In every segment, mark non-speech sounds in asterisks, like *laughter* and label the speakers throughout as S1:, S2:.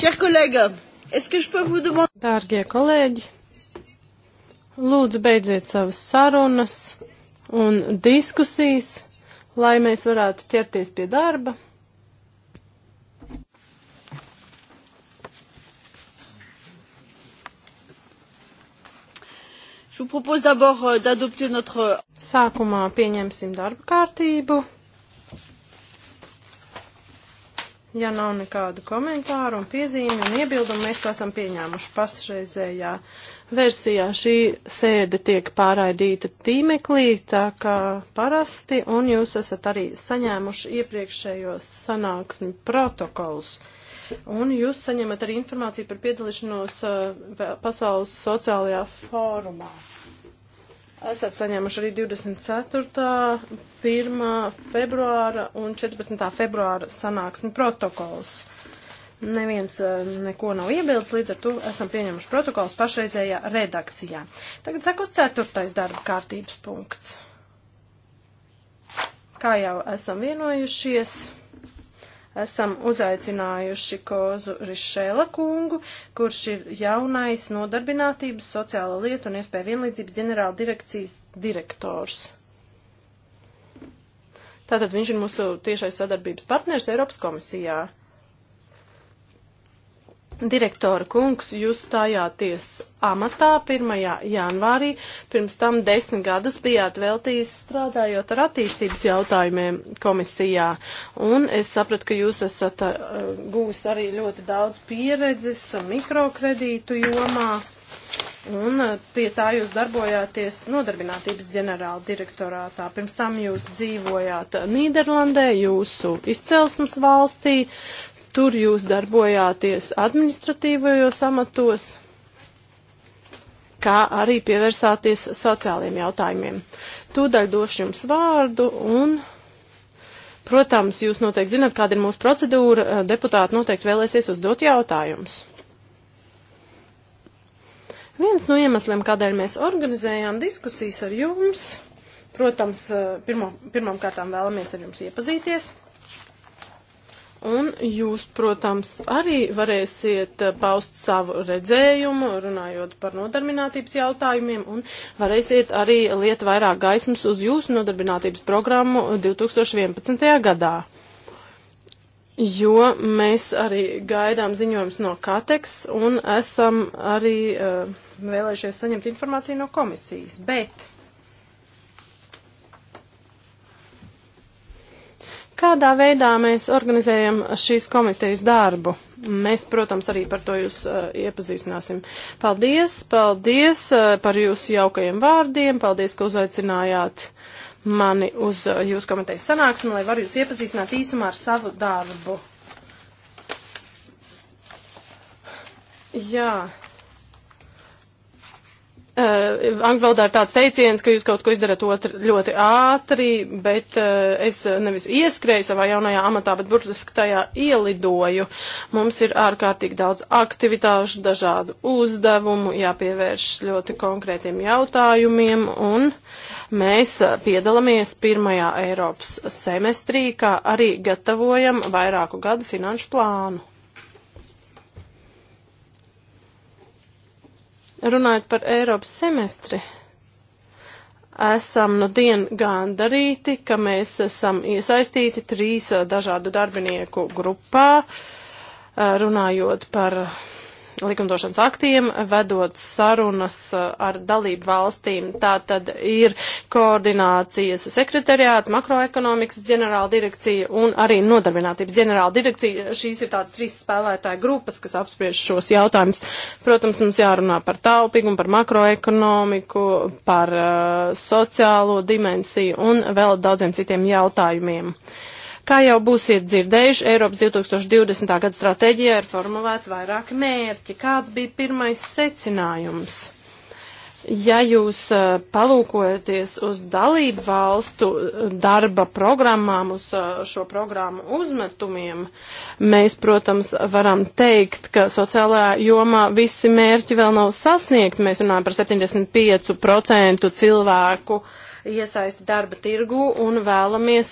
S1: Dārgie kolēģi, lūdzu beidziet
S2: savas sarunas un diskusijas, lai mēs varētu ķerties pie darba. Euh, Sākumā pieņemsim darba kārtību. Ja nav nekādu komentāru un piezīmi un iebildumu, mēs to esam pieņēmuši pašreizējā versijā. Šī sēde tiek pārraidīta tīmeklī, tā kā parasti, un jūs esat arī saņēmuši iepriekšējos sanāksmi protokols. Un jūs saņemat arī informāciju par piedalīšanos uh, Pasaules sociālajā fórumā esat saņēmuši arī 24. 1. februāra un 14. februāra sanāksmi protokols. Neviens eh, neko nav iebildes, līdz ar to esam pieņemuši protokols pašreizējā redakcijā. Tagad sakos ceturtais darba kārtības punkts. Kā jau esam vienojušies esam uzaicinājuši Kozu Rišēla kungu, kurš ir jaunais nodarbinātības, sociāla lieta un iespēja vienlīdzības ģenerāla direkcijas direktors. Tātad viņš ir mūsu tiešais sadarbības partners Eiropas komisijā. Direktora kungs, jūs stājāties amatā 1. janvārī, pirms tam desmit gadus bijāt veltījis strādājot ar attīstības jautājumiem komisijā. Un es sapratu, ka jūs esat uh, gūs arī ļoti daudz pieredzes mikrokredītu jomā. Un uh, pie tā jūs darbojāties nodarbinātības ģenerāla direktorātā. Pirms tam jūs dzīvojāt Nīderlandē, jūsu izcelsmes valstī. Tur jūs darbojāties administratīvajos amatos, kā arī pievērsāties sociāliem jautājumiem. Tūdaļ došu jums vārdu un, protams, jūs noteikti zināt, kāda ir mūsu procedūra. Deputāti noteikti vēlēsies uzdot jautājumus. Viens no iemesliem, kādēļ mēs organizējām diskusijas ar jums, protams, pirmo, pirmām kārtām vēlamies ar jums iepazīties. Un jūs, protams, arī varēsiet eh, paust savu redzējumu, runājot par nodarbinātības jautājumiem, un varēsiet arī liet vairāk gaismas uz jūsu nodarbinātības programmu 2011. gadā. Jo mēs arī gaidām ziņojums no Kateks un esam arī uh, vēlējušies saņemt informāciju no komisijas. Bet Kādā veidā mēs organizējam šīs komitejas darbu? Mēs, protams, arī par to jūs uh, iepazīstināsim. Paldies, paldies uh, par jūsu jaukajiem vārdiem, paldies, ka uzaicinājāt mani uz uh, jūsu komitejas sanāksmi, lai varu jūs iepazīstināt īsumā ar savu darbu. Jā. Uh, angļu valodā ir tāds teiciens, ka jūs kaut ko izdarat otru ļoti ātri, bet uh, es nevis ieskrēju savā jaunajā amatā, bet burtiski tajā ielidoju. Mums ir ārkārtīgi daudz aktivitāšu, dažādu uzdevumu, jāpievēršas ļoti konkrētiem jautājumiem, un mēs eh, piedalāmies pirmajā Eiropas semestrī, kā arī gatavojam vairāku gadu finanšu plānu. Runājot par Eiropas semestri, esam nu no dien gandarīti, ka mēs esam iesaistīti trīs dažādu darbinieku grupā, runājot par likumdošanas aktiem, vedot sarunas uh, ar dalību valstīm. Tā tad ir koordinācijas sekretariāts, makroekonomikas ģenerāla direkcija un arī nodarbinātības ģenerāla direkcija. Šīs ir tādas trīs spēlētāja grupas, kas apspriež šos jautājumus. Protams, mums jārunā par taupīgumu, par makroekonomiku, par uh, sociālo dimensiju un vēl daudziem citiem jautājumiem. Uh, Kā jau būsiet dzirdējuši, Eiropas 2020. gada stratēģijā ir formulēts vairāki mērķi. Kāds bija pirmais secinājums? Ja jūs palūkojaties uz dalību valstu darba programmām, uz šo programmu uzmetumiem, mēs, protams, varam teikt, ka sociālajā jomā visi mērķi vēl nav sasniegti. Mēs runājam par 75% cilvēku uh, iesaisti darba tirgu un vēlamies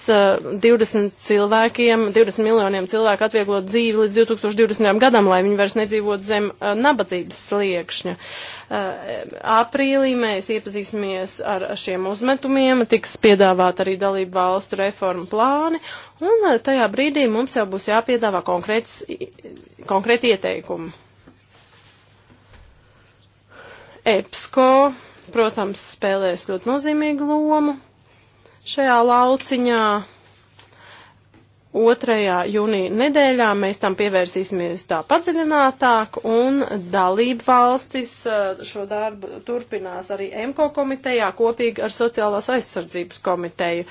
S2: 20 eh, cilvēkiem, 20 miljoniem cilvēku atvieglot dzīvi līdz 2020. gadam, lai viņi vairs nedzīvot zem eh, nabadzības sliekšņa. Eh, aprīlī mēs iepazīsimies ar šiem uzmetumiem, tiks piedāvāt arī dalību valstu reformu plāni, un tajā brīdī mums jau būs jāpiedāvā konkrēts, konkrēti ieteikumi. EPSCO protams, spēlēs ļoti nozīmīgu lomu šajā lauciņā. 2. jūnija nedēļā mēs tam pievērsīsimies tā padziļinātāk, un dalību valstis uh, šo darbu turpinās arī MKO komitejā kopīgi ar Sociālās aizsardzības komiteju.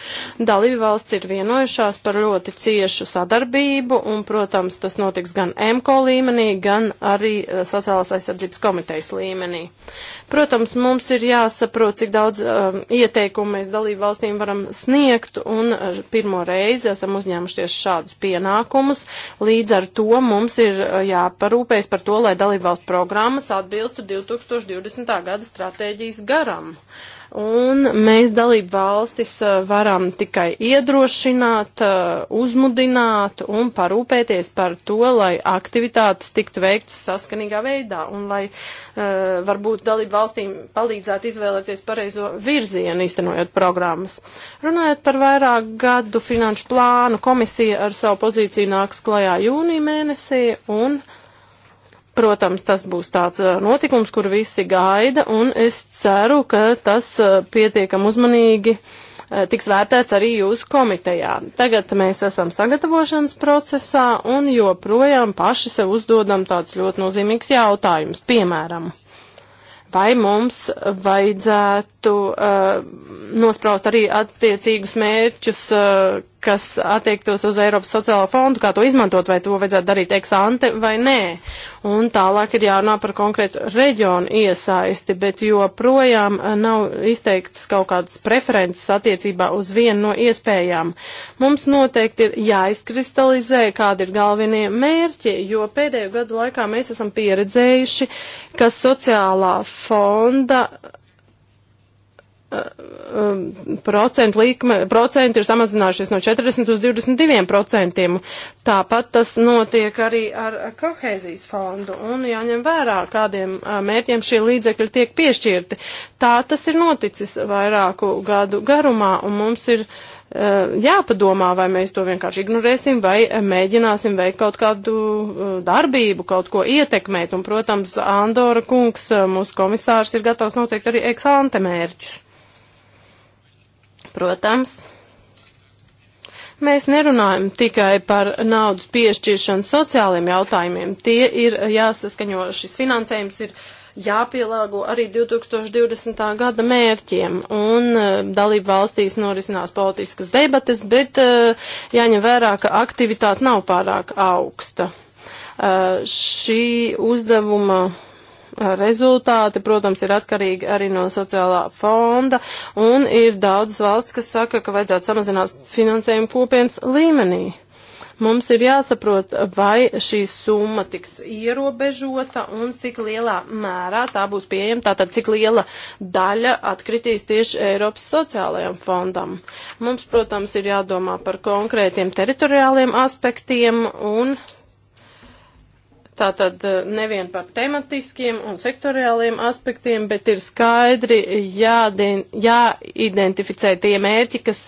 S2: Dalību valsts ir vienojušās par ļoti ciešu sadarbību, un, protams, tas notiks gan MKO līmenī, gan arī uh, Sociālās aizsardzības komitejas līmenī. Uh, Protams, mums ir jāsaprot, cik daudz um, ieteikumu mēs dalību valstīm varam sniegt, un uh, pirmo reizi esam uzņēmušies šādus pienākumus. Līdz ar to mums ir uh, jāparūpējas par to, lai dalību valstu programmas atbilstu 2020. gada stratēģijas garam. Uh, Un mēs dalību valstis uh, varam tikai iedrošināt, uh, uzmudināt un parūpēties par to, lai aktivitātes tiktu veikts saskanīgā veidā un lai uh, varbūt dalību valstīm palīdzētu izvēlēties pareizo virzienu, iztenojot programmas. Runājot par vairāk gadu finanšu plānu, komisija ar savu pozīciju nāks klajā jūnija mēnesī un Protams, tas būs tāds notikums, kur visi gaida, un es ceru, ka tas pietiekam uzmanīgi tiks vērtēts arī jūsu komitejā. Tagad mēs esam sagatavošanas procesā un joprojām paši sev uzdodam tāds ļoti nozīmīgs jautājums. Piemēram, vai mums vajadzētu uh, nospraust arī attiecīgus mērķus uh, kas attiektos uz Eiropas sociālo fondu, kā to izmantot, vai to vajadzētu darīt eksante vai nē. Un tālāk ir jārunā par konkrētu reģionu iesaisti, bet joprojām nav izteiktas kaut kādas preferences attiecībā uz vienu no iespējām. Mums noteikti ir jāizkristalizē, kādi ir galvenie mērķi, jo pēdējo gadu laikā mēs esam pieredzējuši, ka sociālā fonda procentu likme, procenti ir samazinājušies no 40 uz 22 procentiem. Tāpat tas notiek arī ar kohēzijas fondu un jāņem vērā, kādiem mērķiem šie līdzekļi tiek piešķirti. Tā tas ir noticis vairāku gadu garumā un mums ir jāpadomā, vai mēs to vienkārši ignorēsim, vai mēģināsim veikt kaut kādu darbību, kaut ko ietekmēt. Un, protams, Andora kungs, mūsu komisārs, ir gatavs noteikt arī eksante mērķus. Protams, mēs nerunājam tikai par naudas piešķiršanu sociāliem jautājumiem. Tie ir jāsaskaņo, šis finansējums ir jāpielāgo arī 2020. gada mērķiem, un e, dalību valstīs norisinās politiskas debates, bet e, jāņem vērā, ka aktivitāte nav pārāk augsta. E, šī uzdevuma rezultāti, protams, ir atkarīgi arī no sociālā fonda, un ir daudzas valsts, kas saka, ka vajadzētu samazināt finansējumu kopienas līmenī. Mums ir jāsaprot, vai šī summa tiks ierobežota un cik lielā mērā tā būs pieejama, tātad cik liela daļa atkritīs tieši Eiropas sociālajam fondam. Mums, protams, ir jādomā par konkrētiem teritoriāliem aspektiem un Tātad eh, nevien par tematiskiem un sektoriāliem aspektiem, bet ir skaidri jādien, jāidentificē tie mērķi, kas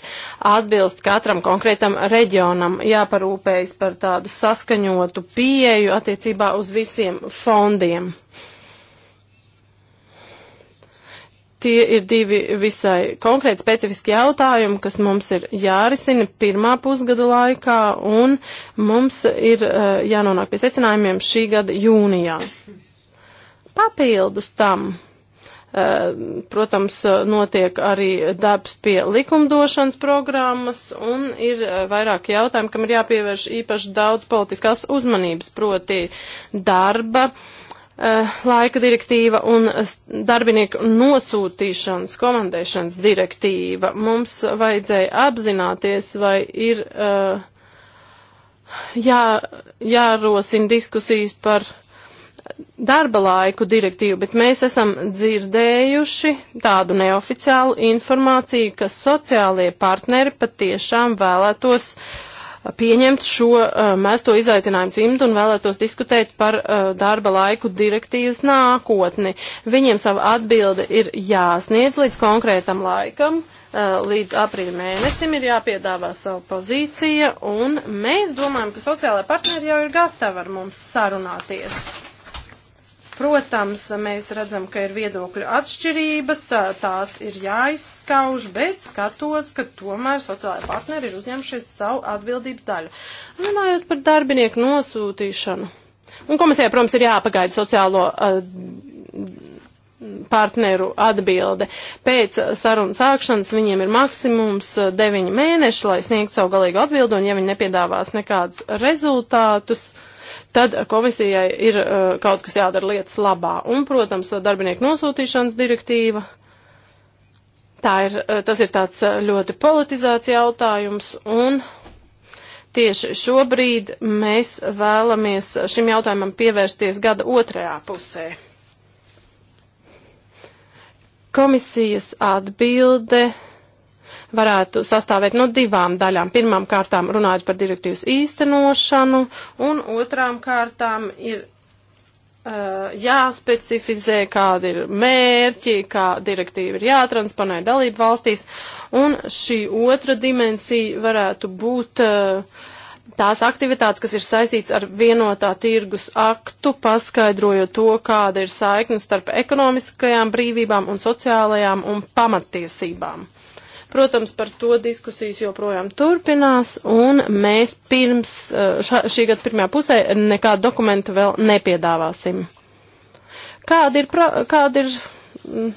S2: atbilst katram konkrētam reģionam, jāparūpējas par tādu saskaņotu pieeju attiecībā uz visiem fondiem. Tie ir divi visai konkrēti specifiski jautājumi, kas mums ir jārisina pirmā pusgada laikā, un mums ir uh, jānonāk pie secinājumiem šī gada jūnijā. Papildus tam, uh, protams, notiek arī darbs pie likumdošanas programmas, un ir uh, eh, vairāk jautājumu, kam ir jāpievērš īpaši daudz politiskās uzmanības, proti darba. Uh, Eh, laika direktīva un darbinieku nosūtīšanas, komandēšanas direktīva. Mums vajadzēja apzināties, vai ir eh, jā, jārosina diskusijas par darba laiku direktīvu, bet mēs esam dzirdējuši tādu neoficiālu informāciju, ka sociālie partneri patiešām vēlētos uh, pieņemt šo uh, mesto izaicinājumu cimdu un vēlētos diskutēt par uh, darba laiku direktīvas nākotni. Viņiem sava atbilde ir jāsniedz līdz konkrētam laikam uh, līdz aprīļa mēnesim ir jāpiedāvā savu pozīciju, un mēs domājam, ka sociālai partneri jau ir gatavi ar mums sarunāties. Protams, mēs redzam, ka ir viedokļu atšķirības, tās ir jāizskauž, bet skatos, ka tomēr sociālai partneri ir uzņemšies savu atbildības daļu. Runājot par darbinieku nosūtīšanu. Un komisijai, protams, ir jāpagaida sociālo uh, partneru atbilde. Pēc sarunas sākšanas viņiem ir maksimums 9 uh, mēneši, lai sniegtu savu galīgu atbildi, un ja viņi nepiedāvās nekādus rezultātus, uh, tad komisijai ir uh, kaut kas jādara lietas labā. Un, protams, darbinieku nosūtīšanas direktīva. Tā ir, uh, tas ir tāds uh, ļoti politizēts jautājums, un tieši šobrīd mēs vēlamies šim jautājumam pievērsties gada otrajā pusē. Komisijas atbilde varētu sastāvēt no divām daļām. Pirmām kārtām runājot par direktīvas īstenošanu, un otrām kārtām ir uh, jāspecificē, kādi ir mērķi, kā direktīva ir jātransponē dalību valstīs, un šī otra dimensija varētu būt uh, tās aktivitātes, kas ir saistīts ar vienotā tirgus aktu, paskaidrojot to, kāda ir saikne starp ekonomiskajām brīvībām un sociālajām un pamattiesībām. Protams, par to diskusijas joprojām turpinās, un mēs pirms eh, šā, šī gada pirmajā pusē nekādu dokumentu vēl nepiedāvāsim. Kāda ir, kāda ir mm,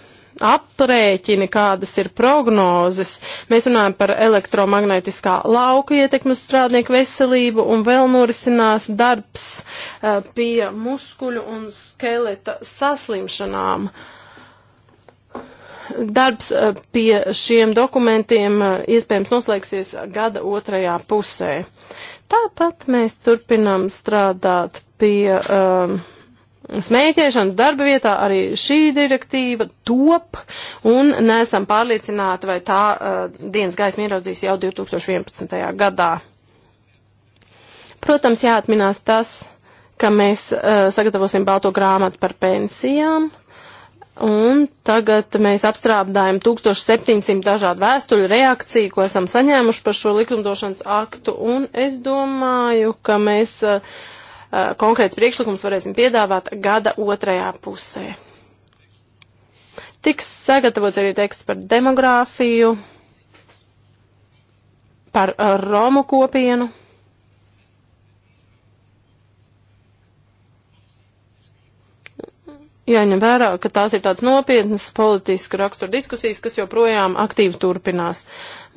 S2: aprēķini, kādas ir prognozes. Mēs runājam par elektromagnētiskā lauka ietekmi uz strādnieku veselību un vēl norisinās darbs eh, pie muskuļu un skeleta saslimšanām. Uh, Darbs eh, pie šiem dokumentiem eh, iespējams noslēgsies gada otrajā pusē. Tāpat mēs turpinām strādāt pie um, smēķēšanas darba vietā. Arī šī direktīva top un nesam pārliecināti, vai tā uh, dienas gaismu ieraudzīs jau 2011. gadā. Protams, jāatminās tas, ka mēs uh, sagatavosim balto grāmatu par pensijām. Uh, Un tagad mēs apstrādājam 1700 dažādu vēstuļu reakciju, ko esam saņēmuši par šo likumdošanas aktu, un es domāju, ka mēs uh, uh konkrēts priekšlikums varēsim piedāvāt gada otrajā pusē. Tiks sagatavots arī teksts par demogrāfiju, par uh, romu kopienu. jāņem vērā, ka tās ir tādas nopietnas politiska rakstura diskusijas, kas joprojām aktīvi turpinās.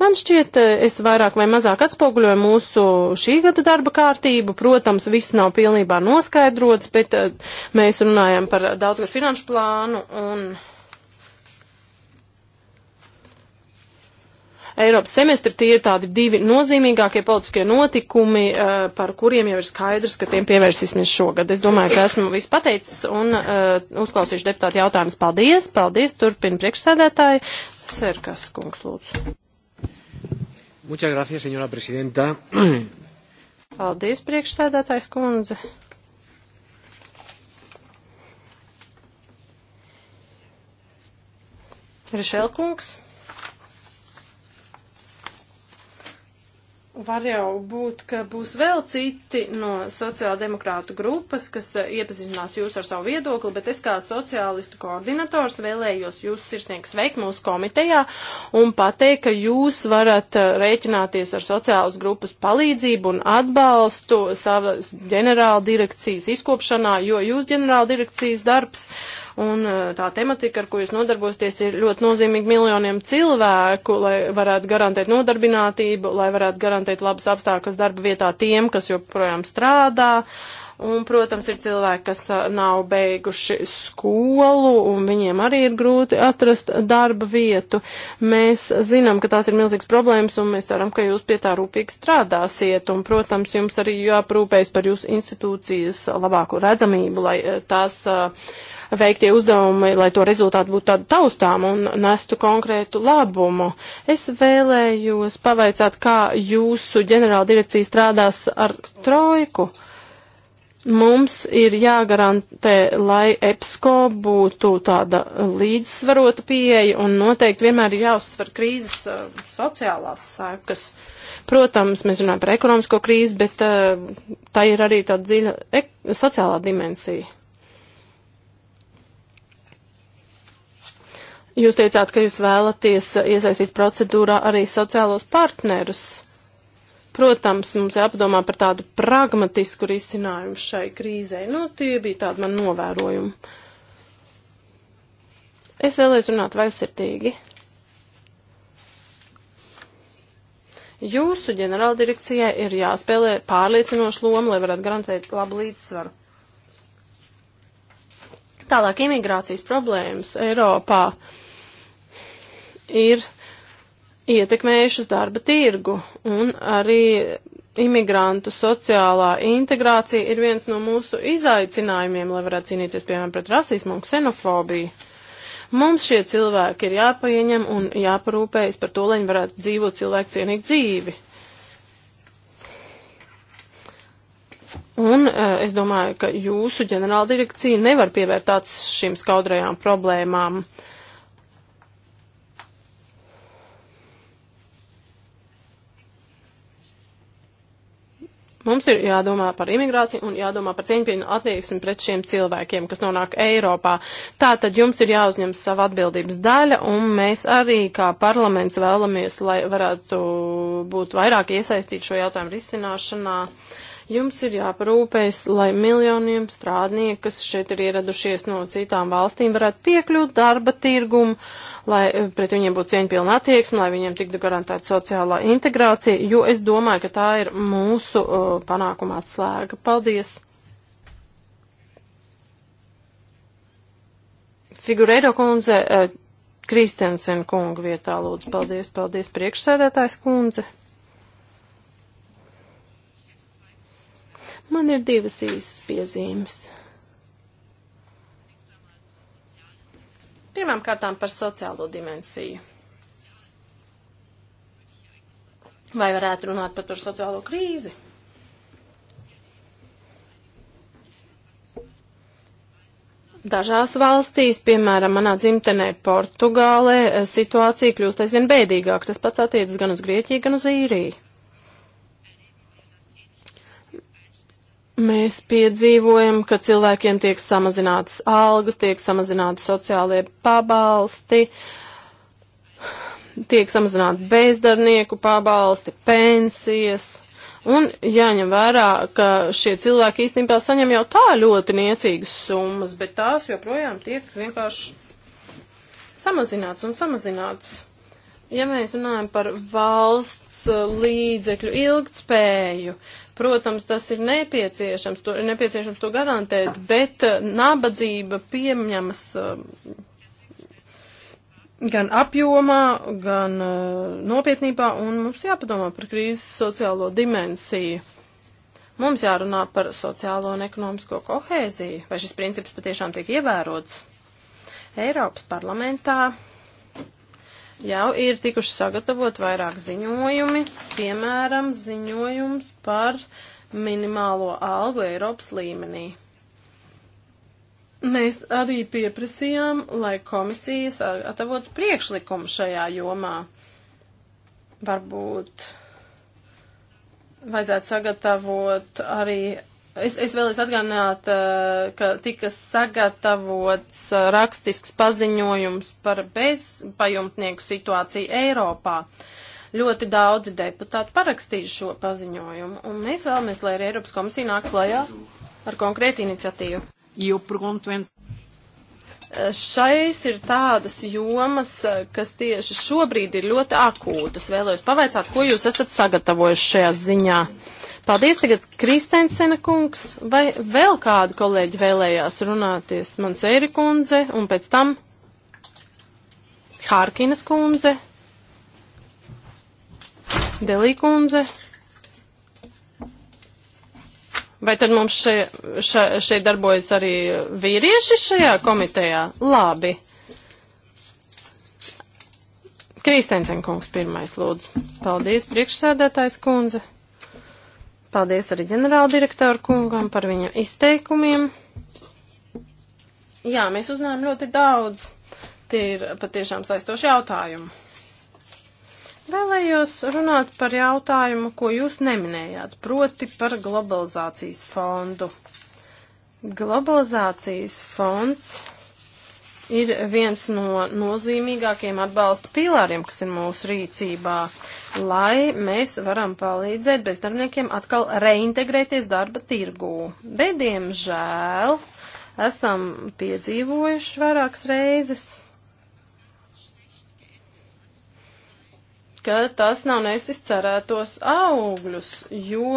S2: Man šķiet, eh, es vairāk vai mazāk atspoguļoju mūsu šī gada darba kārtību. Protams, viss nav pilnībā noskaidrots, bet eh, mēs runājam par daudzgad finanšu plānu un Eiropas semestri. Tie ir tādi divi nozīmīgākie politiskie notikumi, eh, par kuriem jau ir skaidrs, ka tiem pievērsīsimies šogad. Es domāju, ka esmu visu pateicis un eh, uzklausīšu deputātu jautājumus. Paldies, paldies, turpina priekšsēdētāji. Serkas kungs, lūdzu.
S3: Muchas gracias, señora presidenta.
S2: Paldies, priekšsēdētājs kundze. Rišelkungs. Var jau būt, ka būs vēl citi no sociāldemokrātu grupas, kas eh, iepazīstinās jūs ar savu viedokli, bet es kā sociālistu koordinators vēlējos jūs sirsnieks veikt mūsu komitejā un pateikt, ka jūs varat eh, rēķināties ar sociālas grupas palīdzību un atbalstu savas ģenerāla direkcijas izkopšanā, jo jūs ģenerāla direkcijas darbs uh, un eh, tā tematika, ar ko jūs nodarbosties, ir ļoti nozīmīga miljoniem cilvēku, lai varētu garantēt nodarbinātību, lai varētu garantēt labas apstākļas darba vietā tiem, kas joprojām strādā. Un, protams, ir cilvēki, kas eh, nav beiguši skolu, un viņiem arī ir grūti atrast darba vietu. Mēs zinām, ka tās ir milzīgas problēmas, un mēs ceram, ka jūs pie tā rūpīgi strādāsiet. Un, protams, jums arī jāprūpējas par jūsu institūcijas labāku redzamību, lai eh, tās uh, veiktie uzdevumi, lai to rezultātu būtu tādu taustām un nestu konkrētu labumu. Es vēlējos pavaicāt, kā jūsu ģenerāla direkcija strādās ar trojku. Mums ir jāgarantē, lai EPSCO būtu tāda līdzsvarota pieeja un noteikti vienmēr ir jāuzsver krīzes uh, sociālās sākas. Protams, mēs runājam par ekonomisko krīzi, bet uh, tā ir arī tāda dziļa ek sociālā dimensija. Jūs teicāt, ka jūs vēlaties iesaistīt procedūrā arī sociālos partnerus. Protams, mums jāpadomā par tādu pragmatisku risinājumu šai krīzē. Nu, tie bija tādi man novērojumi. Es vēlēju runāt vaisirdīgi. Jūsu ģenerāldirekcijai ir jāspēlē pārliecinoša loma, lai varētu garantēt labu līdzsvaru. Tālāk imigrācijas problēmas Eiropā. Uh, ir ietekmējušas darba tirgu un arī imigrantu sociālā integrācija ir viens no mūsu izaicinājumiem, lai varētu cīnīties, piemēram, pret rasismu un ksenofobiju. Mums šie cilvēki ir jāpaieņem un jāparūpējas par to, lai viņi varētu dzīvot cilvēku cienīgu dzīvi. Un eh, es domāju, ka jūsu ģenerāla direkcija nevar pievērtāties šīm skaudrajām problēmām. Uh, Mums ir jādomā par imigrāciju un jādomā par cieņpilnu attieksmi pret šiem cilvēkiem, kas nonāk Eiropā. Tā tad jums ir jāuzņem sava atbildības daļa, un mēs arī kā parlaments vēlamies, lai varētu būt vairāk iesaistīti šo jautājumu risināšanā. Uh, Jums ir jāparūpējas, lai miljoniem strādnieku, kas šeit ir ieradušies no citām valstīm, varētu piekļūt darba tirgumu, lai eh, pret viņiem būtu cieņpilna attieksme, lai viņiem tiktu garantēta sociālā integrācija, jo es domāju, ka tā ir mūsu uh, panākuma atslēga. Paldies! Figureido kundze, eh, Kristensen kunga vietā lūdzu. Paldies, paldies priekšsēdētājs kundze. Man ir divas īsas piezīmes. Pirmām kārtām par sociālo dimensiju. Vai varētu runāt pat par sociālo krīzi? Dažās valstīs, piemēram, manā dzimtenē Portugālē, eh, situācija kļūst aizvien bēdīgāk. Tas pats attiecas gan uz Grieķiju, gan uz īriju. Mēs piedzīvojam, ka cilvēkiem tiek samazinātas algas, tiek samazināti sociālie pabalsti, tiek samazināti bezdarbnieku pabalsti, pensijas. Un jāņem vērā, ka šie cilvēki īstenībā saņem jau tā ļoti niecīgas summas, bet tās joprojām tiek vienkārši samazināts un samazināts. Ja mēs runājam par valsts uh, līdzekļu ilgtspēju, Protams, tas ir nepieciešams, to, ir nepieciešams to garantēt, bet eh, nabadzība pieņemas eh, gan apjomā, gan eh, nopietnībā, un mums jāpadomā par krīzes sociālo dimensiju. Mums jārunā par sociālo un ekonomisko kohēziju, vai šis princips patiešām tiek ievērots. Eiropas parlamentā jau ir tikuši sagatavot vairāk ziņojumi, piemēram, ziņojums par minimālo algu Eiropas līmenī. Mēs arī pieprasījām, lai komisijas atavot priekšlikumu šajā jomā. Varbūt vajadzētu sagatavot arī Es, es vēlos atgādināt, eh, ka tika sagatavots eh, rakstisks paziņojums par bezpajumtnieku situāciju Eiropā. Ļoti daudzi deputāti parakstīja šo paziņojumu, un mēs vēlamies, lai arī Eiropas komisija nāk klajā ar konkrētu iniciatīvu. Eh, šais ir tādas jomas, kas tieši šobrīd ir ļoti akūtas. Vēlējos pavaicāt, ko jūs esat sagatavojuši šajā ziņā. Uh, Paldies tagad Kristensena kungs, vai vēl kādu kolēģi vēlējās runāties? Mans Eiri kundze un pēc tam Hārkinas kundze, Delī kundze. Vai tad mums šeit še, še darbojas arī vīrieši šajā komitejā? Labi. Krīstensen kungs pirmais lūdzu. Paldies, priekšsēdētājs kundze. Paldies arī ģenerāldirektoru kungam par viņa izteikumiem. Jā, mēs uzzinājām ļoti daudz. Tie ir patiešām saistoši jautājumi. Vēlējos runāt par jautājumu, ko jūs neminējāt, proti par globalizācijas fondu. Globalizācijas fonds ir viens no nozīmīgākiem atbalsta pilāriem, kas ir mūsu rīcībā, lai mēs varam palīdzēt bezdarbniekiem atkal reintegrēties darba tirgū. Bet, diemžēl, esam piedzīvojuši vairākas reizes, ka tas nav nesis cerētos augļus, jo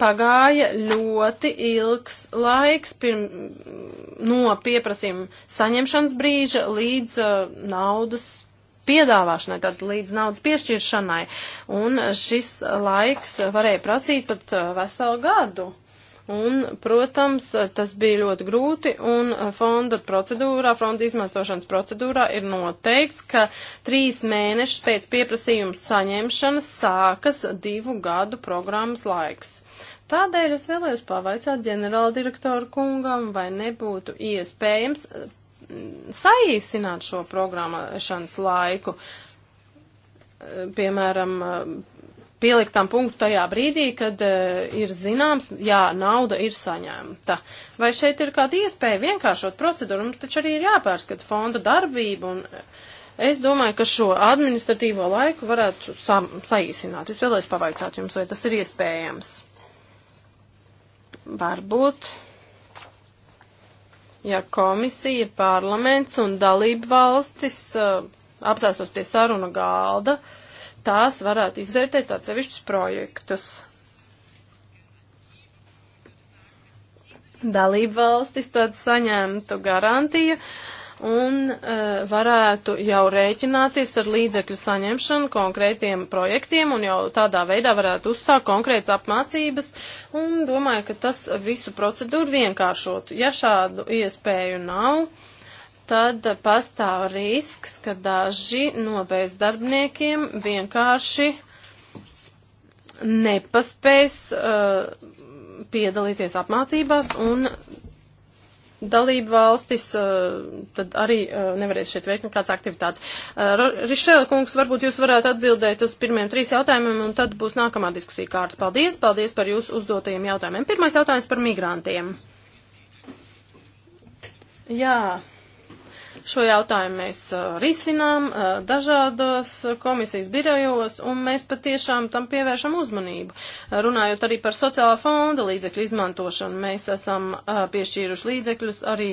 S2: pagāja ļoti ilgs laiks pirm, no pieprasījuma saņemšanas brīža līdz uh, naudas piedāvāšanai, tad līdz naudas piešķiršanai. Un šis laiks varēja prasīt pat uh, veselu gadu. Un, protams, tas bija ļoti grūti, un fonda procedūrā, fonda izmantošanas procedūrā ir noteikts, ka trīs mēnešus pēc pieprasījuma saņemšanas sākas divu gadu programmas laiks. Tādēļ es vēlējos pavaicāt ģenerāldirektoru kungam, vai nebūtu iespējams mm, saīsināt šo programmēšanas laiku, piemēram, pielikt tam punktu tajā brīdī, kad uh, ir zināms, jā, nauda ir saņemta. Vai šeit ir kāda iespēja vienkāršot procedūru? Mums taču arī ir jāpārskata fonda darbība, un eh, es domāju, ka šo administratīvo laiku varētu sa saīsināt. Es vēlēs pavaicāt jums, vai tas ir iespējams. Varbūt. Ja komisija, parlaments un dalība valstis uh, apsēstos pie saruna galda, uh, tās varētu izvērtēt atsevišķus projektus. Dalība valstis tad saņemtu garantiju un uh, varētu jau rēķināties ar līdzekļu saņemšanu konkrētiem projektiem un jau tādā veidā varētu uzsākt konkrēts apmācības un domāju, ka tas visu procedūru vienkāršotu. Ja šādu iespēju nav, uh, tad pastāv risks, ka daži no bezdarbniekiem vienkārši nepaspēs uh, piedalīties apmācībās un dalību valstis, uh, tad arī uh, nevarēs šeit veikt nekādas aktivitātes. Uh, Rišēla kungs, varbūt jūs varētu atbildēt uz pirmiem trīs jautājumiem, un tad būs nākamā diskusija kārta. Paldies, paldies par jūsu uzdotajiem jautājumiem. Pirmais jautājums par migrantiem. Jā. Yeah. Šo jautājumu mēs uh, risinām uh, dažādos uh, komisijas birojos, un mēs patiešām tam pievēršam uzmanību. Runājot arī par sociālā fonda līdzekļu izmantošanu, mēs esam piešķīruši līdzekļus arī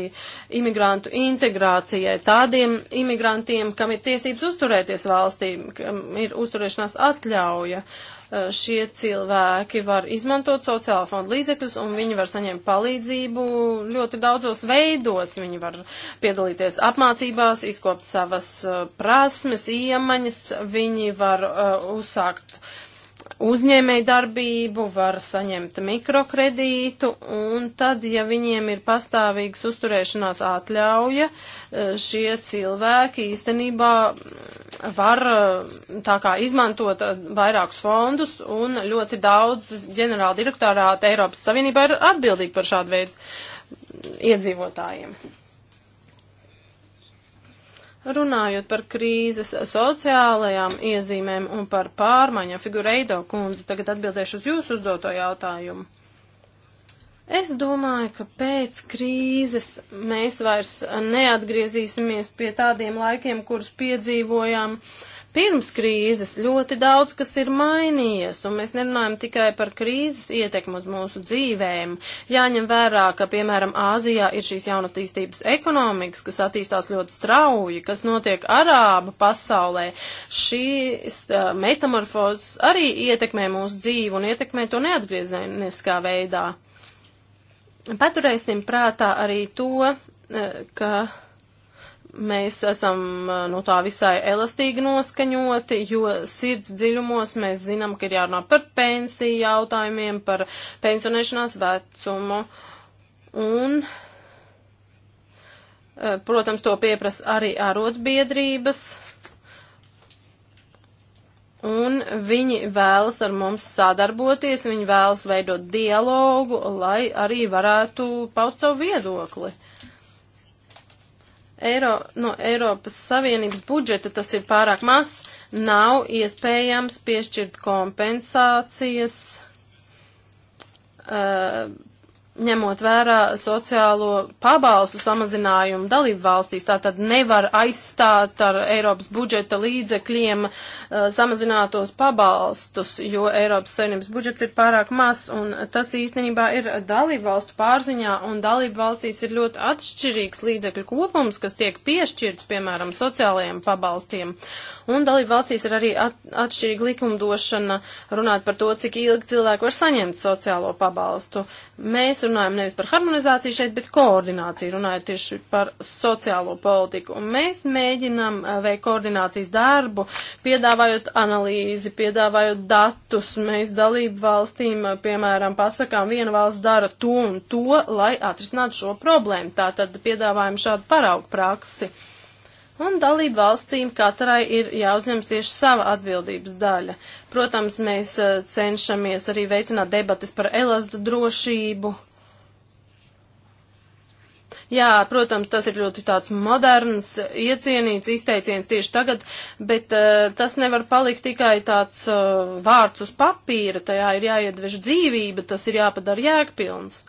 S2: imigrantu integrācijai tādiem imigrantiem, kam ir tiesības uzturēties valstī, kam ir uzturēšanās atļauja. Uh, šie cilvēki var izmantot sociālā fonda līdzekļus un viņi var saņemt palīdzību ļoti daudzos veidos. Viņi var piedalīties apmācībās, izkopt savas prasmes, iemaņas, viņi var uzsākt uh, uzņēmēju darbību, var saņemt mikrokredītu, un tad, ja viņiem ir pastāvīgs uzturēšanās atļauja, eh, šie cilvēki īstenībā var eh, tā kā izmantot eh, vairākus fondus, un ļoti daudz ģenerāla direktorāta Eiropas Savienībā ir atbildīgi par šādu veidu iedzīvotājiem. Runājot par krīzes sociālajām iezīmēm un par pārmaiņām, figureido kundze, tagad atbildēšu uz jūsu uzdoto jautājumu. Es domāju, ka pēc krīzes mēs vairs neatgriezīsimies pie tādiem laikiem, kurus piedzīvojām uh, Pirms krīzes ļoti daudz kas ir mainījies, un mēs nerunājam tikai par krīzes ietekmu uz mūsu dzīvēm. Jāņem vērā, ka, piemēram, Āzijā ir šīs jaunatīstības ekonomikas, kas attīstās ļoti strauji, kas notiek Arābu pasaulē. Šīs uh, metamorfozes arī ietekmē mūsu dzīvi un ietekmē to neatgriezeniskā veidā. Paturēsim prātā arī to, uh, ka mēs esam nu, tā visai elastīgi noskaņoti, jo sirds dziļumos mēs zinām, ka ir jārunā par pensiju jautājumiem, par pensionēšanās vecumu. Un, protams, to pieprasa arī arotbiedrības. Un viņi vēlas ar mums sadarboties, viņi vēlas veidot dialogu, lai arī varētu paust savu viedokli. Uh, eiro no Eiropas Savienības budžeta, tas ir pārāk maz, nav iespējams piešķirt kompensācijas. Uh, ņemot vērā sociālo pabalstu samazinājumu dalību valstīs, tā tad nevar aizstāt ar Eiropas budžeta līdzekļiem uh, samazinātos pabalstus, jo Eiropas savienības budžets ir pārāk maz, un tas īstenībā ir dalību valstu pārziņā, un dalību valstīs ir ļoti atšķirīgs līdzekļu kopums, kas tiek piešķirts, piemēram, sociālajiem pabalstiem. Un dalību valstīs ir arī at atšķirīga likumdošana runāt par to, cik ilgi cilvēki var saņemt sociālo pabalstu. Mēs mēs runājam nevis par harmonizāciju šeit, bet koordināciju, runājot tieši par sociālo politiku. Un mēs mēģinam eh, veikt koordinācijas darbu, piedāvājot analīzi, piedāvājot datus. Mēs dalību valstīm, eh, piemēram, pasakām, viena valsts dara to un to, lai atrisinātu šo problēmu. Tātad piedāvājam šādu paraugu praksi. Un dalību valstīm katrai ir jāuzņems tieši sava atbildības daļa. Protams, mēs eh, cenšamies arī veicināt debatas par elastu drošību. Jā, protams, tas ir ļoti tāds moderns, iecienīts izteiciens tieši tagad, bet uh, tas nevar palikt tikai tāds uh, vārds uz papīra, tajā ir jāiedvež dzīvība, tas ir jāpadara jēgpilns.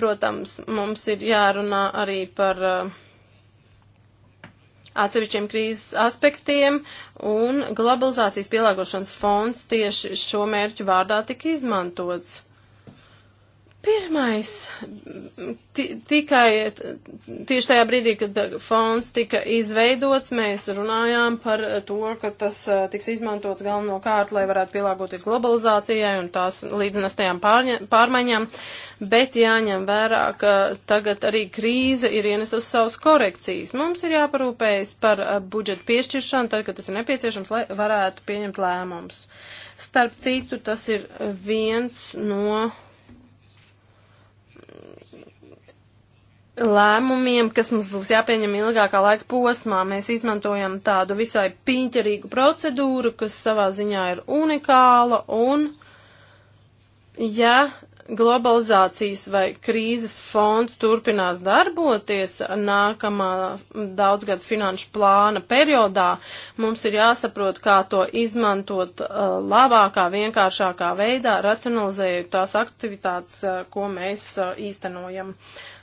S2: Protams, mums ir jārunā arī par. Uh, atsevišķiem krīzes aspektiem, un globalizācijas pielāgošanas fonds tieši šo mērķu vārdā tika izmantots. Pirmais, tikai tieši tajā brīdī, kad fonds tika izveidots, mēs runājām par to, ka tas eh, tiks izmantots galvenokārt, lai varētu pielāgoties globalizācijai un tās līdznestajām pārmaiņām, bet jāņem vērā, ka tagad arī krīze ir ienesusi savus korekcijas. Mums ir jāparūpējas par eh, budžetu piešķiršanu, tad, kad tas ir nepieciešams, lai varētu pieņemt lēmumus. Starp citu, tas ir viens no lēmumiem, kas mums būs jāpieņem ilgākā laika posmā. Mēs izmantojam tādu visai piņķerīgu procedūru, kas savā ziņā ir unikāla un, ja globalizācijas vai krīzes fonds turpinās darboties nākamā daudzgada finanšu plāna periodā, mums ir jāsaprot, kā to izmantot uh, labākā, vienkāršākā veidā, racionalizējot tās aktivitātes, uh, ko mēs uh, īstenojam.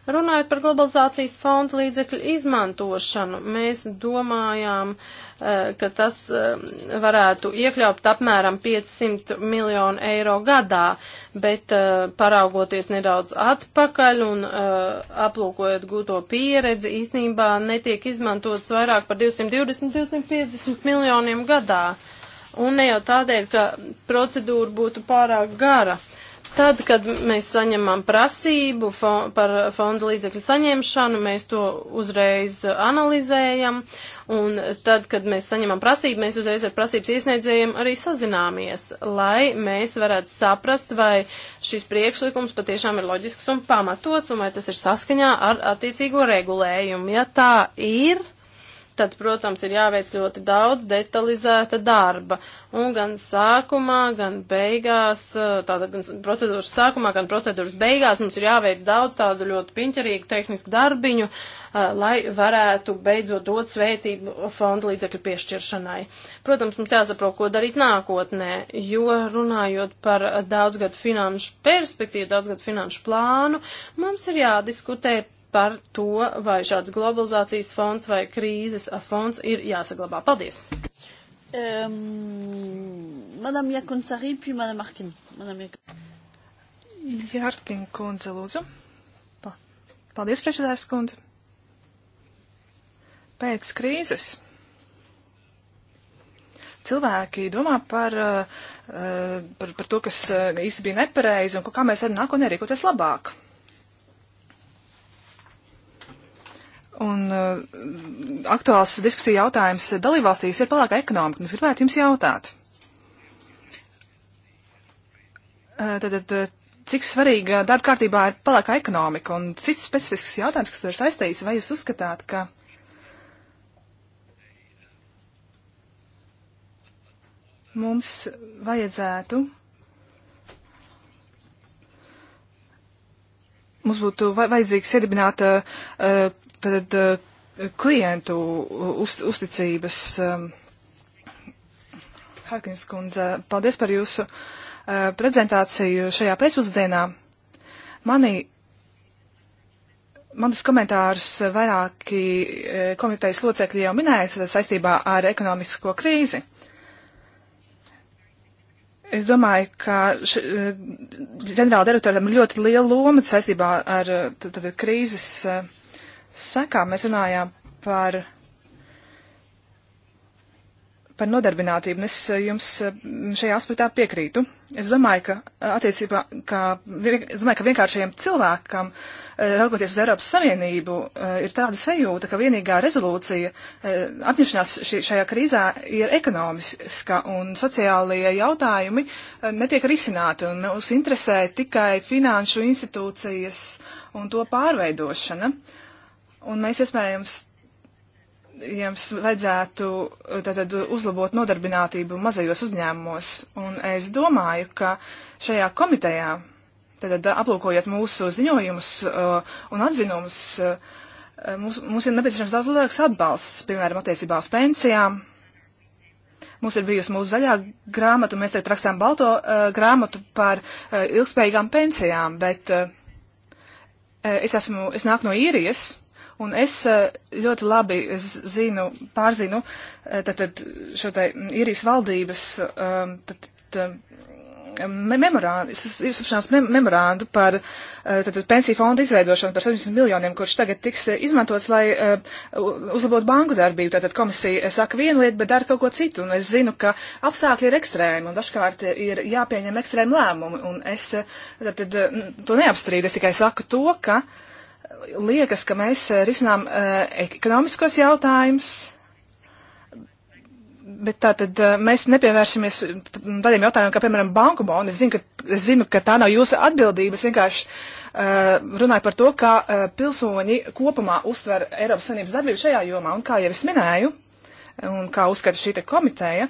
S2: Runājot par globalizācijas fondu līdzekļu izmantošanu, mēs domājām, eh, ka tas eh, varētu iekļaut apmēram 500 miljonu eiro gadā, bet eh, paraugoties nedaudz atpakaļ un aplūkojot gūto pieredzi, īstenībā netiek izmantots vairāk par 220-250 miljoniem gadā. Un ne jau tādēļ, ka procedūra būtu pārāk gara. Uh, Tad, kad mēs saņemam prasību fon, par fonda līdzekļu saņemšanu, mēs to uzreiz analizējam, un tad, kad mēs saņemam prasību, mēs uzreiz ar prasības iesniedzējiem arī sazināmies, lai mēs varētu saprast, vai šis priekšlikums patiešām ir loģisks un pamatots, un vai tas ir saskaņā ar attiecīgo regulējumu. Ja tā ir, tad, protams, ir jāveic ļoti daudz detalizēta darba. Un gan sākumā, gan beigās, tātad gan procedūras sākumā, gan procedūras beigās mums ir jāveic daudz tādu ļoti piņķerīgu tehnisku darbiņu, eh, lai varētu beidzot dot svētību fonda līdzekļu piešķiršanai. Protams, mums jāsaprot, ko darīt nākotnē, jo runājot par daudzgadu finanšu perspektīvu, daudzgadu finanšu plānu, mums ir jādiskutē par to, vai šāds globalizācijas fonds vai krīzes fonds ir jāsaglabā. Paldies!
S1: Um, Madam Jakunsarī, pie Madam Arkin. Madam Jakunsarī.
S4: Jārkin kundze, lūdzu. Pa. Paldies, priekšsēdājas kundze. Pēc krīzes cilvēki domā par, eh, eh, par, par to, kas eh, īsti bija nepareizi un kā mēs ar nākotnē rīkoties labāk. Un uh, aktuāls diskusija jautājums dalībvalstīs ir palāka ekonomika. Es gribētu jums jautāt. Uh, tad, tad, uh, cik svarīga darba kārtībā ir palāka ekonomika? Un cits specifisks jautājums, kas ir saistīts, vai jūs uzskatāt, ka. Mums vajadzētu. Mums būtu vajadzīgs iedibināt uh, uh tad eh, klientu uz, uzticības. Um, Harkins kundze, paldies par jūsu uh, prezentāciju šajā pēcpusdienā. Mani, manus komentārus vairāki uh, komitejas locekļi jau minēja saistībā ar ekonomisko krīzi. Es domāju, ka š, uh, ģenerāla direktoram ir ļoti liela loma saistībā ar tad, krīzes. Uh, sekām mēs runājām par, par nodarbinātību, un es eh, jums eh, šajā aspektā piekrītu. Es domāju, ka eh, attiecībā, ka, es domāju, ka vienkāršajam cilvēkam, raugoties uz Eiropas Savienību, ir tāda sajūta, ka vienīgā rezolūcija apņemšanās šajā krīzā ir ekonomiska, un sociālie jautājumi netiek risināti, un mūs interesē tikai finanšu institūcijas un to pārveidošana. Uh, Un mēs iespējams jums vajadzētu uh, tātad uzlabot nodarbinātību mazajos uzņēmumos. Un es domāju, ka šajā komitejā, tātad aplūkojot mūsu ziņojumus uh, un atzinumus, uh, mums, mums ir nepieciešams daudz lielāks atbalsts, piemēram, attiecībā uz pensijām. Mums ir bijusi mūsu zaļā grāmata, un mēs tagad rakstām balto uh, grāmatu par uh, ilgspējīgām pensijām, bet uh, es, esmu, es nāku no īrijas, Un es eh, ļoti labi zinu, pārzinu tātad, eh, šo te īrijas valdības tātad, ehm, ehm, memorāndu, izsaprašanās memorāndu par tātad, eh, pensiju fondu izveidošanu par 70 miljoniem, kurš tagad tiks izmantots, lai uzlabotu banku darbību. Tātad komisija saka vienu lietu, bet dara kaut ko citu. Un es zinu, ka apstākļi ir ekstrēmi un dažkārt ir jāpieņem ekstrēmi lēmumi. Un es tātad, to neapstrīdu, es tikai saku to, ka. Uh, liekas, ka mēs eh, risinām eh, ekonomiskos jautājumus, bet tā tad eh, mēs nepievēršamies tādiem jautājumiem, kā piemēram banku bonu. Es zinu, ka, es zinu, ka tā nav jūsu atbildība. Es vienkārši uh, runāju par to, kā uh, pilsoņi kopumā uztver Eiropas Savienības darbību šajā jomā. Un kā jau es minēju, un kā uzskata šī komiteja,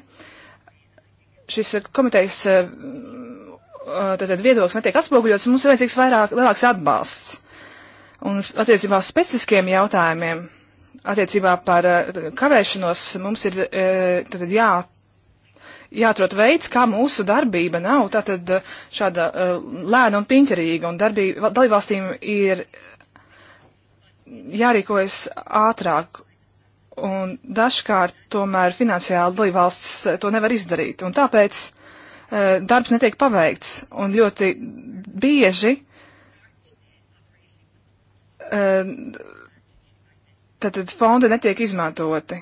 S4: šis komitejas uh, tātad viedoklis netiek atspoguļots, mums ir vajadzīgs vairāk, lielāks atbalsts. Un attiecībā uz specifiskiem jautājumiem, attiecībā par eh, kavēšanos, mums ir eh, tātad jā, jāatrot veids, kā mūsu darbība nav tātad eh, šāda lēna un piņķerīga, un darbība dalībvalstīm ir jārīkojas ātrāk. Un dažkārt tomēr finansiāli dalībvalstis to nevar izdarīt. Un tāpēc darbs netiek paveikts. Un ļoti bieži Ehm, tātad fondi netiek izmantoti.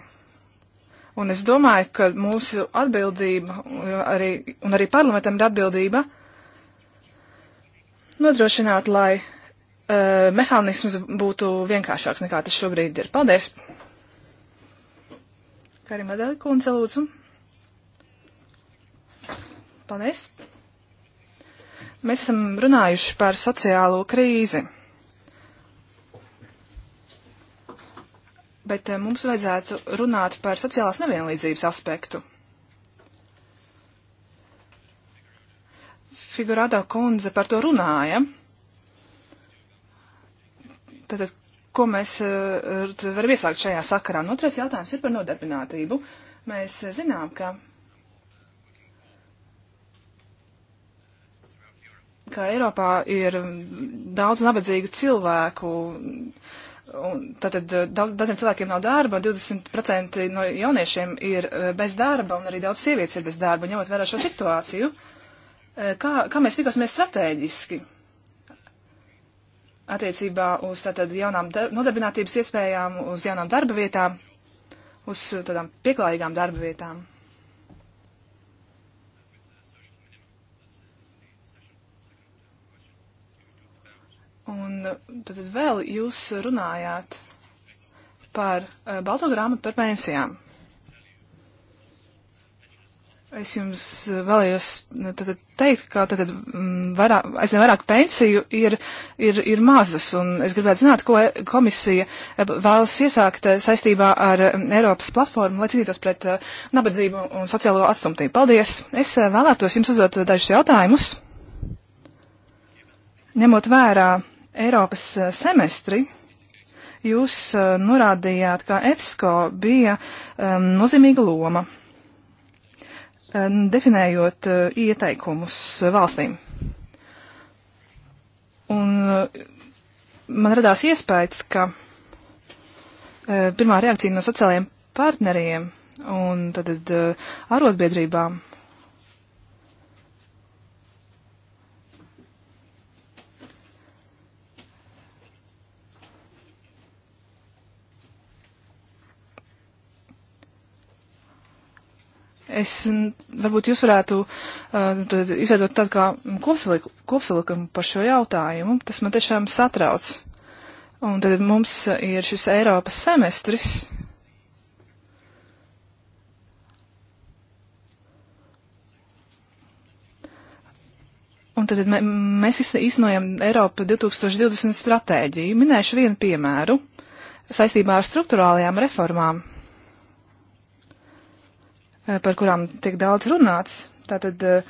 S4: Un es domāju, ka mūsu atbildība arī, un arī parlamentam ir atbildība nodrošināt, lai uh, mehānisms būtu vienkāršāks nekā tas šobrīd ir. Paldies! Karim Adeli kundze, lūdzu. Paldies! Mēs esam runājuši par sociālo krīzi. bet eh, mums vajadzētu runāt par sociālās nevienlīdzības aspektu. Figurādā kundze par to runāja. Tātad, ko mēs eh, varam iesākt šajā sakarā? Un otrais jautājums ir par nodarbinātību. Mēs eh, zinām, ka, ka Eiropā ir mm, daudz nabadzīgu cilvēku, uh, Un tātad eh, daudz, daudziem cilvēkiem nav darba, 20% no jauniešiem ir eh, bez darba, un arī daudz sievietes ir bez darba, ņemot vērā šo situāciju. Eh, kā, kā mēs rīkosimies strateģiski attiecībā uz tātad jaunām nodarbinātības iespējām, uz jaunām darba vietām, uz tādām pieklājīgām darba vietām? Un tad vēl jūs runājāt par uh, balto grāmatu par pensijām. Es jums vēlējos tad, teikt, ka tad, mm, vairāk, aizvien vairāk pensiju ir, ir, ir mazas, un es gribētu zināt, ko komisija eh, vēlas iesākt eh, saistībā ar Eiropas platformu, lai cīnītos pret uh, nabadzību un sociālo atstumtību. Paldies! Es vēlētos jums uzdot dažus jautājumus, ņemot vērā Eiropas eh, semestri, jūs eh, norādījāt, ka EFSCO bija um, nozīmīga loma, um, definējot uh, ieteikumus valstīm. Un uh, man radās iespējas, ka uh, pirmā reakcija no sociālajiem partneriem un tad arotbiedrībām Es varbūt jūs varētu uh, izveidot tādu kā kopsaliku, kopsalikumu par šo jautājumu. Tas man tiešām satrauc. Un tad mums ir šis Eiropas semestris. Un tad mē, mēs iznojam Eiropa 2020 stratēģiju. Minēšu vienu piemēru saistībā ar struktūrālajām reformām. Eh, par kurām tiek daudz runāts. Tātad eh,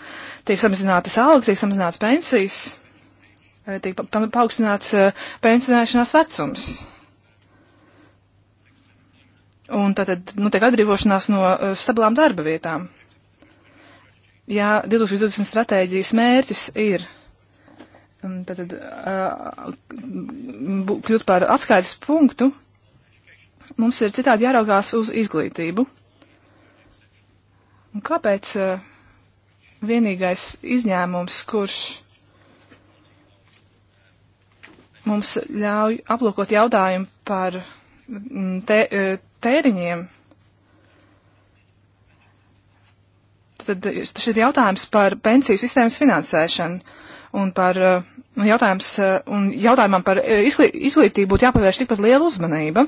S4: tiek samazinātas algas, tiek samazinātas pensijas, eh, tiek pa pa paaugstināts pensionēšanās vecums. Un tātad notiek nu, atbrīvošanās no stabilām darba vietām. Ja 2020 stratēģijas mērķis ir mm, tātad, kļūt par atskaites punktu, mums ir citādi jāraugās uz izglītību. Un kāpēc uh, vienīgais izņēmums, kurš mums ļauj aplūkot jautājumu par mm, tē, eh, tēriņiem. Tad tas ir jautājums par pensiju sistēmas finansēšanu un par eh, un jautājums, un jautājumam par izglītību būtu jāpavērš tikpat liela uzmanība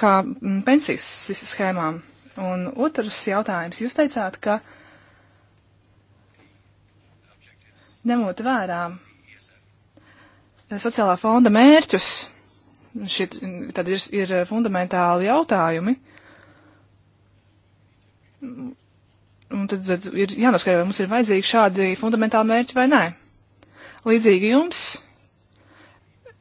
S4: kā mm, pensijas schēmām. Un otrs jautājums. Jūs teicāt, ka ņemot vērā sociālā fonda mērķus, šit, tad ir, ir fundamentāli jautājumi. Un tad, tad ir jānoskaidro, vai mums ir vajadzīgi šādi fundamentāli mērķi vai nē. Līdzīgi jums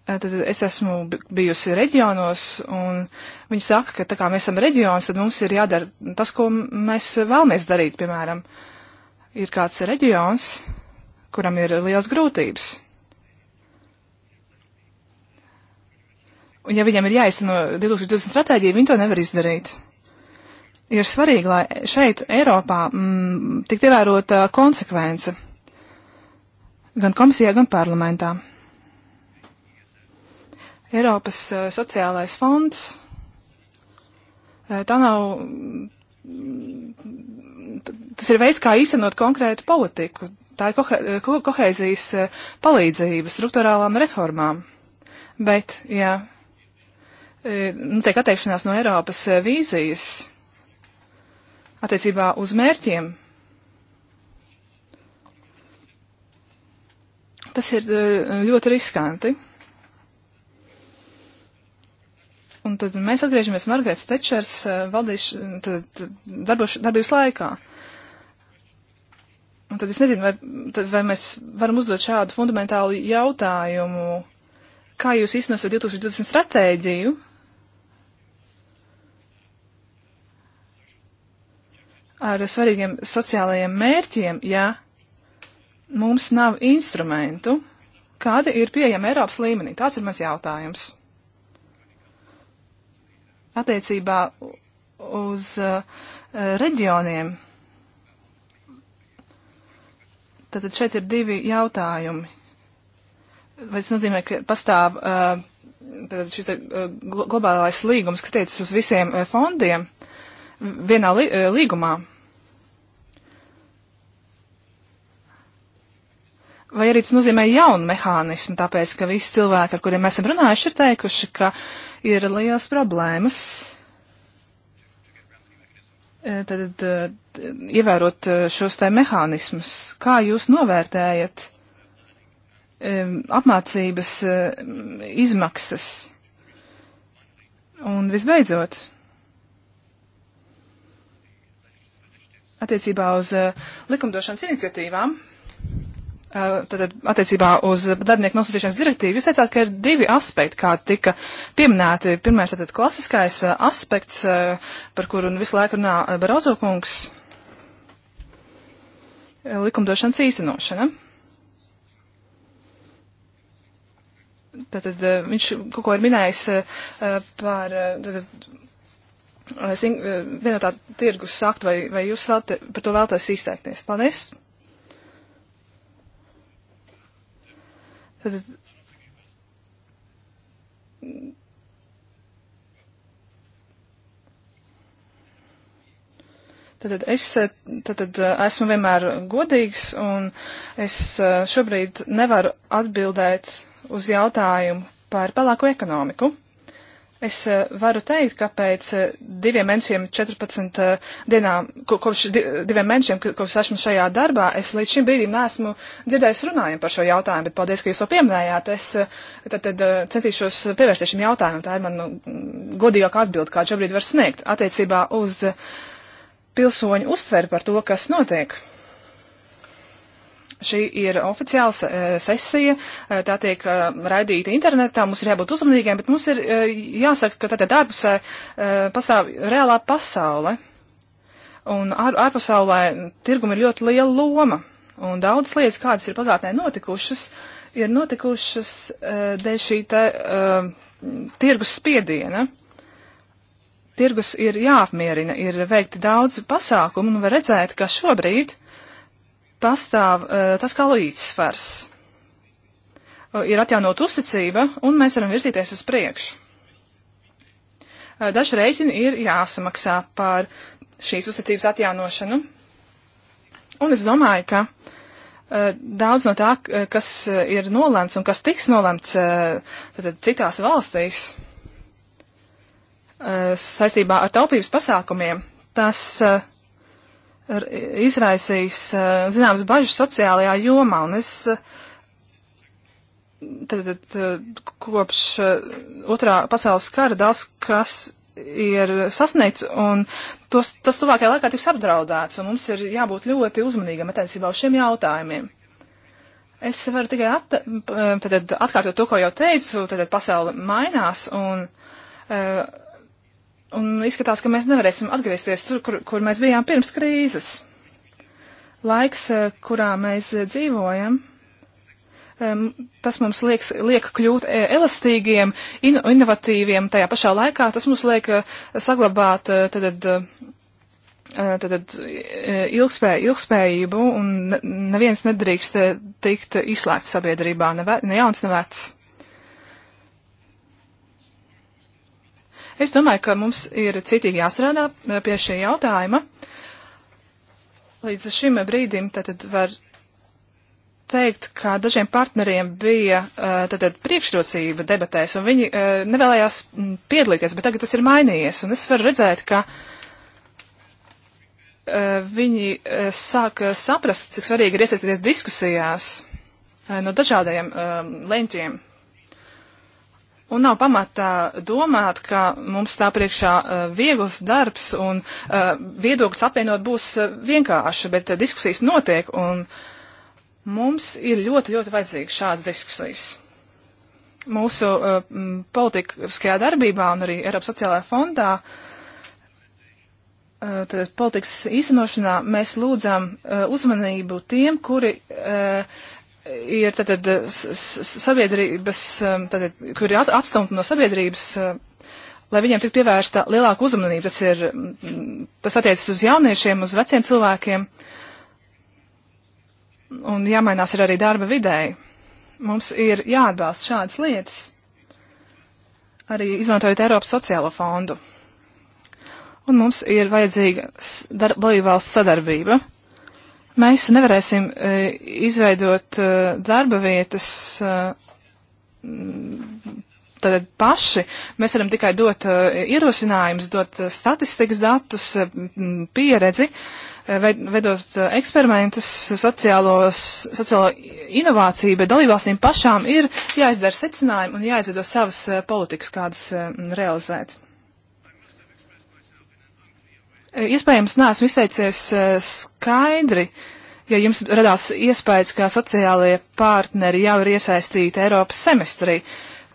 S4: tad es esmu bijusi reģionos, un viņi saka, ka tā kā mēs esam reģions, tad mums ir jādara tas, ko mēs vēlamies darīt. Piemēram, ir kāds reģions, kuram ir liels grūtības. Un ja viņam ir jāizteno 2020 stratēģija, viņi to nevar izdarīt. Ir svarīgi, lai šeit, Eiropā, m, tiktu ievērota konsekvence gan komisijā, gan parlamentā. Eiropas eh, sociālais fonds. Eh, tā nav. Tas ir veids, kā īstenot konkrētu politiku. Tā ir kohe, eh, ko, kohēzijas palīdzība struktūrālām reformām. Bet, ja nu, tiek atteikšanās no Eiropas vīzijas attiecībā uz mērķiem, tas ir ļoti riskanti. Un tad mēs atgriežamies Margaretas Tečers eh, valdīš, tad, tad, darbuš, darbības laikā. Un tad es nezinu, vai, tad, vai mēs varam uzdot šādu fundamentālu jautājumu, kā jūs iznesat 2020 stratēģiju? Ar svarīgiem sociālajiem mērķiem, ja mums nav instrumentu, kādi ir pieejami Eiropas līmenī? Tāds ir mans jautājums attiecībā uz uh, reģioniem. Tātad šeit ir divi jautājumi. Vai tas nozīmē, ka pastāv uh, šis te, eh, gl globālais līgums, kas tiecas uz visiem fondiem vienā li līgumā? Vai arī tas nozīmē jaunu mehānismu, tāpēc, ka visi cilvēki, ar kuriem esam runājuši, ir teikuši, ka uh, ir liels problēmas. E, tad e, ievērot e, šos te mehānismus, kā jūs novērtējat apmācības izmaksas? Un visbeidzot, attiecībā uz likumdošanas iniciatīvām, Tātad eh, attiecībā uz darbinieku nosūtīšanas direktīvu jūs teicāt, ka ir divi aspekti, kā tika pieminēti. Pirmais, tātad klasiskais eh, aspekts, eh, par kuru visu laiku runā Barozo kungs - likumdošanas īstenošana. Tātad viņš kaut ko ir minējis par tātad, vienotā tirgus aktu, vai, vai jūs vēl te, par to vēlaties izteikties? Paldies! Tātad Tātad es tātad eh, eh, esmu vienmēr godīgs un es eh, šobrīd nevaru atbildēt uz jautājumu par pelēko ekonomiku. Es eh, varu teikt, ka pēc eh, diviem mēnešiem, 14 eh, dienām, kopš diviem mēnešiem, kopš esmu šajā darbā, es līdz šim brīdim neesmu dzirdējis runājumu par šo jautājumu, bet paldies, ka jūs to pieminējāt. Es tad, tad centīšos pievērsties šim jautājumam. Tā ir man mm, godīgāka atbilde, kādu šobrīd var sniegt attiecībā uz pilsoņu uztveri par to, kas notiek Šī ir oficiāla eh, sesija, eh, tā tiek eh, raidīta internetā, mums ir jābūt uzmanīgiem, bet mums ir jāsaka, ka tātad ārpusē pastāv reālā pasaule. Un ār, ārpasaulē tirgum ir ļoti liela loma. Un daudzas lietas, kādas ir pagātnē notikušas, ir notikušas dēļ šī te, tirgus spiediena tirgus ir jāapmierina, ir veikti daudz pasākumu, un var redzēt, ka šobrīd uh, pastāv eh, tas kā līdzsvars. Eh, ir atjaunot uzticība, un mēs varam virzīties uz priekšu. Eh, daži rēķini ir jāsamaksā par šīs uzticības atjaunošanu. Un es domāju, ka uh, daudz no tā, kas ir nolēmts un kas tiks nolēmts tātad, citās valstīs saistībā ar taupības pasākumiem, tas izraisījis eh, zināmas bažas sociālajā jomā, un es eh, tad, tad, eh, kopš otrā pasaules kara daudz kas ir sasniegts, un tos, tas tuvākajā laikā tiks apdraudēts, un mums ir jābūt ļoti uzmanīgam attiecībā uz šiem jautājumiem. Es varu tikai at, tad, atkārtot to, ko jau teicu, tad pasaule mainās, un uh, Un izskatās, ka mēs nevarēsim atgriezties tur, kur, kur mēs bijām pirms krīzes. Laiks, eh, kurā mēs dzīvojam, tas mums liekas, liek kļūt eh, elastīgiem, in, inovatīviem. Tajā pašā laikā tas mums liek eh, saglabāt tad, tad, ilgspēj, ilgspējību, un neviens nedrīkst tikt izslēgts sabiedrībā, ne, ne jauns, ne vecs. Es domāju, ka mums ir citīgi jāstrādā eh, pie šī jautājuma. Līdz šim brīdim tad var teikt, ka dažiem partneriem bija eh, tātad priekšrocība debatēs, un viņi eh, nevēlējās mm, piedalīties, bet tagad tas ir mainījies, un es varu redzēt, ka viņi sāk saprast, cik svarīgi ir iesaistīties diskusijās no dažādajiem leņķiem. Un nav pamatā domāt, ka mums tā priekšā uh, viegls darbs un uh, viedokļus apvienot būs uh, vienkārši, bet uh, diskusijas notiek un mums ir ļoti, ļoti vajadzīgs šāds diskusijas. Mūsu uh, politiskajā darbībā un arī Eiropas sociālajā fondā, uh, tad politikas īstenošanā mēs lūdzam uh, uzmanību tiem, kuri uh, ir tātad sabiedrības, tātad, um, kur ir atstumti no sabiedrības, um, lai viņiem tik pievērsta lielāka uzmanība. Tas, ir, tas attiecas uz jauniešiem, uz veciem cilvēkiem. Un jāmainās ir arī darba vidēji. Mums ir jāatbalsta šādas lietas, arī izmantojot Eiropas sociālo fondu. Un mums ir vajadzīga dalībvalstu sadarbība Mēs nevarēsim e, izveidot e, darba vietas e, tad paši mēs varam tikai dot uh, ierosinājumus, dot uh, statistikas datus, uh, pieredzi, ved, vedot eksperimentus, sociālos, sociālo inovāciju, bet dalībvalstīm pašām ir jāizdara secinājumi un jāizveido savas politikas, kādas realizēt. E, iespējams, neesmu izteicies e, skaidri, ja jums radās iespējas, ka sociālie partneri jau ir iesaistīti Eiropas semestrī.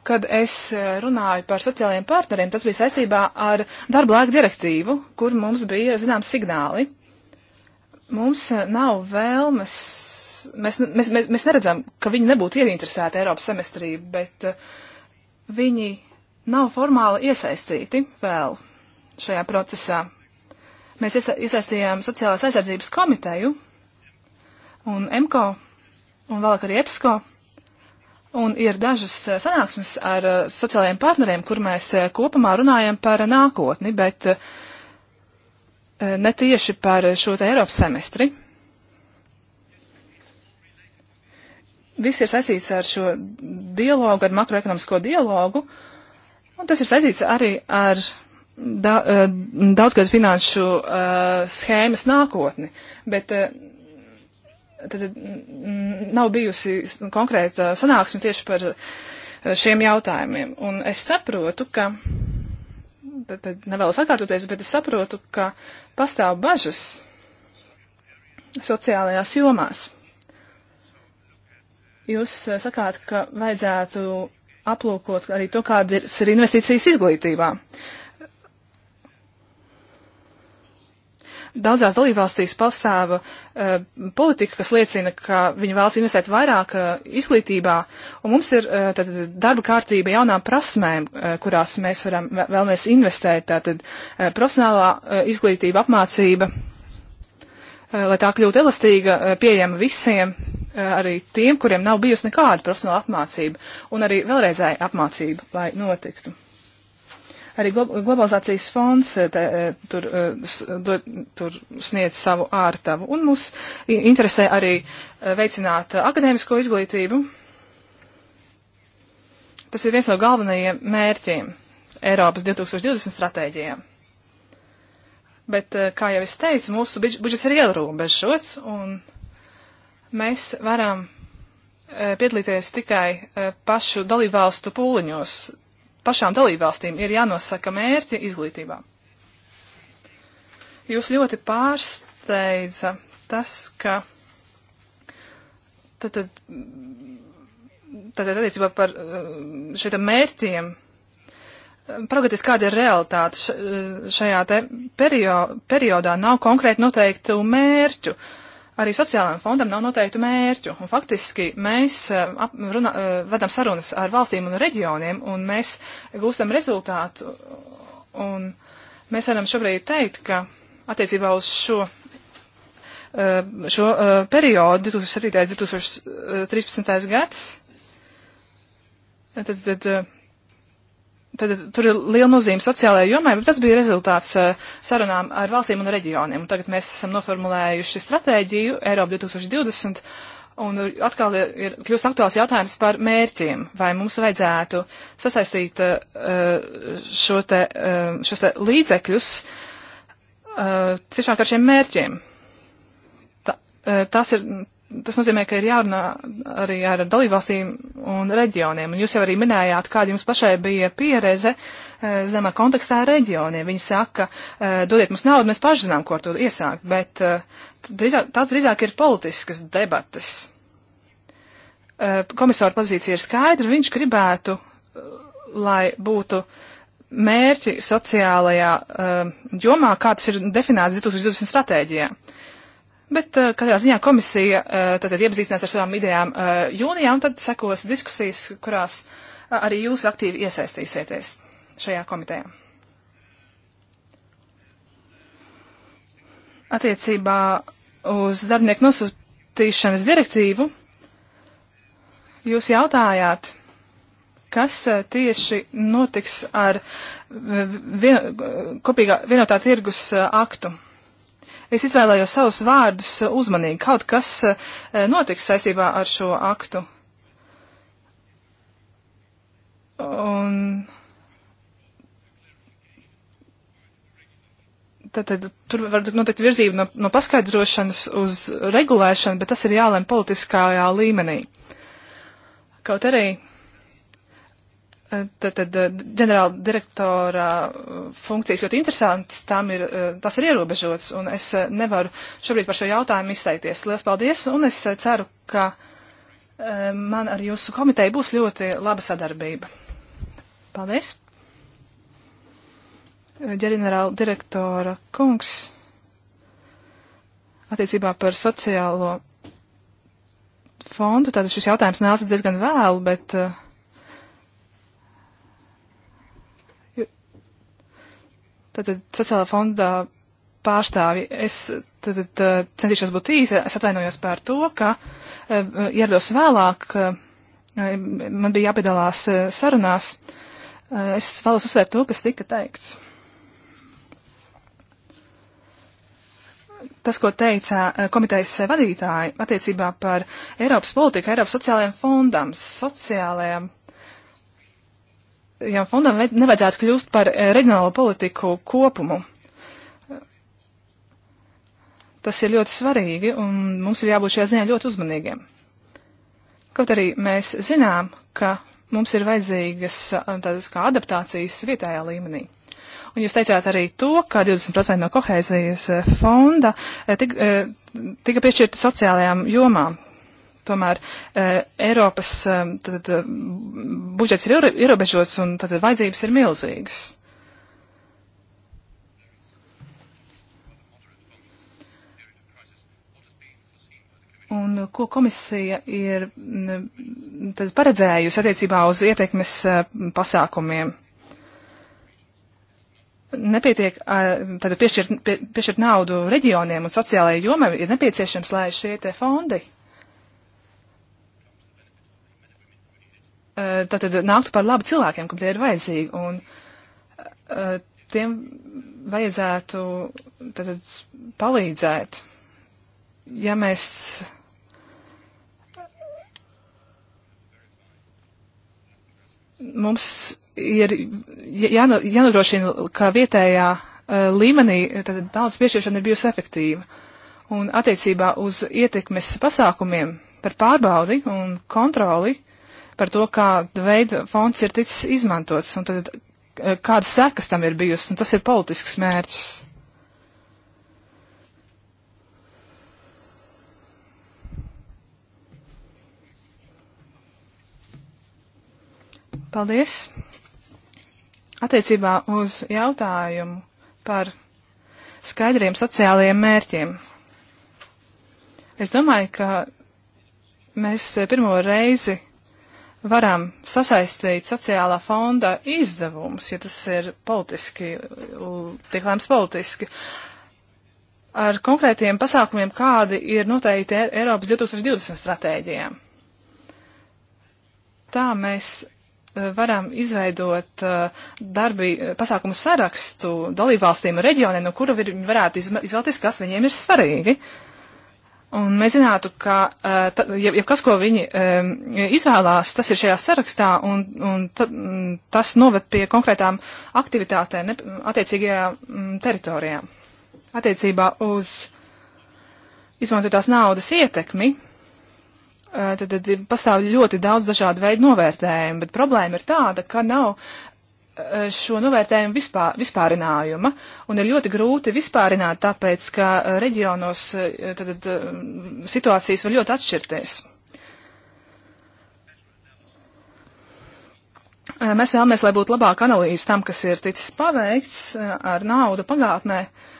S4: Kad es e, runāju par sociālajiem partneriem, tas bija saistībā ar darba laika direktīvu, kur mums bija, zinām, signāli. Mums nav vēlmes, mēs, mēs, mēs, mēs neredzam, ka viņi nebūtu ieinteresēti Eiropas semestrī, bet viņi nav formāli iesaistīti vēl šajā procesā. Mēs iesaistījām sociālās aizsardzības komiteju un MKO un vēlāk arī EPSCO. Un ir dažas eh, sanāksmes ar eh, sociālajiem partneriem, kur mēs eh, kopumā runājam par nākotni, bet ne tieši par šo te Eiropas semestri. Viss ir saistīts ar šo dialogu, ar makroekonomisko dialogu, un tas ir saistīts arī ar da, eh, daudzgad finanšu uh, schēmas nākotni, bet uh, tad nav bijusi konkrēta sanāksme tieši par šiem jautājumiem. Un es saprotu, ka, tad, tad nevēlas atkārtoties, bet es saprotu, ka pastāv bažas sociālajās jomās. Jūs uh, sakāt, ka vajadzētu aplūkot arī to, kādas ir investīcijas izglītībā. Uh, Daudzās dalībvalstīs pastāv uh, politika, kas liecina, ka viņi vēlas investēt vairāk uh, izglītībā, un mums ir uh, tad, darba kārtība jaunām prasmēm, uh, kurās mēs varam vēlamies investēt, tātad uh, profesionālā uh, izglītība, apmācība, uh, lai tā kļūtu elastīga, uh, pieejama visiem, uh, arī tiem, kuriem nav bijusi nekāda profesionāla apmācība, un arī vēlreizēja apmācība, lai notiktu. Arī globalizācijas fonds eh, te, eh, tur, eh, do, tur sniedz savu ārtavu. Un mūs interesē arī veicināt akadēmisko izglītību. Tas ir viens no galvenajiem mērķiem Eiropas 2020 stratēģijām. Bet, kā jau es teicu, mūsu budžets ir ierobežots, un mēs varam piedalīties tikai pašu dalībvalstu pūliņos pašām dalībvalstīm ir jānosaka mērķi izglītībā. Jūs ļoti pārsteidza tas, ka tad, tad, tad attiecībā par eh, šiem mērķiem Paraugoties, kāda ir realitāte eh, šajā periodā, periodā, nav konkrēti noteiktu mērķu arī sociālajiem fondam nav noteiktu mērķu. Un faktiski mēs eh, ap, runa, eh, vedam sarunas ar valstīm un reģioniem, un mēs gūstam rezultātu. Un mēs varam šobrīd teikt, ka attiecībā uz šo, eh, šo periodu 2007. 2013. gads, tad, tad tad tur ir liela nozīme sociālajai jomai, bet tas bija rezultāts uh, sarunām ar valstīm un reģioniem. Un tagad mēs esam noformulējuši stratēģiju Eiropa 2020, un atkal ir, ir kļūst aktuāls jautājums par mērķiem, vai mums vajadzētu sasaistīt uh, šo te, uh, šos te līdzekļus ciešāk ar šiem mērķiem. Ta, tas ir tas nozīmē, ka ir jārunā arī ar dalībvalstīm un reģioniem. Un jūs jau arī minējāt, kāda jums pašai bija pieredze eh, zemā kontekstā ar reģioniem. Viņi saka, eh, dodiet mums naudu, mēs paši zinām, ko ar to iesākt, bet eh, drīzāk, tās drīzāk ir politiskas debatas. Komisāra pozīcija ir skaidra, viņš gribētu, lai būtu mērķi sociālajā jomā, kā tas ir definēts 2020 stratēģijā. Uh, Bet uh, katrā ziņā komisija uh, eh, tad iepazīstinās ar savām idejām uh, jūnijā, un tad sekos diskusijas, kurās uh, arī jūs aktīvi iesaistīsieties šajā komitejā. Attiecībā uz darbinieku nosūtīšanas direktīvu jūs jautājāt, kas uh, tieši notiks ar vien, kopīgā vienotā tirgus uh, aktu. Es izvēlējos savus vārdus uzmanīgi. Kaut kas eh, notiks saistībā ar šo aktu. Un tad, tad tur var notikt virzība no, no paskaidrošanas uz regulēšanu, bet tas ir jālem politiskajā līmenī. Kaut arī Tātad eh, ģenerāla direktora eh, funkcijas ļoti interesants, tam ir, eh, tas ir ierobežots, un es nevaru šobrīd par šo jautājumu izteikties. Lielas paldies, un es ceru, ka man ar jūsu komiteju būs ļoti laba sadarbība. Paldies. Ģenerāla direktora kungs attiecībā par sociālo fondu, tātad šis jautājums nāca diezgan vēlu, bet uh, Tātad sociālā fonda pārstāvi, es tad, tad, centīšos būt īsa, es atvainojos par to, ka e, ierados vēlāk, e, man bija jāpiedalās e, sarunās. E, es vēlos uzsvērt to, kas tika teikts. Tas, ko teica e, komitejas vadītāji attiecībā par Eiropas politiku, Eiropas sociālajiem fondam, sociālajiem šajam fondam nevajadzētu kļūst par eh, reģionālo politiku kopumu. Tas ir ļoti svarīgi, un mums ir jābūt šajā ziņā ļoti uzmanīgiem. Kaut arī mēs zinām, ka mums ir vajadzīgas eh, tādas kā adaptācijas vietējā līmenī. Un jūs teicāt arī to, ka 20% no kohēzijas eh, fonda tika, tika piešķirta sociālajām jomām tomēr e, Eiropas e, tad, budžets ir ierobežots un tad vajadzības ir milzīgas. Un ko komisija ir tad, paredzējusi attiecībā uz ietekmes e, pasākumiem? Nepietiek tad piešķirt, pie, piešķirt naudu reģioniem un sociālajai jomai, ir nepieciešams, lai šie te fondi Eh, tātad nāktu par labu cilvēkiem, kam tie ir vajadzīgi, un uh, tiem vajadzētu tātad palīdzēt. Ja mēs. Mums ir jāno, jānodrošina, ka vietējā uh, līmenī tātad naudas piešķiršana ir bijusi efektīva. Un attiecībā uz ietekmes pasākumiem par pārbaudi un kontroli par to, kāda veida fonds ir ticis izmantots un tad e, kādas sekas tam ir bijusi, un tas ir politisks mērķis. Paldies! Attiecībā uz jautājumu par skaidriem sociālajiem mērķiem. Es domāju, ka mēs e, pirmo reizi varam sasaistīt sociālā fonda izdevumus, ja tas ir politiski, tiek lēms politiski, ar konkrētiem pasākumiem, kādi ir noteikti Eiropas 2020 stratēģijām. Tā mēs e, varam izveidot e, darbi, e, pasākumu sarakstu dalībvalstīm un reģioniem, no kura viņi varētu izvēlēties, kas viņiem ir svarīgi. Uh, Un mēs zinātu, ka eh, tā, ja, ja kas, ko viņi um, izvēlās, tas ir šajā sarakstā, un, un ta, mm, tas noved pie konkrētām aktivitātēm ne, attiecīgajā m, mm, teritorijā. Attiecībā uz izmantotās naudas ietekmi, uh, tad, tad pastāv ļoti daudz dažādu veidu novērtējumu, bet problēma ir tāda, ka nav Eh, šo novērtējumu vispār, vispārinājuma, un ir ļoti grūti vispārināt, tāpēc, ka eh, reģionos eh, tad, tad, situācijas var ļoti atšķirties. Mēs vēlamies, lai būtu labāka analīze tam, kas ir ticis paveikts ar naudu pagātnē. Uh,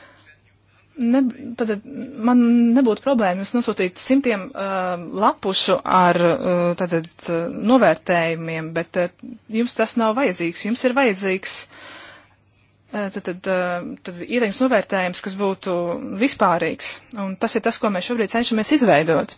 S4: ne, tad man nebūtu problēmas nosūtīt simtiem uh, lapušu ar uh, tātad, uh, novērtējumiem, bet uh, jums tas nav vajadzīgs. Jums ir vajadzīgs uh, tad, tad, uh, tad ieteikums novērtējums, kas būtu vispārīgs. Un tas ir tas, ko mēs šobrīd cenšamies izveidot.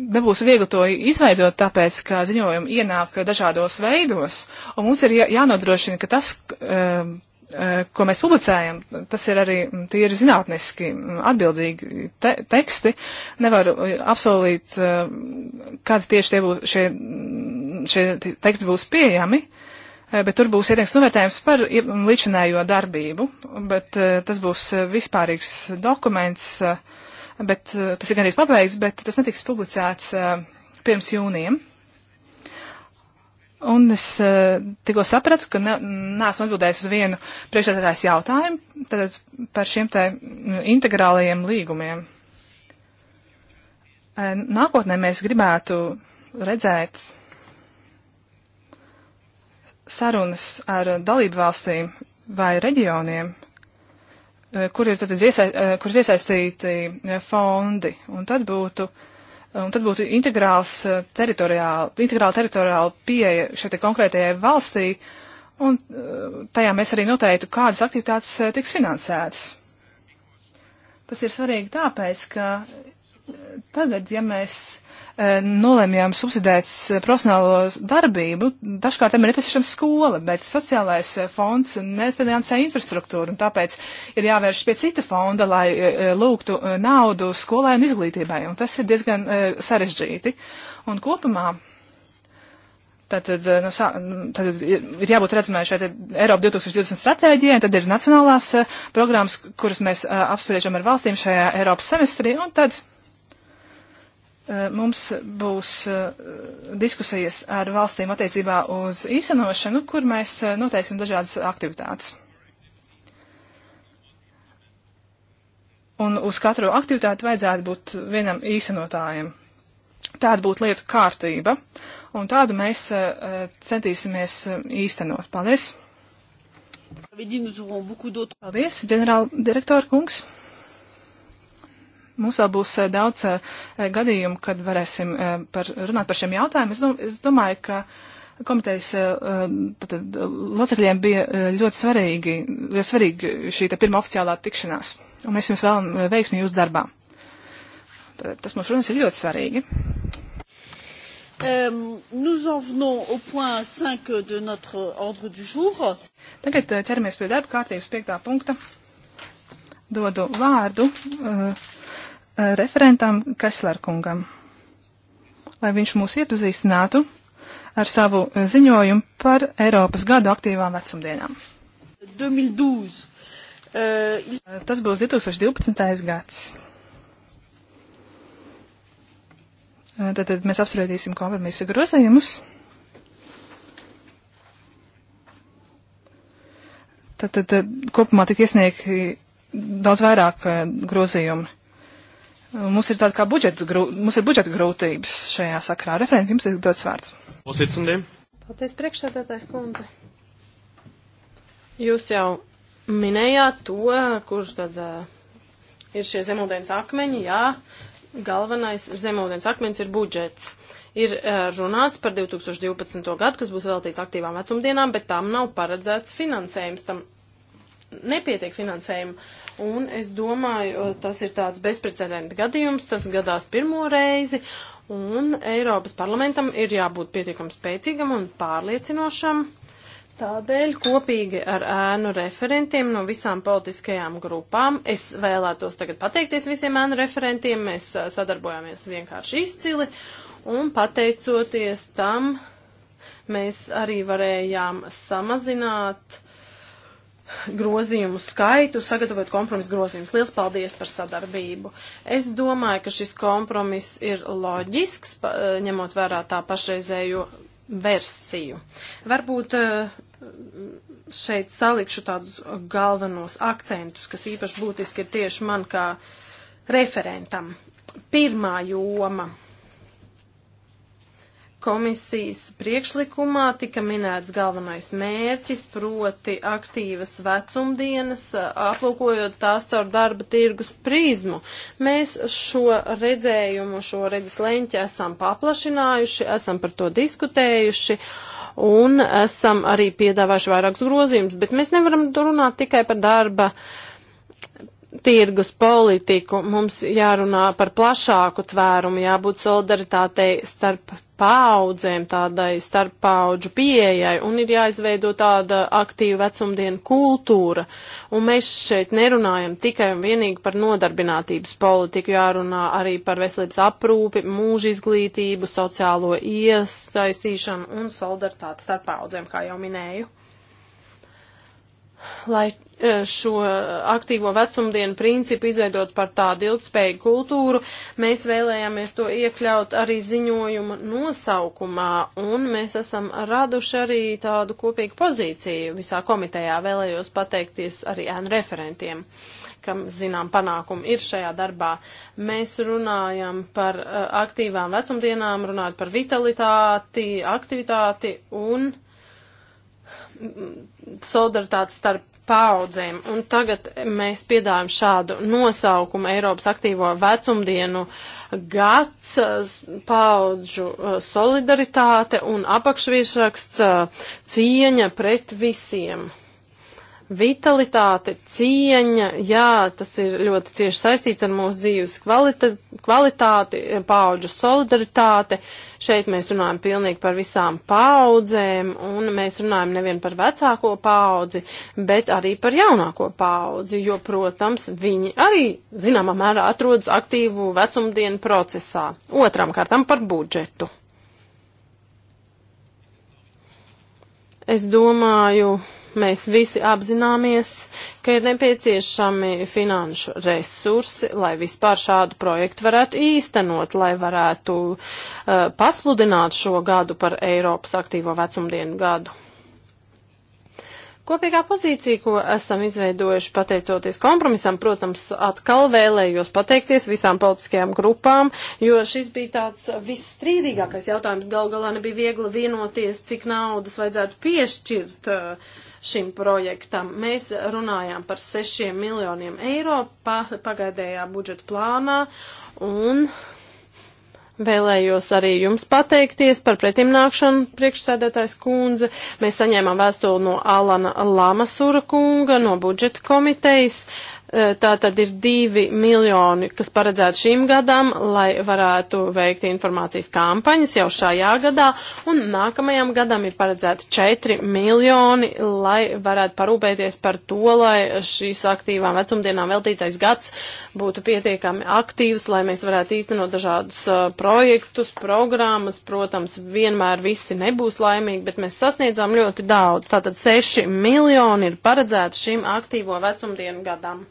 S4: Nebūs viegli to izveidot, tāpēc, ka ziņojumi ienāk dažādos veidos, un mums ir jā, jānodrošina, ka tas, uh, Eh, ko mēs publicējam, tas ir arī mm, tīri zinātniski mm, atbildīgi te teksti. Nevaru eh, apsolīt, eh, kādi tieši tie būs, šie, mm, šie teksti būs pieejami, bet tur būs ieteiks novērtējums par līdzinējo darbību, bet tas būs vispārīgs dokuments, bet tas ir gan arī pabeigts, bet tas netiks publicēts pirms jūnijam. Un es eh, tikko sapratu, ka ne, neesmu atbildējis uz vienu priekšsēdētājs jautājumu tad par šiem te mm, integrālajiem līgumiem. Eh, nākotnē mēs gribētu redzēt sarunas ar dalību valstīm vai reģioniem, eh, kur ir, tad, iesaist, kur ir iesaistīti fondi. Un tad būtu uh, Un tad būtu integrāls eh, teritoriāli, integrāli teritoriāli pieeja šai te konkrētajai valstī, un eh, tajā mēs arī noteiktu, kādas aktivitātes eh, tiks finansētas. Tas ir svarīgi tāpēc, ka tagad, ja mēs E, nolemjām subsidēt profesionālo darbību, dažkārt tam ir nepieciešama skola, bet sociālais e, fonds nefinansē infrastruktūru, un tāpēc ir jāvērš pie cita fonda, lai e, lūgtu naudu skolai un izglītībai, un tas ir diezgan sarežģīti. Un kopumā Tātad, nu, sā, tātad ir jābūt redzamai šeit Eiropa 2020 stratēģijai, tad ir nacionālās uh, programmas, kuras mēs uh, apspriežam ar valstīm šajā Eiropas semestrī, un tad Eh, mums būs eh, diskusijas ar valstīm attiecībā uz īstenošanu, kur mēs eh, noteiksim dažādas aktivitātes. Un uz katru aktivitāti vajadzētu būt vienam īstenotājam. Tāda būtu lietu kārtība, un tādu mēs centīsimies īstenot. Paldies!
S1: Paldies,
S4: ģenerāldirektora kungs! Mums vēl būs eh, daudz eh, gadījumu, kad varēsim eh, par, runāt par šiem jautājumiem. Es, dom, es domāju, ka komitejas tātad, locekļiem bija ļoti svarīgi, ļoti svarīgi šī pirmā oficiālā tikšanās. Un mēs jums vēlam veiksmi jūsu darbā. Tātad, tas mums, protams, ir ļoti svarīgi.
S1: Um, nous en venons au point 5 de notre ordre du jour. Tagad ķeramies
S4: pie darba kārtības piektā punkta. Dodu vārdu uh, referentam Keslerkungam, lai viņš mūs iepazīstinātu ar savu ziņojumu par Eiropas gadu aktīvām vecumdienām. 2012. Eh, Tas būs 2012. gads. Eh, tad, tad mēs apspriedīsim kompromisu grozījumus. Tad, tad kopumā tik iesniegti daudz vairāk eh, grozījumu. Mums ir tāda kā budžeta, grū, mums ir budžeta grūtības šajā sakrā. Referents, jums ir dots vārds.
S3: Uzsicindiem.
S2: Paldies, priekšsēdētājs kundze. Jūs jau minējāt to, kurš tad uh, ir šie zemūdens akmeņi, jā. Galvenais zemūdens akmens ir budžets. Ir uh, runāts par 2012. gadu, kas būs veltīts aktīvām vecumdienām, bet tam nav paredzēts finansējums. Tam nepietiek finansējumu. Un es domāju, eh, tas ir tāds bezprecedenta gadījums, tas gadās pirmo reizi, un Eiropas parlamentam ir jābūt pietiekam spēcīgam un pārliecinošam. Tādēļ kopīgi ar ēnu referentiem no visām politiskajām grupām es vēlētos tagad pateikties visiem ēnu referentiem. Mēs eh, sadarbojāmies vienkārši izcili un pateicoties tam mēs arī varējām samazināt uh, grozījumu skaitu, sagatavot kompromisu grozījumus. Liels paldies par sadarbību. Es domāju, ka šis kompromiss ir loģisks, eh, ņemot vērā tā pašreizējo versiju. Varbūt eh, šeit salikšu tādus galvenos akcentus, kas īpaši būtiski ir tieši man kā referentam. Pirmā joma. Jo Komisijas priekšlikumā tika minēts galvenais mērķis, proti aktīvas vecumdienas, aplūkojot tās caur darba tirgus prizmu. Mēs šo redzējumu, šo redzes leņķi esam paplašinājuši, esam par to diskutējuši un esam arī piedāvājuši vairākus grozījumus, bet mēs nevaram runāt tikai par darba tirgus politiku, mums jārunā par plašāku tvērumu, jābūt solidaritātei starp paudzēm, tādai starp paudžu pieejai, un ir jāizveido tāda aktīva vecumdienu kultūra. Un mēs šeit nerunājam tikai un vienīgi par nodarbinātības politiku, jārunā arī par veselības aprūpi, mūža izglītību, sociālo iesaistīšanu un solidaritāti starp paudzēm, kā jau minēju lai eh, šo aktīvo vecumdienu principu izveidot par tādu ilgspējīgu kultūru, mēs vēlējāmies to iekļaut arī ziņojuma nosaukumā, un mēs esam raduši arī tādu kopīgu pozīciju visā komitejā. Vēlējos pateikties arī ēnu referentiem, kam, zinām, panākumi ir šajā darbā. Mēs runājam par eh, aktīvām vecumdienām, runājot par vitalitāti, aktivitāti un solidaritāti starp paudzēm. Un tagad mēs piedāvājam šādu nosaukumu Eiropas aktīvo vecumdienu gads, paudžu eh, solidaritāte un apakšvirsraksts eh, cieņa pret visiem. Vitalitāte, cieņa, jā, tas ir ļoti cieši saistīts ar mūsu dzīves kvalita, kvalitāti, paauģu solidaritāte. Šeit mēs runājam pilnīgi par visām paaudzēm, un mēs runājam nevien par vecāko paaudzi, bet arī par jaunāko paaudzi, jo, protams, viņi arī, zināmā mērā, atrodas aktīvu vecumdienu procesā. Otram kārtam par budžetu. Es domāju, Mēs visi apzināmies, ka ir nepieciešami finanšu resursi, lai vispār šādu projektu varētu īstenot, lai varētu uh, pasludināt šo gadu par Eiropas aktīvo vecumdienu gadu. Kopīgā pozīcija, ko esam izveidojuši pateicoties kompromisam, protams, atkal vēlējos pateikties visām politiskajām grupām, jo šis bija tāds visstrīdīgākais jautājums. Gal galā nebija viegli vienoties, cik naudas vajadzētu piešķirt uh, šim projektam. Mēs runājām par 6 miljoniem eiro pagaidējā budžeta plānā un Vēlējos arī jums pateikties par pretimnākšanu, priekšsēdētājs kundze. Mēs saņēmām vēstuli no Alana Lamasura kunga no budžeta komitejas. Uh, Eh, Tā tad ir divi miljoni, kas paredzēti šim gadam, lai varētu veikt informācijas kampaņas jau šajā gadā, un nākamajam gadam ir paredzēti četri miljoni, lai varētu parūpēties par to, lai šīs aktīvām vecumdienām veltītais gads būtu pietiekami aktīvs, lai mēs varētu īstenot dažādus uh, projektus, programmas. Protams, vienmēr visi nebūs laimīgi, bet mēs sasniedzām ļoti daudz. Tātad seši miljoni ir paredzēti šim aktīvo vecumdienu gadam.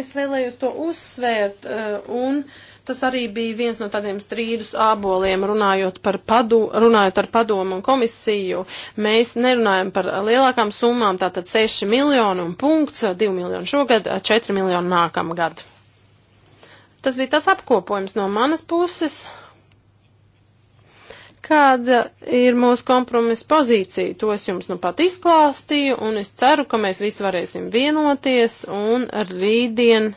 S2: Es vēlējos to uzsvērt, eh, un tas arī bija viens no tādiem strīdus āboliem, runājot, par padu, runājot ar padomu un komisiju. Mēs nerunājam par lielākām summām, tātad 6 miljonu un punkts, 2 miljonu šogad, 4 miljonu nākamgad. Tas bija tāds apkopojums no manas puses. Kāda ir mūsu kompromisa pozīcija? To es jums nu pat izklāstīju, un es ceru, ka mēs visi varēsim vienoties un rītdien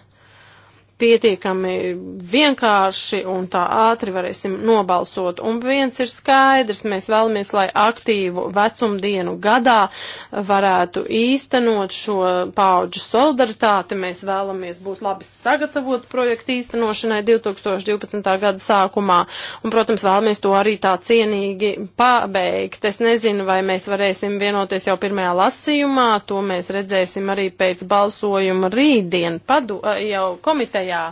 S2: pietiekami vienkārši un tā ātri varēsim nobalsot. Un viens ir skaidrs, mēs vēlamies, lai aktīvu vecumdienu gadā varētu īstenot šo paauģu solidaritāti. Mēs vēlamies būt labi sagatavot projektu īstenošanai 2012. gada sākumā. Un, protams, vēlamies to arī tā cienīgi pabeigt. Es nezinu, vai mēs varēsim vienoties jau pirmajā lasījumā. To mēs redzēsim arī pēc balsojuma rītdien padu, eh, jau komiteja komitejā.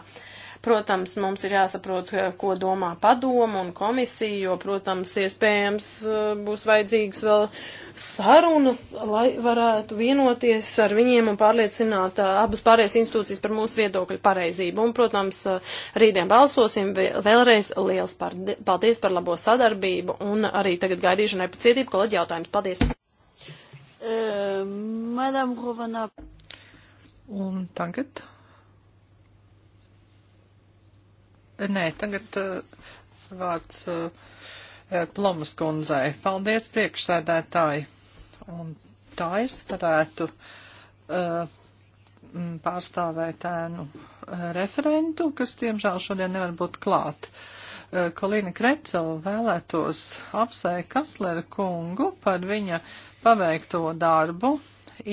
S2: Protams, mums ir jāsaprot, ko domā padoma un komisija, jo, protams, iespējams eh, būs vajadzīgs vēl sarunas, lai varētu vienoties ar viņiem un pārliecināt eh, abas pārējās institūcijas par mūsu viedokļu pareizību. Un, protams, eh, rītdien balsosim vēlreiz liels par, paldies par labo sadarbību un arī tagad gaidīšu nepacietību kolēģi jautājumus. Paldies!
S1: Uh, Madame Rovana.
S2: Un tagad
S5: Nē, tagad uh, vārds uh, Plomas kundzei. Paldies, priekšsēdētāji. Un tā es varētu uh, pārstāvēt ēnu uh, referentu, kas, diemžēl, šodien nevar būt klāt. Uh, Kolīna Krecela vēlētos apsveikt Kaslera kungu par viņa paveikto darbu,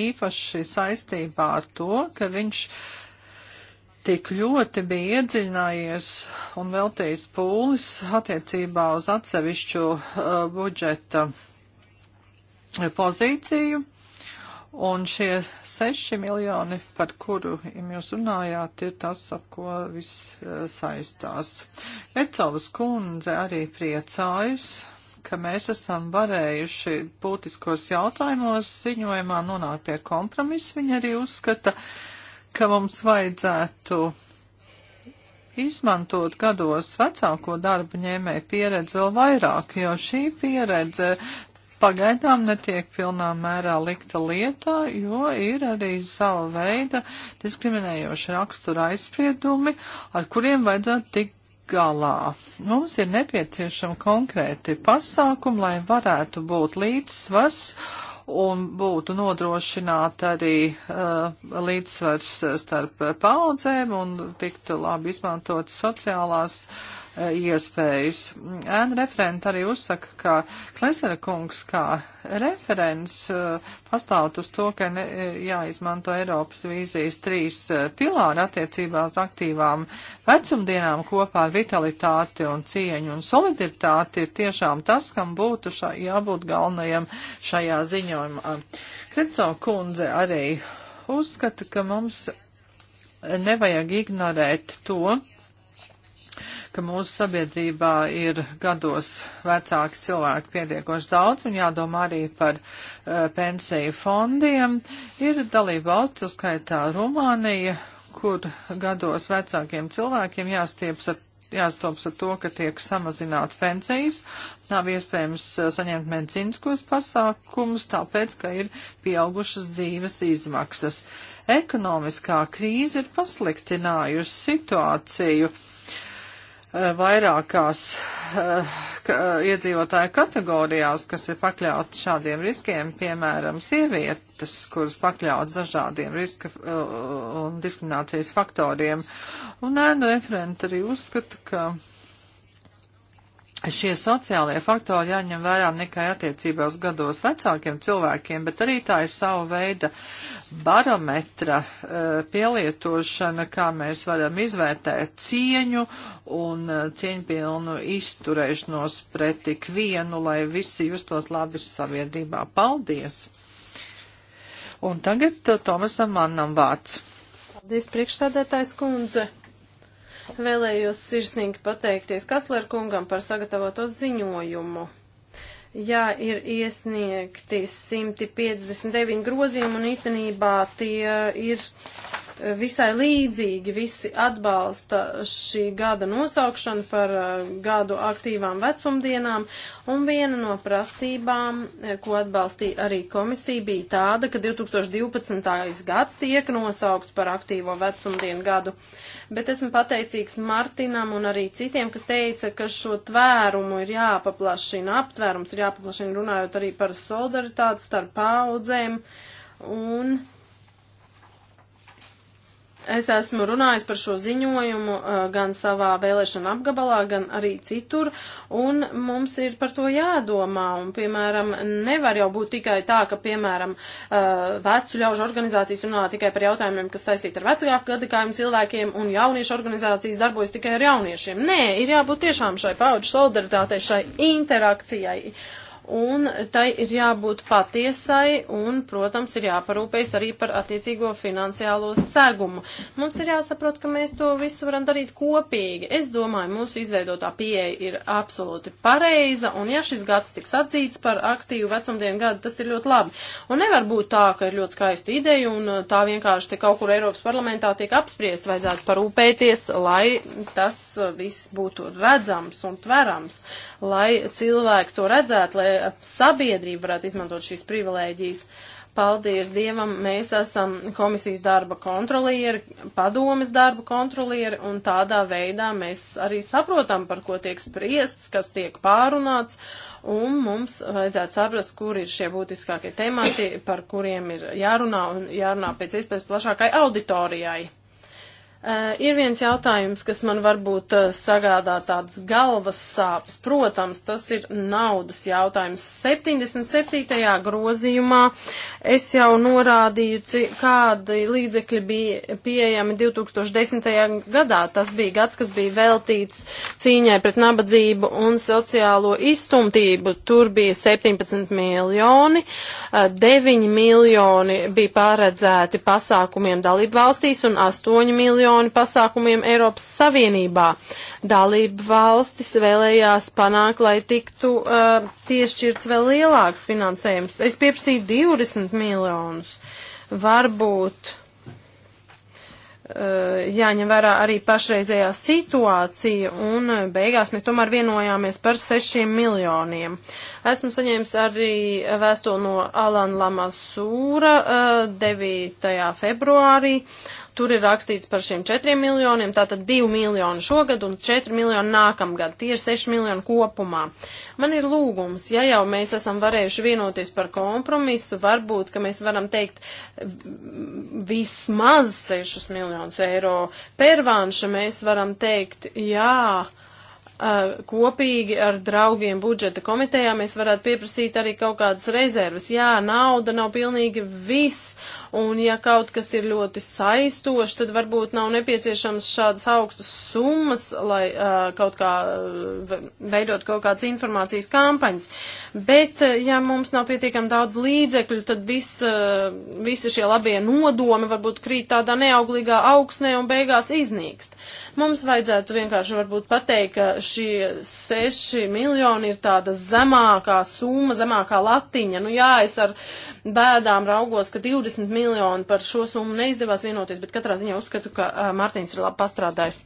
S5: īpaši saistībā ar to, ka viņš uh, tik ļoti bija iedziļinājies un veltījis pūlis attiecībā uz atsevišķu uh, budžeta pozīciju. Un šie seši miljoni, par kuru jūs runājāt, ir tas, ap ko viss uh, saistās. Ecovas kundze arī priecājas, ka mēs esam varējuši būtiskos jautājumos ziņojumā nonākt pie kompromisa. Viņa arī uzskata, uh, ka mums vajadzētu izmantot gados vecāko darbu ņēmēju pieredzi vēl vairāk, jo šī pieredze pagaidām netiek pilnā mērā likta lietā, jo ir arī sava veida diskriminējoša rakstura aizspriedumi, ar kuriem vajadzētu tikt galā. Mums ir nepieciešama konkrēti pasākumi, lai varētu būt līdzsvars un būtu nodrošināta arī uh, līdzsvars uh, starp uh, paudzēm un tiktu labi izmantot sociālās uh, Eh, iespējas. Ēna referenta arī uzsaka, ka Klesnera kungs kā referents eh, pastāvot uz to, ka ne, eh, jāizmanto Eiropas vīzijas trīs pilāri attiecībā uz aktīvām vecumdienām kopā ar vitalitāti un cieņu un solidaritāti ir tiešām tas, kam būtu šā, jābūt galvenajam šajā ziņojumā. Kreco kundze arī uzskata, ka mums nevajag ignorēt to, ka mūsu sabiedrībā ir gados vecāki cilvēki pietiekoši daudz un jādomā arī par uh, pensiju fondiem. Ir dalība valsts, uzskaitā Rumānija, kur gados vecākiem cilvēkiem jāstieps ar jāstops ar to, ka tiek samazināts pensijas, nav iespējams eh, saņemt medicīniskos pasākumus, tāpēc, ka ir pieaugušas dzīves izmaksas. Ekonomiskā krīze ir pasliktinājusi situāciju Eh, vairākās eh, iedzīvotāju kategorijās, kas ir pakļauts šādiem riskiem, piemēram, sievietes, kuras pakļauts dažādiem riska eh, un diskriminācijas faktoriem. Un ēnu referenti arī uzskata, ka šie sociālie faktori jāņem vērā ne tikai attiecībā uz gados vecākiem cilvēkiem, bet arī tā ir sava veida barometra uh, pielietošana, kā mēs varam izvērtēt cieņu un uh, cieņpilnu izturēšanos pret tik vienu, lai visi justos labi sabiedrībā. Paldies! Un tagad uh, Tomasam
S2: Mannam vārds. Paldies, priekšsādētājs kundze! Vēlējos sirsnīgi pateikties Kasler kungam par sagatavoto ziņojumu. Jā, ir iesniegti 159 grozījumi un īstenībā tie ir visai līdzīgi visi atbalsta šī gada nosaukšanu par eh, gadu aktīvām vecumdienām, un viena no prasībām, eh, ko atbalstīja arī komisija, bija tāda, ka 2012. gads tiek nosaukts par aktīvo vecumdienu gadu. Bet esmu pateicīgs Martinam un arī citiem, kas teica, ka šo tvērumu ir jāpaplašina, aptvērums ir jāpaplašina runājot arī par solidaritāti starp paudzēm un uh, Es esmu runājis par šo ziņojumu eh, gan savā vēlēšana apgabalā, gan arī citur, un mums ir par to jādomā. Un, piemēram, nevar jau būt tikai tā, ka, piemēram, eh, vecu ļaužu organizācijas runā tikai par jautājumiem, kas saistīti ar vecāku gadagājumu cilvēkiem, un jauniešu organizācijas darbojas tikai ar jauniešiem. Nē, ir jābūt tiešām šai paudžu solidaritātei, šai interakcijai. Uh, un tai ir jābūt patiesai, un, protams, ir jāparūpējas arī par attiecīgo finansiālo segumu. Mums ir jāsaprot, ka mēs to visu varam darīt kopīgi. Es domāju, mūsu izveidotā pieeja ir absolūti pareiza, un ja šis gads tiks atzīts par aktīvu vecumdienu gadu, tas ir ļoti labi. Un nevar būt tā, ka ir ļoti skaista ideja, un uh, tā vienkārši te kaut kur Eiropas parlamentā tiek apspriest, vajadzētu parūpēties, lai tas uh, viss būtu redzams un tverams lai cilvēki to redzētu, lai sabiedrība varētu izmantot šīs privilēģijas. Paldies Dievam, mēs esam komisijas darba kontrolieri, padomes darba kontrolieri, un tādā veidā mēs arī saprotam, par ko tiek spriests, kas tiek pārunāts, un mums vajadzētu saprast, kur ir šie būtiskākie temati, par kuriem ir jārunā un jārunā pēc iespējas plašākai auditorijai. Uh, ir viens jautājums, kas man varbūt uh, sagādā tādas galvas sāpes. Protams, tas ir naudas jautājums. 77. grozījumā es jau norādīju, kādi līdzekļi bija pieejami 2010. gadā. Tas bija gads, kas bija veltīts cīņai pret nabadzību un sociālo izstumtību. Tur bija 17 miljoni, uh, eh, 9 miljoni bija paredzēti pasākumiem dalību valstīs un 8 miljoni miljoni pasākumiem Eiropas Savienībā. Dalība valstis vēlējās panākt, lai tiktu uh, piešķirts vēl lielāks finansējums. Es pieprasīju 20 miljonus. Varbūt uh, jāņem vērā arī pašreizējā situācija, un uh, beigās mēs tomēr vienojāmies par sešiem miljoniem. Esmu saņēmis arī vēstuli no Alana Lamasūra uh, 9. februārī, Tur ir rakstīts par šiem 4 miljoniem, tātad 2 miljoni šogad un 4 miljoni nākamgad. Tie ir 6 miljoni kopumā. Man ir lūgums, ja jau mēs esam varējuši vienoties par kompromisu, varbūt, ka mēs varam teikt vismaz 6 miljonus eiro. Pērvānša mēs varam teikt, jā kopīgi ar draugiem budžeta komitejā mēs varētu pieprasīt arī kaut kādas rezerves. Jā, nauda nav pilnīgi viss, un ja kaut kas ir ļoti saistošs, tad varbūt nav nepieciešams šādas augstas summas, lai uh, kaut kā veidot kaut kādas informācijas kampaņas. Bet, ja mums nav pietiekami daudz līdzekļu, tad viss, uh, visi šie labie nodomi varbūt krīt tādā neauglīgā augsnē un beigās iznīkst. Mums vajadzētu vienkārši varbūt pateikt, ka šie seši miljoni ir tāda zemākā summa, zemākā latiņa. Nu jā, es ar bēdām raugos, ka 20 miljoni miljoni. Par šo summu neizdevās vienoties, bet katrā ziņā uzskatu, ka uh, Mārtiņš ir labi pastrādājis.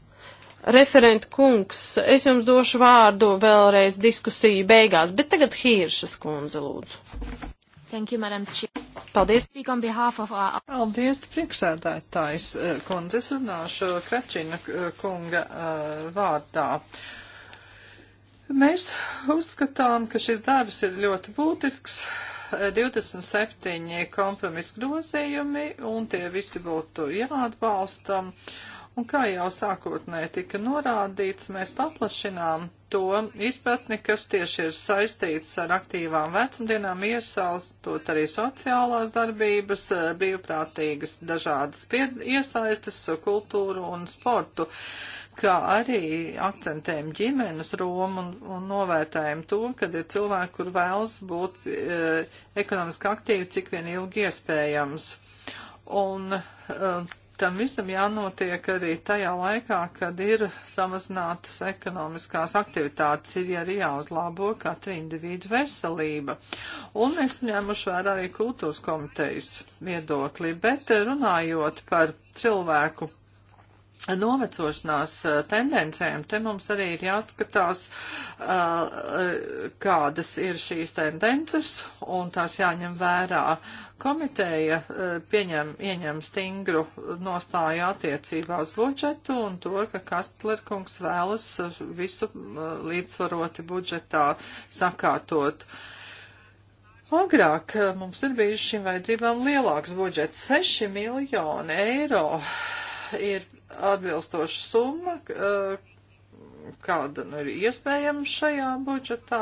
S2: Referent kungs, es jums došu vārdu vēlreiz diskusiju beigās, bet tagad Hīršas kundze lūdzu.
S6: Thank you, Madam Chair. Paldies. Our... Paldies,
S5: priekšsēdētājs kundze. Es runāšu Kračina kunga uh, vārdā. Mēs uzskatām, ka šis darbs ir ļoti būtisks 27 kompromisu grozījumi, un tie visi būtu jāatbalstam. Un kā jau sākotnēji tika norādīts, mēs paplašinām to izpratni, kas tieši ir saistīts ar aktīvām vecumdienām, iesaistot arī sociālās darbības, brīvprātīgas dažādas pie, iesaistas, kultūru un sportu. Uh, kā arī akcentējam ģimenes romu un, un novērtējam to, kad ir cilvēki, kur vēlas būt e, ekonomiski aktīvi, cik vien ilgi iespējams. Un e, tam visam jānotiek arī tajā laikā, kad ir samazinātas ekonomiskās aktivitātes, ir arī jāuzlabo katra individu veselība. Un mēs ņēmuši vērā arī kultūras komitejas viedokli, bet runājot par cilvēku novecošanās eh, tendencēm, te mums arī ir jāskatās, eh, kādas ir šīs tendences, un tās jāņem vērā. Komiteja eh, pieņem, ieņem stingru nostāju attiecībā uz budžetu un to, ka Kastlerkungs vēlas visu līdzsvaroti budžetā sakārtot. Agrāk mums ir bijis šīm vajadzībām lielāks budžets - 6 miljoni eiro ir atbilstoša summa, eh, kāda nu, ir iespējama šajā budžetā.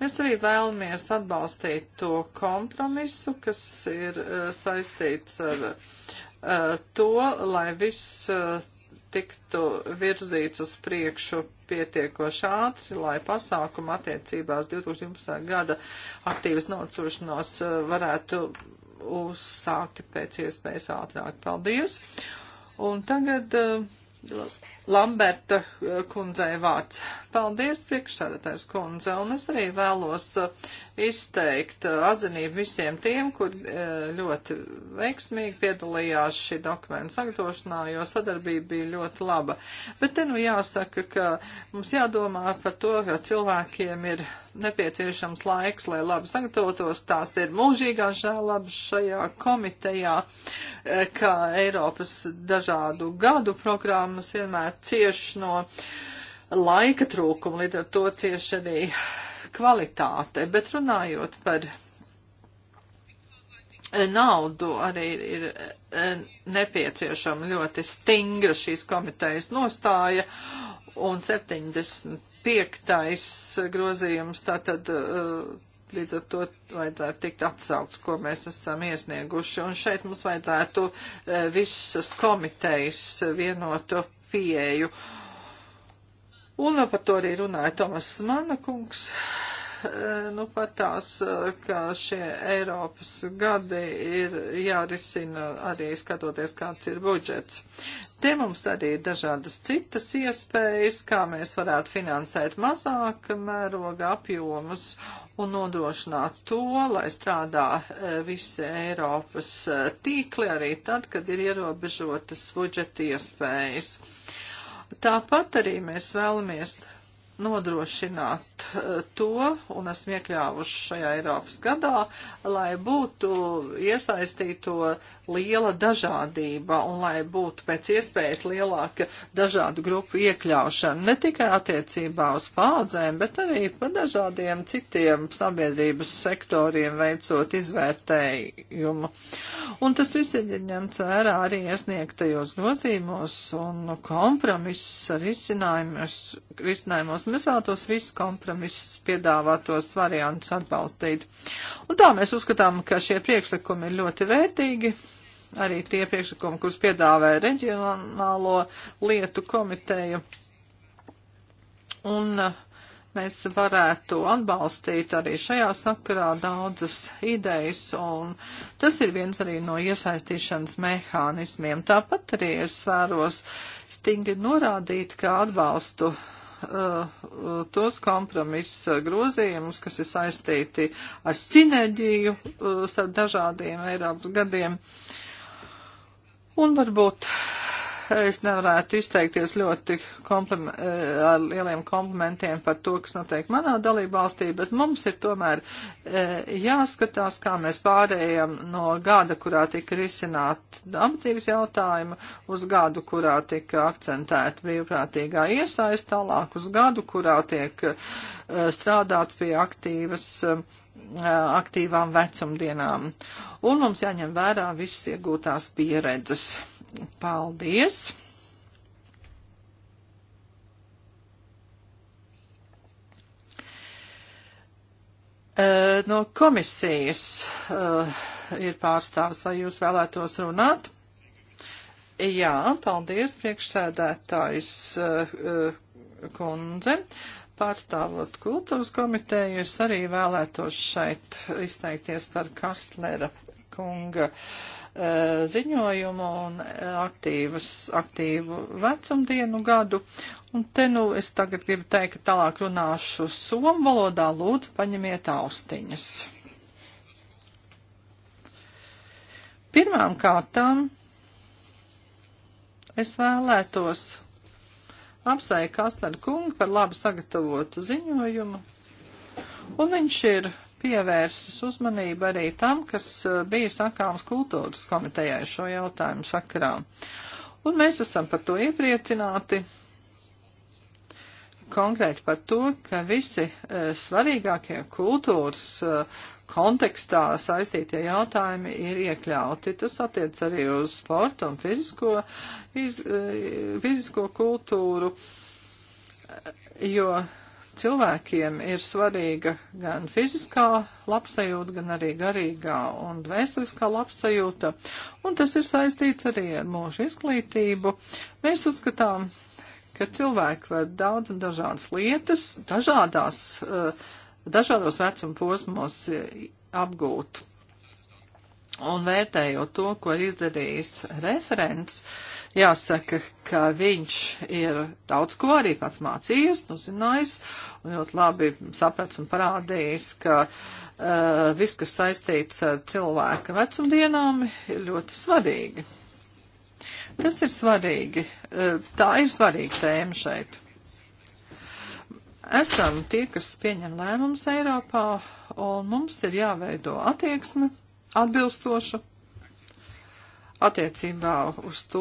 S5: Mēs arī vēlamies atbalstīt to kompromisu, kas ir eh, saistīts ar eh, to, lai viss tiktu virzīts uz priekšu pietiekoši ātri, lai pasākuma attiecībās 2012. gada aktīvas nocošanos varētu uzsākti pēc iespējas ātrāk. Paldies! Un tagad uh, Lamberta eh, kundzei vārds. Paldies, priekšsēdētājs kundze, un es arī vēlos uh, izteikt uh, atzinību visiem tiem, kur ļoti veiksmīgi piedalījās šī dokumenta sagatavošanā, jo sadarbība bija ļoti laba. Bet te nu jāsaka, ka mums jādomā par to, ka cilvēkiem ir nepieciešams laiks, lai labi sagatavotos. Tās ir mūžīgās žēlabas šajā komitejā, eh, ka Eiropas dažādu gadu programmas vienmēr cieš no laika trūkuma, līdz ar to cieš arī kvalitāte. Bet runājot par naudu arī ir eh, nepieciešama ļoti stingra šīs komitejas nostāja, un 70 piektais grozījums, tātad uh, līdz ar to vajadzētu tikt atsaukts, ko mēs esam iesnieguši. Un šeit mums vajadzētu uh, visas komitejas vienotu pieeju. Un par to arī runāja Tomas Mana kungs uh, nu pat tās, ka šie Eiropas gadi ir jārisina arī skatoties, kāds ir budžets. Te mums arī ir dažādas citas iespējas, kā mēs varētu finansēt mazāk mēroga apjomus un nodrošināt to, lai strādā e, visi Eiropas e, tīkli arī tad, kad ir ierobežotas budžeta iespējas. Tāpat arī mēs vēlamies nodrošināt panākt eh, to, un esmu iekļāvuši šajā Eiropas gadā, lai būtu iesaistīto liela dažādība un lai būtu pēc iespējas lielāka dažādu grupu iekļaušana ne tikai attiecībā uz paudzēm, bet arī pa dažādiem citiem sabiedrības sektoriem veicot izvērtējumu. Un tas viss ir ņemts vērā arī iesniegtajos grozījumos un kompromiss ar izcinājumos. Mēs vēlētos visu kompromisu varam visus piedāvātos variantus atbalstīt. Un tā mēs uzskatām, ka šie priekšlikumi ir ļoti vērtīgi. Arī tie priekšlikumi, kurus piedāvāja reģionālo lietu komiteju. Un uh, mēs varētu atbalstīt arī šajā sakarā daudzas idejas, un tas ir viens arī no iesaistīšanas mehānismiem. Tāpat arī es svēros stingri norādīt, ka atbalstu uh, tos kompromisa grozījumus, kas ir saistīti ar sinerģiju uh, starp dažādiem Eiropas gadiem. Un varbūt es nevarētu izteikties ļoti kompliment, eh, ar lieliem komplimentiem par to, kas notiek manā dalībvalstī, bet mums ir tomēr eh, jāskatās, kā mēs pārējām no gada, kurā tika risināt apdzīves jautājumu, uz gadu, kurā tika akcentēta brīvprātīgā iesaist, tālāk uz gadu, kurā tiek eh, strādāts pie aktīvas aktīvām vecumdienām. Un mums jāņem vērā visas iegūtās pieredzes. Paldies! No komisijas ir pārstāvs, vai jūs vēlētos runāt? Jā, paldies, priekšsēdētājs kundze. Pārstāvot kultūras komiteju, es arī vēlētos šeit izteikties par Kastlera kunga uh, Uh, ziņojumu un uh, aktīvas, aktīvu vecumdienu gadu. Un te nu es tagad gribu teikt, ka tālāk runāšu somu valodā, lūdzu paņemiet austiņas. Pirmām kārtām es vēlētos apsveikt Kastleru kungu par labi sagatavotu ziņojumu. Un viņš ir pievērsis uzmanību arī tam, kas uh, bija sakāms kultūras komitejai šo jautājumu sakarā. Un mēs esam par to iepriecināti, konkrēti par to, ka visi e, svarīgākie kultūras e, kontekstā saistītie jautājumi ir iekļauti. Tas attiec arī uz sportu un fizisko, iz, e, fizisko kultūru, jo cilvēkiem ir svarīga gan fiziskā labsajūta, gan arī garīgā un dvēseliskā labsajūta, un tas ir saistīts arī ar mūsu izglītību. Mēs uzskatām, ka cilvēki var daudz un dažādas lietas dažādās, eh, dažādos vecuma posmos eh, apgūt. Un vērtējot to, ko ir izdarījis referents, jāsaka, ka viņš ir daudz ko arī pats mācījies, nu zinājis, un ļoti labi saprats un parādījis, ka uh, viss, kas saistīts ar cilvēka vecumdienām, ir ļoti svarīgi. Tas ir svarīgi. Uh, tā ir svarīga tēma šeit esam tie, kas pieņem lēmumus Eiropā, un mums ir jāveido attieksme atbilstošu attiecībā uz to,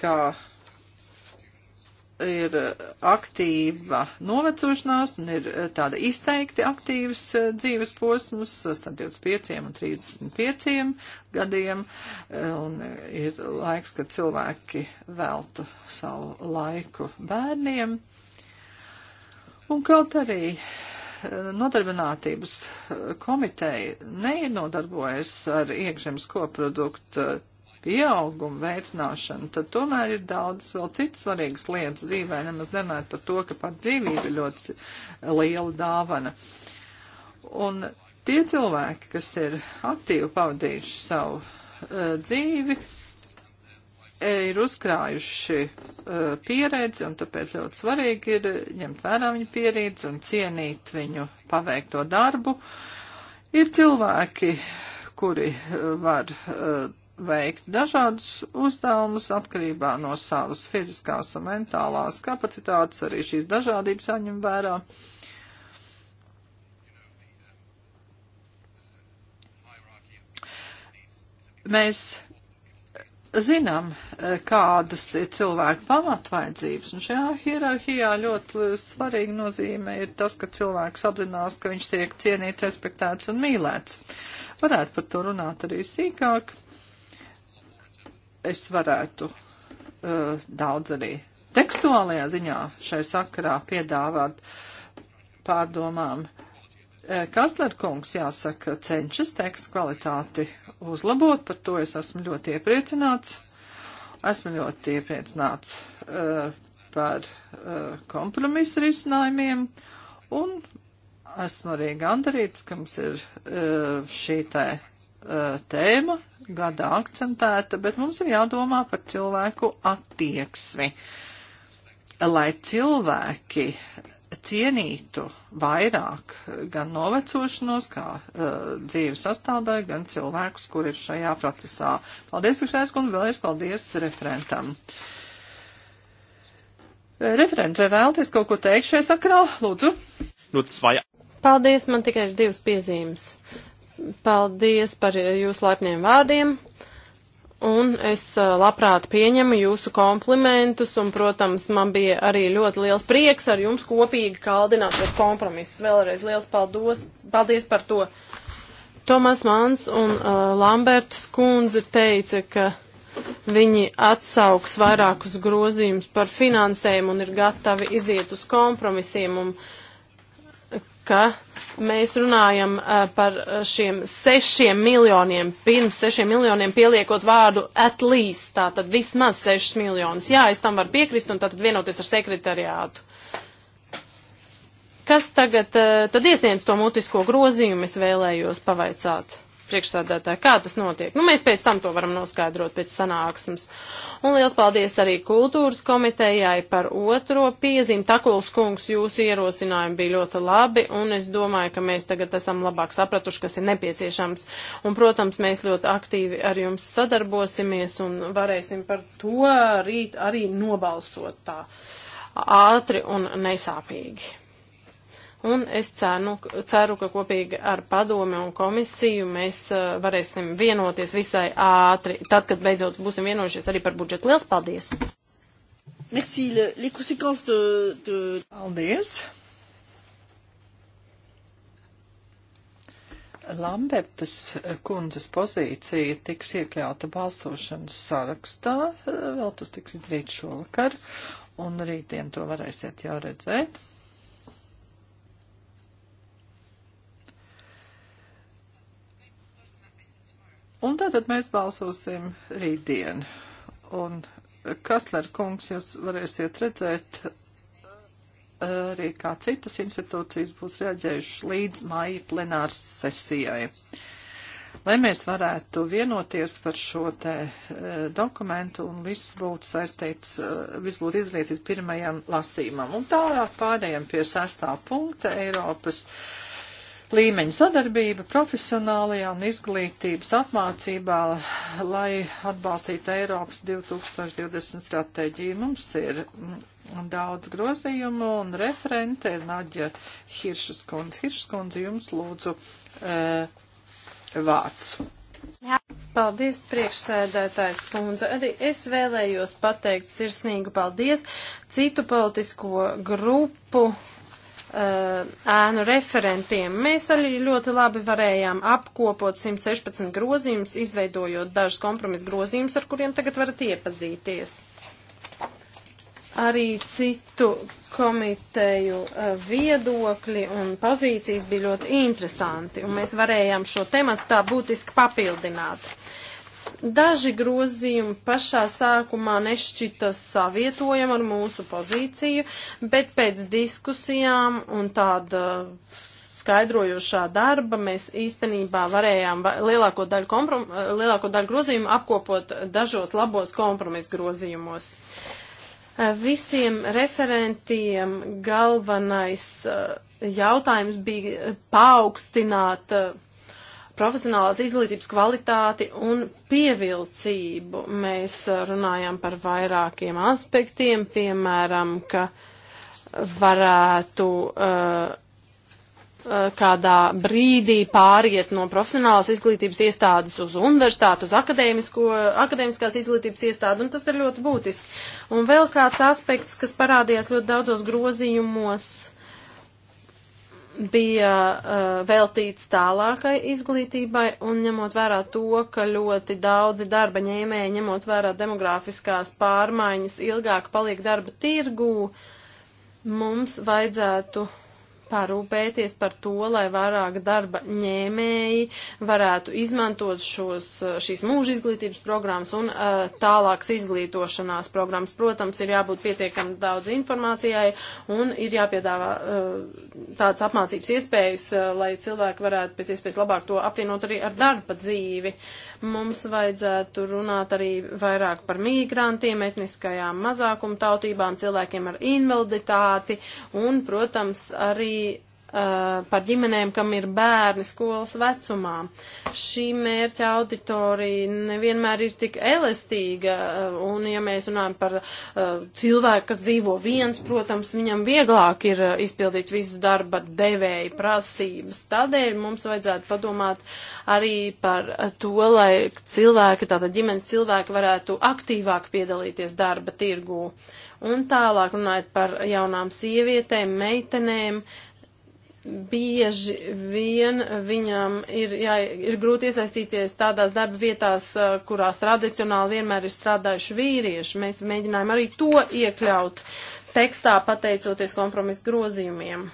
S5: ka ir aktīva novecošanās un ir tāda izteikti aktīvas eh, dzīves posms starp 25 un 35 gadiem, eh, un ir laiks, kad cilvēki veltu savu laiku bērniem. Un kaut arī nodarbinātības komiteja neinodarbojas ar iekšzemes koproduktu pieaugumu veicināšanu, tad tomēr ir daudz vēl citas svarīgas lietas dzīvē, nemaz nerunājot par to, ka par dzīvību ir ļoti liela dāvana. Un tie cilvēki, kas ir aktīvi pavadījuši savu uh, dzīvi, uh, E, ir uzkrājuši uh, pieredzi, un tāpēc ļoti svarīgi ir ņemt vērā viņu pieredzi un cienīt viņu paveikto darbu. Ir cilvēki, kuri e, var uh, veikt dažādus uzdevumus atkarībā no savas fiziskās un mentālās kapacitātes, arī šīs dažādības jāņem vērā. Mēs zinām, e, kādas ir cilvēku pamatvaidzības, un šajā hierarhijā ļoti svarīga nozīme ir tas, ka cilvēks apzinās, ka viņš tiek cienīts, respektēts un mīlēts. Varētu par to runāt arī sīkāk. Es varētu uh, daudz arī tekstuālajā ziņā šai sakarā piedāvāt pārdomām. Eh, Kastler kungs, jāsaka, cenšas tekstu kvalitāti uzlabot, par to es esmu ļoti iepriecināts. Esmu ļoti iepriecināts uh, par uh, eh, kompromisu risinājumiem un esmu arī gandarīts, ka mums ir uh, šī tā tēma gada akcentēta, bet mums ir jādomā par cilvēku attieksmi, lai cilvēki cienītu vairāk gan novecošanos, kā uh, dzīves sastāvdaļu, gan cilvēkus, kur ir šajā procesā. Paldies, priekšsēdētājs, un vēlreiz paldies referentam.
S2: Referent, vai vēlaties kaut ko teikt šajā sakrā? Lūdzu. Nu, Paldies, man tikai ir divas piezīmes. Paldies par jūsu laipniem vārdiem. Uh, Un es labprāt pieņemu jūsu komplimentus, un, protams, man bija arī ļoti liels prieks ar jums kopīgi kaldināt šos kompromisus. Vēlreiz liels paldos, paldies par to. Tomas Mans un uh, Lamberts kundze teica, ka viņi atsauks vairākus grozījumus par finansējumu un ir gatavi iziet uz kompromisiem. Un, uh, ka mēs runājam uh, par šiem sešiem miljoniem, pirms sešiem miljoniem pieliekot vārdu at least, tātad vismaz sešas miljonus. Jā, es tam varu piekrist un tātad vienoties ar sekretariātu. Kas tagad uh, tad iesniedz to mutisko grozījumu, es vēlējos pavaicāt? priekšsādātāji, kā tas notiek. Nu, mēs pēc tam to varam noskaidrot pēc sanāksmes. Un liels paldies arī kultūras komitejai par otro piezīmi. Takuls kungs, jūsu ierosinājumi bija ļoti labi, un es domāju, ka mēs tagad esam labāk sapratuši, kas ir nepieciešams. Un, protams, mēs ļoti aktīvi ar jums sadarbosimies un varēsim par to rīt arī nobalsot tā ātri un nesāpīgi. Un es ceru, ceru, ka kopīgi ar padomi un komisiju mēs uh, varēsim vienoties visai ātri, tad, kad beidzot būsim vienojušies arī par budžetu. Liels paldies!
S1: Merci, les conséquences de, de... Paldies!
S5: Lambertas kundzes pozīcija tiks iekļauta balsošanas sarakstā, vēl tas tiks izdarīts šovakar, un rītdien to varēsiet jau redzēt. Un tātad mēs balsosim rītdien. Un Kasler kungs, jūs varēsiet redzēt, eh, arī kā citas institūcijas būs reaģējušas līdz māja plenārs sesijai. Lai mēs varētu vienoties par šo te eh, dokumentu un viss būtu saistīts, eh, viss būtu izlietīts pirmajam lasīmam. Un tālāk pārējiem pie sestā punkta Eiropas uh, līmeņa sadarbība profesionālajā un izglītības apmācībā, lai atbalstītu Eiropas 2020 stratēģiju. Mums ir daudz grozījumu un referente ir Naģa Hiršas kundze. Hiršas kundze, jums lūdzu e, vārds.
S2: Jā. Paldies, priekšsēdētājs kundze. Arī es vēlējos pateikt sirsnīgu paldies citu politisko grupu Uh, ēnu referentiem. Mēs arī ļoti labi varējām apkopot 116 grozījumus, izveidojot dažus kompromisu grozījumus, ar kuriem tagad varat iepazīties. Arī citu komiteju uh, viedokļi un pozīcijas bija ļoti interesanti, un mēs varējām šo tematu tā būtiski papildināt. Daži grozījumi pašā sākumā nešķita savietojami ar mūsu pozīciju, bet pēc diskusijām un tāda skaidrojošā darba mēs īstenībā varējām lielāko daļu, komprom, lielāko daļu grozījumu apkopot dažos labos kompromisu grozījumos. Visiem referentiem galvenais eh, jautājums bija paaugstināt eh, profesionālās izglītības kvalitāti un pievilcību. Mēs uh, runājam par vairākiem aspektiem, piemēram, ka varētu uh, uh, kādā brīdī pāriet no profesionālās izglītības iestādes uz universitātu, uz akadēmiskās izglītības iestādi, un tas ir ļoti būtiski. Un vēl kāds aspekts, kas parādījās ļoti daudzos grozījumos bija uh, veltīts tālākai izglītībai un ņemot vērā to, ka ļoti daudzi darba ņēmēji, ņemot vērā demografiskās pārmaiņas, ilgāk paliek darba tirgū, mums vajadzētu uh, parūpēties par to, lai vairāk darba ņēmēji varētu izmantot šos, šīs mūža izglītības programmas un uh, tālākas izglītošanās programmas. Protams, ir jābūt pietiekami daudz informācijai un ir jāpiedāvā uh, tādas apmācības iespējas, uh, lai cilvēki varētu pēc iespējas labāk to apvienot arī ar darba dzīvi. Uh, Mums vajadzētu runāt arī vairāk par migrantiem, etniskajām mazākumtautībām, cilvēkiem ar invaliditāti un, protams, arī Uh, par ģimenēm, kam ir bērni skolas vecumā. Šī mērķa auditorija nevienmēr ir tik elastīga, uh, un ja mēs runājam par uh, cilvēku, kas dzīvo viens, protams, viņam vieglāk ir izpildīt visas darba devēja prasības. Tādēļ mums vajadzētu padomāt arī par to, lai cilvēki, tātad ģimenes cilvēki varētu aktīvāk piedalīties darba tirgū. Un tālāk runājot par jaunām sievietēm, meitenēm, uh, bieži vien viņam ir, jā, ir grūti iesaistīties tādās darba vietās, kurās tradicionāli vienmēr ir strādājuši vīrieši. Mēs mēģinājām arī to iekļaut tekstā, pateicoties kompromisu grozījumiem.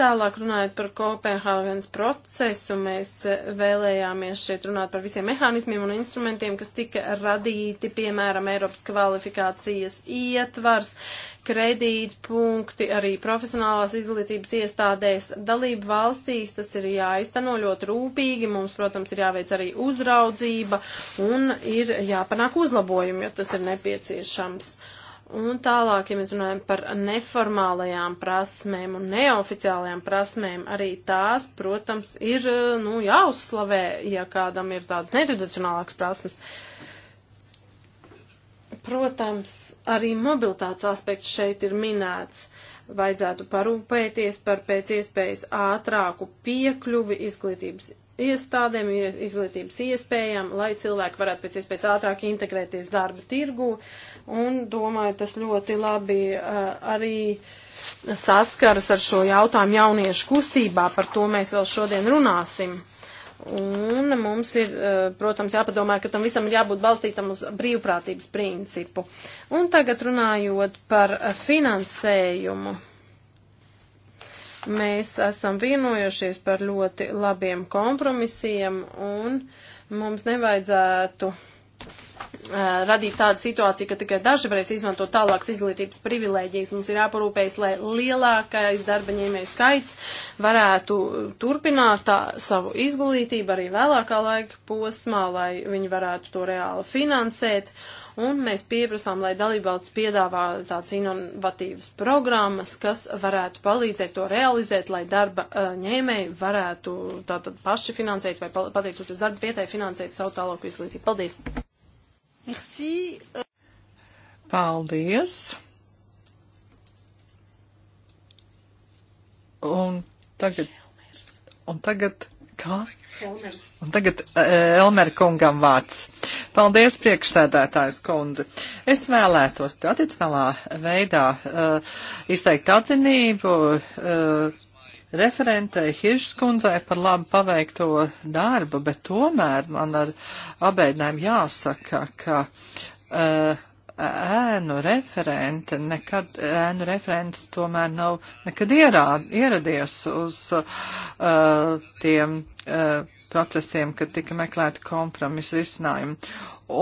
S2: Tālāk runājot par Kopenhāgenes procesu, mēs eh, vēlējāmies šeit runāt par visiem mehānismiem un instrumentiem, kas tika radīti, piemēram, Eiropas kvalifikācijas ietvars, kredītpunkti, arī profesionālās izglītības iestādēs dalību valstīs. Tas ir jāizteno ļoti rūpīgi, mums, protams, ir jāveic arī uzraudzība un ir jāpanāk uzlabojumi, jo tas ir nepieciešams. Uh, Un tālāk, ja mēs runājam par neformālajām prasmēm un neoficiālajām prasmēm, arī tās, protams, ir nu, jāuzslavē, ja kādam ir tādas netradicionālākas prasmes. Protams, arī mobilitātes aspekts šeit ir minēts. Vajadzētu parūpēties par pēc iespējas ātrāku piekļuvi izglītības iestādēm, izglītības iespējām, lai cilvēki varētu pēc iespējas ātrāk integrēties darba tirgu. Un domāju, tas ļoti labi uh, arī saskaras ar šo jautājumu jauniešu kustībā, par to mēs vēl šodien runāsim. Un mums ir, uh, protams, jāpadomā, ka tam visam ir jābūt balstītam uz brīvprātības principu. Un tagad runājot par finansējumu. Uh, Mēs esam vienojušies par ļoti labiem kompromisiem un mums nevajadzētu radīt tādu situāciju, ka tikai daži varēs izmantot tālākas izglītības privilēģijas. Mums ir jāparūpējas, lai lielākais darba ņēmēju skaits varētu turpināt tā, savu izglītību arī vēlākā laika posmā, lai viņi varētu to reāli finansēt un mēs pieprasām, lai dalībvalsts piedāvā tādas inovatīvas programmas, kas varētu palīdzēt to realizēt, lai darba uh, ņēmēji varētu tātad paši finansēt vai pateicoties darba vietai finansēt savu tālāku izglītību. Paldies! Merci.
S5: Paldies! Un tagad, un tagad Kā? Un tagad e, Elmer kungam vārds. Paldies, priekšsēdētājs kundze. Es vēlētos tradicionālā veidā uh, izteikt atzinību uh, referentei Hiršskundzei par labu paveikto darbu, bet tomēr man ar abēdinājumu jāsaka, ka uh, ēnu referente, nekad ēnu referents tomēr nav nekad ierād, ieradies uz uh, tiem uh, procesiem, kad tika meklēti kompromisu risinājumi.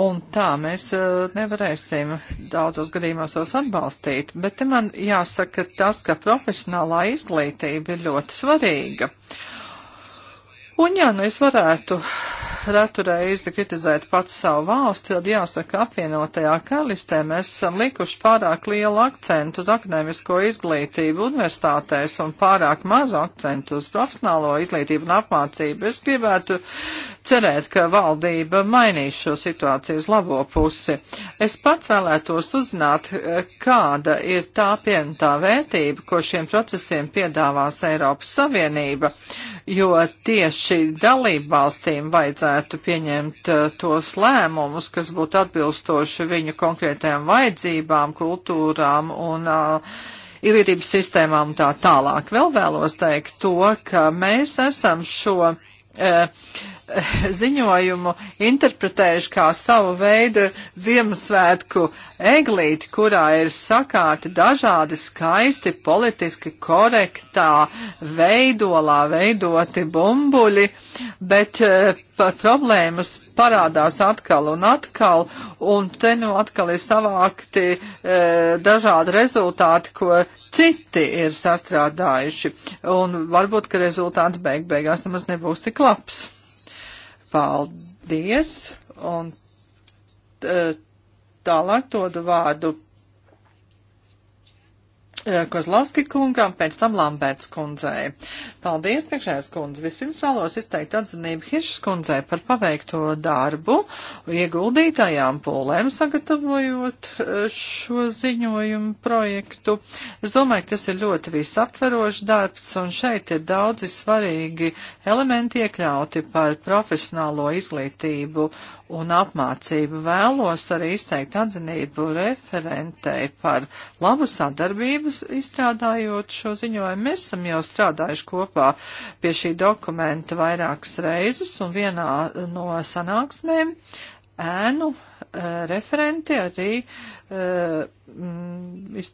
S5: Un tā mēs uh, nevarēsim daudzos gadījumos tos atbalstīt, bet te man jāsaka tas, ka profesionālā izglītība ir ļoti svarīga. Uh, Un jā, nu es varētu retu reizi kritizēt pats savu valsti, tad jāsaka, apvienotajā karalistē mēs esam likuši pārāk lielu akcentu uz akadēmisko izglītību universitātēs un pārāk mazu akcentu uz profesionālo izglītību un apmācību. Es gribētu cerēt, ka valdība mainīs šo situāciju uz labo pusi. Es pats vēlētos uzzināt, kāda ir tā pienotā vērtība, ko šiem procesiem piedāvās Eiropas Savienība, jo tieši dalību valstīm vajadzētu pieņemt eh, tos lēmumus, kas būtu atbilstoši viņu konkrētajām vajadzībām, kultūrām un uh, izglītības sistēmām un tā tālāk. Vēl vēlos teikt to, ka mēs esam šo e, *laughs* ziņojumu interpretējuši kā savu veidu Ziemassvētku eglīti, kurā ir sakārti dažādi skaisti, politiski korektā veidolā veidoti bumbuļi, bet eh, problēmas parādās atkal un atkal, un te nu atkal ir savākti e, dažādi rezultāti, ko citi ir sastrādājuši, un varbūt, ka rezultāts beig beigās nemaz nebūs tik labs. Paldies! Un eh, tālāk dodu vārdu Eh, Kozlovski kungam, pēc tam Lamberts kundzei. Paldies, priekšējais kundze. Vispirms vēlos izteikt atzinību Hiršas kundzei par paveikto darbu, ieguldītajām pūlēm sagatavojot eh, šo ziņojumu projektu. Es domāju, ka tas ir ļoti visaptverošs darbs, un šeit ir daudzi svarīgi elementi iekļauti par profesionālo izglītību un apmācību. Vēlos arī izteikt atzinību referentei par labu sadarbību uz, izstrādājot šo ziņojumu, mēs esam jau strādājuši kopā pie šī dokumenta vairākas reizes un vienā no sanāksmēm ēnu e, referenti arī e, m, iz,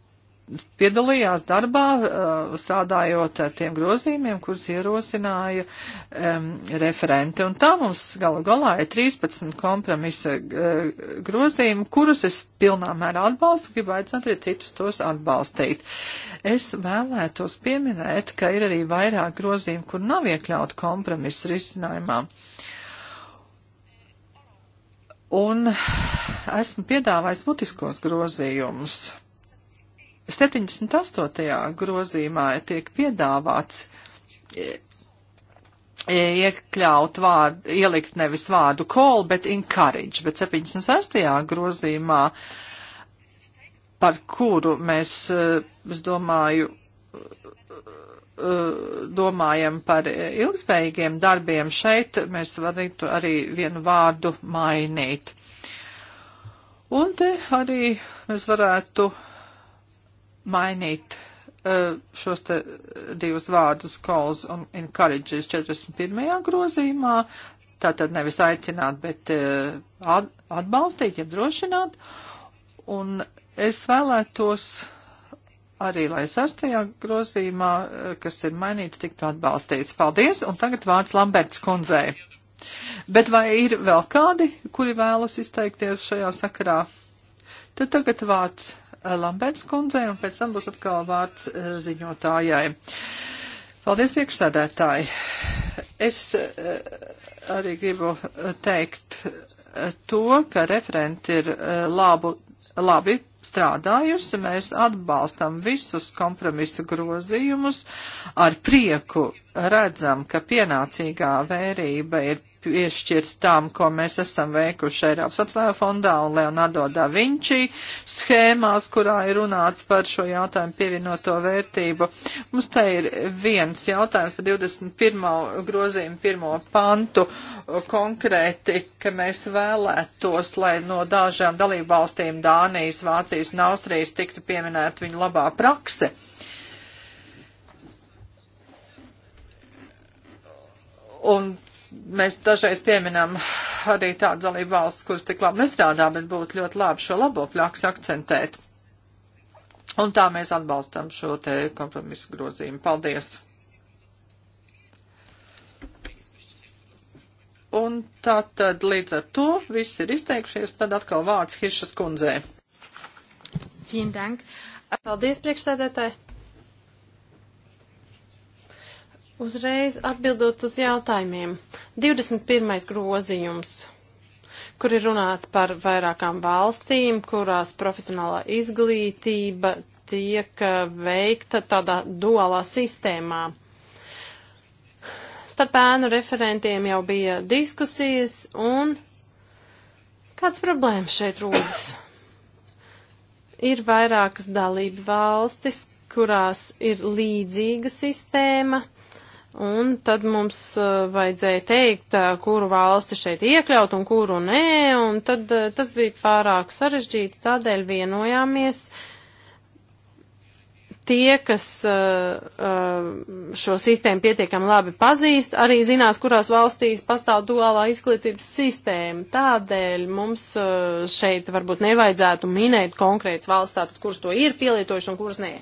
S5: piedalījās darbā, eh, strādājot ar tiem grozījumiem, kurus ierosināja um, referenti. Un tā mums galu galā ir 13 kompromisa eh, grozījumi, kurus es pilnā mērā atbalstu, gribu aicināt arī citus tos atbalstīt. Es vēlētos pieminēt, ka ir arī vairāk grozījumi, kur nav iekļaut kompromisa risinājumā. Un esmu piedāvājis būtiskos grozījumus 78. grozījumā tiek piedāvāts e, e, iekļaut vārdu, ielikt nevis vārdu call, bet encourage, bet 76. grozījumā, par kuru mēs, e, es domāju, domājam par ilgspējīgiem darbiem, šeit mēs varētu arī vienu vārdu mainīt. Un te arī mēs varētu uh, mainīt uh, šos te divus vārdus calls un encourages 41. grozījumā, tātad nevis aicināt, bet uh, atbalstīt, ja drošināt. Un es vēlētos arī, lai sastajā grozījumā, uh, kas ir mainīts, tiktu atbalstīts. Paldies, un tagad vārds Lamberts kundzei. Bet vai ir vēl kādi, kuri vēlas izteikties šajā sakarā? Tad tagad vārds Eh, Lambērts kundzei, un pēc tam būs atkal vārds eh, ziņotājai. Paldies, priekšsēdētāji. Es eh, arī gribu teikt to, ka referenti ir labu, labi strādājusi, mēs atbalstam visus kompromisa grozījumus, ar prieku redzam, ka pienācīgā vērība ir piešķirt tām, ko mēs esam veikuši Eiropas sociālajā fondā un Leonardo da Vinci schēmās, kurā ir runāts par šo jautājumu pievienoto vērtību. Mums te ir viens jautājums par 21. grozījumu pirmo pantu konkrēti, ka mēs vēlētos, lai no dažām dalībvalstīm Dānijas, Vācijas un Austrijas tiktu pieminēta viņa labā prakse. Un mēs dažreiz pieminam arī tādu dalību valsts, kuras tik labi nestrādā, bet būtu ļoti labi šo labo pļaksu akcentēt. Un tā mēs atbalstam šo te kompromisu grozījumu. Paldies! Un tā tad līdz ar to viss ir izteikšies, tad atkal vārds Hiršas kundzē.
S2: Paldies, priekšsēdētāji! Uzreiz atbildot uz jautājumiem. 21. grozījums, kur ir runāts par vairākām valstīm, kurās profesionālā izglītība tiek eh, veikta tādā duālā sistēmā. Starp ēnu referentiem jau bija diskusijas un kāds problēmas šeit rodas? Ir vairākas dalība valstis, kurās ir līdzīga sistēma Un tad mums uh, vajadzēja teikt, uh, kuru valsti šeit iekļaut un kuru nē, un tad uh, tas bija pārāk sarežģīti, tādēļ vienojāmies tie, kas šo sistēmu pietiekami labi pazīst, arī zinās, kurās valstīs pastāv duālā izglītības sistēma. Tādēļ mums šeit varbūt nevajadzētu minēt konkrētas valsts, tātad kuras to ir pielietojuši un kuras nē.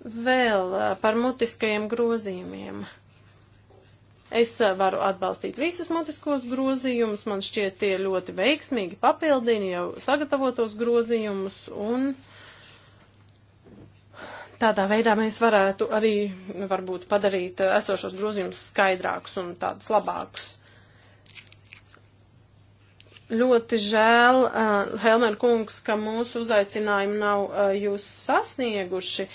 S2: Vēl par mutiskajiem grozījumiem. Es varu atbalstīt visus mutiskos grozījumus, man šķiet tie ļoti veiksmīgi papildina jau sagatavotos grozījumus un tādā veidā mēs varētu arī varbūt padarīt esošos grozījumus skaidrākus un tādus labākus. Ļoti žēl, uh, Helmer kungs, ka mūsu uzaicinājumi nav uh, jūs sasnieguši,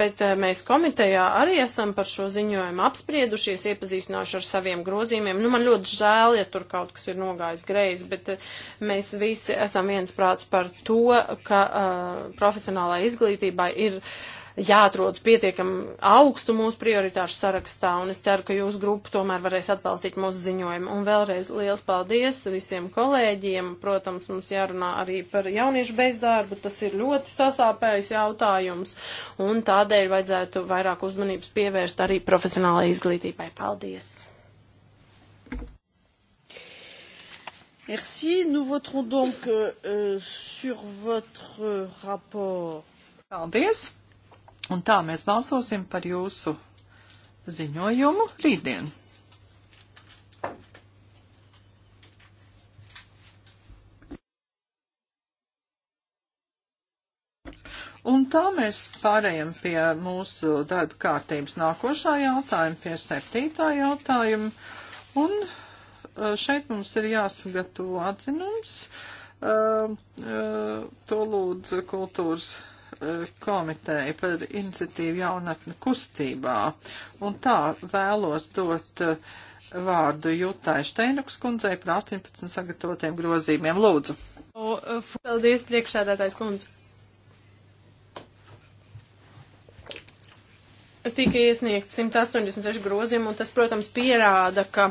S2: bet uh, mēs komitejā arī esam par šo ziņojumu apspriedušies, iepazīstinājuši ar saviem grozījumiem. Nu, man ļoti žēl, ja tur kaut kas ir nogājis greizi, bet uh, mēs visi esam viensprāts par to, ka uh, profesionālai izglītībai ir. Uh, jāatrodas pietiekami augstu mūsu prioritāšu sarakstā, un es ceru, ka jūsu grupa tomēr varēs atbalstīt mūsu ziņojumu. Un vēlreiz liels paldies visiem kolēģiem. Protams, mums jārunā arī par jauniešu bezdarbu, tas ir ļoti sasāpējis jautājums, un tādēļ vajadzētu vairāk uzmanības pievērst arī profesionālajai izglītībai. Paldies!
S1: Merci. Nous voterons donc euh, sur votre rapport. Paldies.
S5: Un tā mēs balsosim par jūsu ziņojumu rītdien. Un tā mēs pārējam pie mūsu darba kārtības nākošā jautājuma, pie septītā jautājuma. Un uh, šeit mums ir jāsagatavo atzinums. Uh, uh, to lūdzu kultūras komiteju par iniciatīvu jaunatne kustībā. Un tā vēlos dot eh, vārdu Jutai Šteinuks kundzei par 18 sagatavotiem grozījumiem. Lūdzu.
S2: Eh, Paldies, priekšādātājs kundze. tika iesniegt 186 grozījumu, un tas, protams, pierāda, ka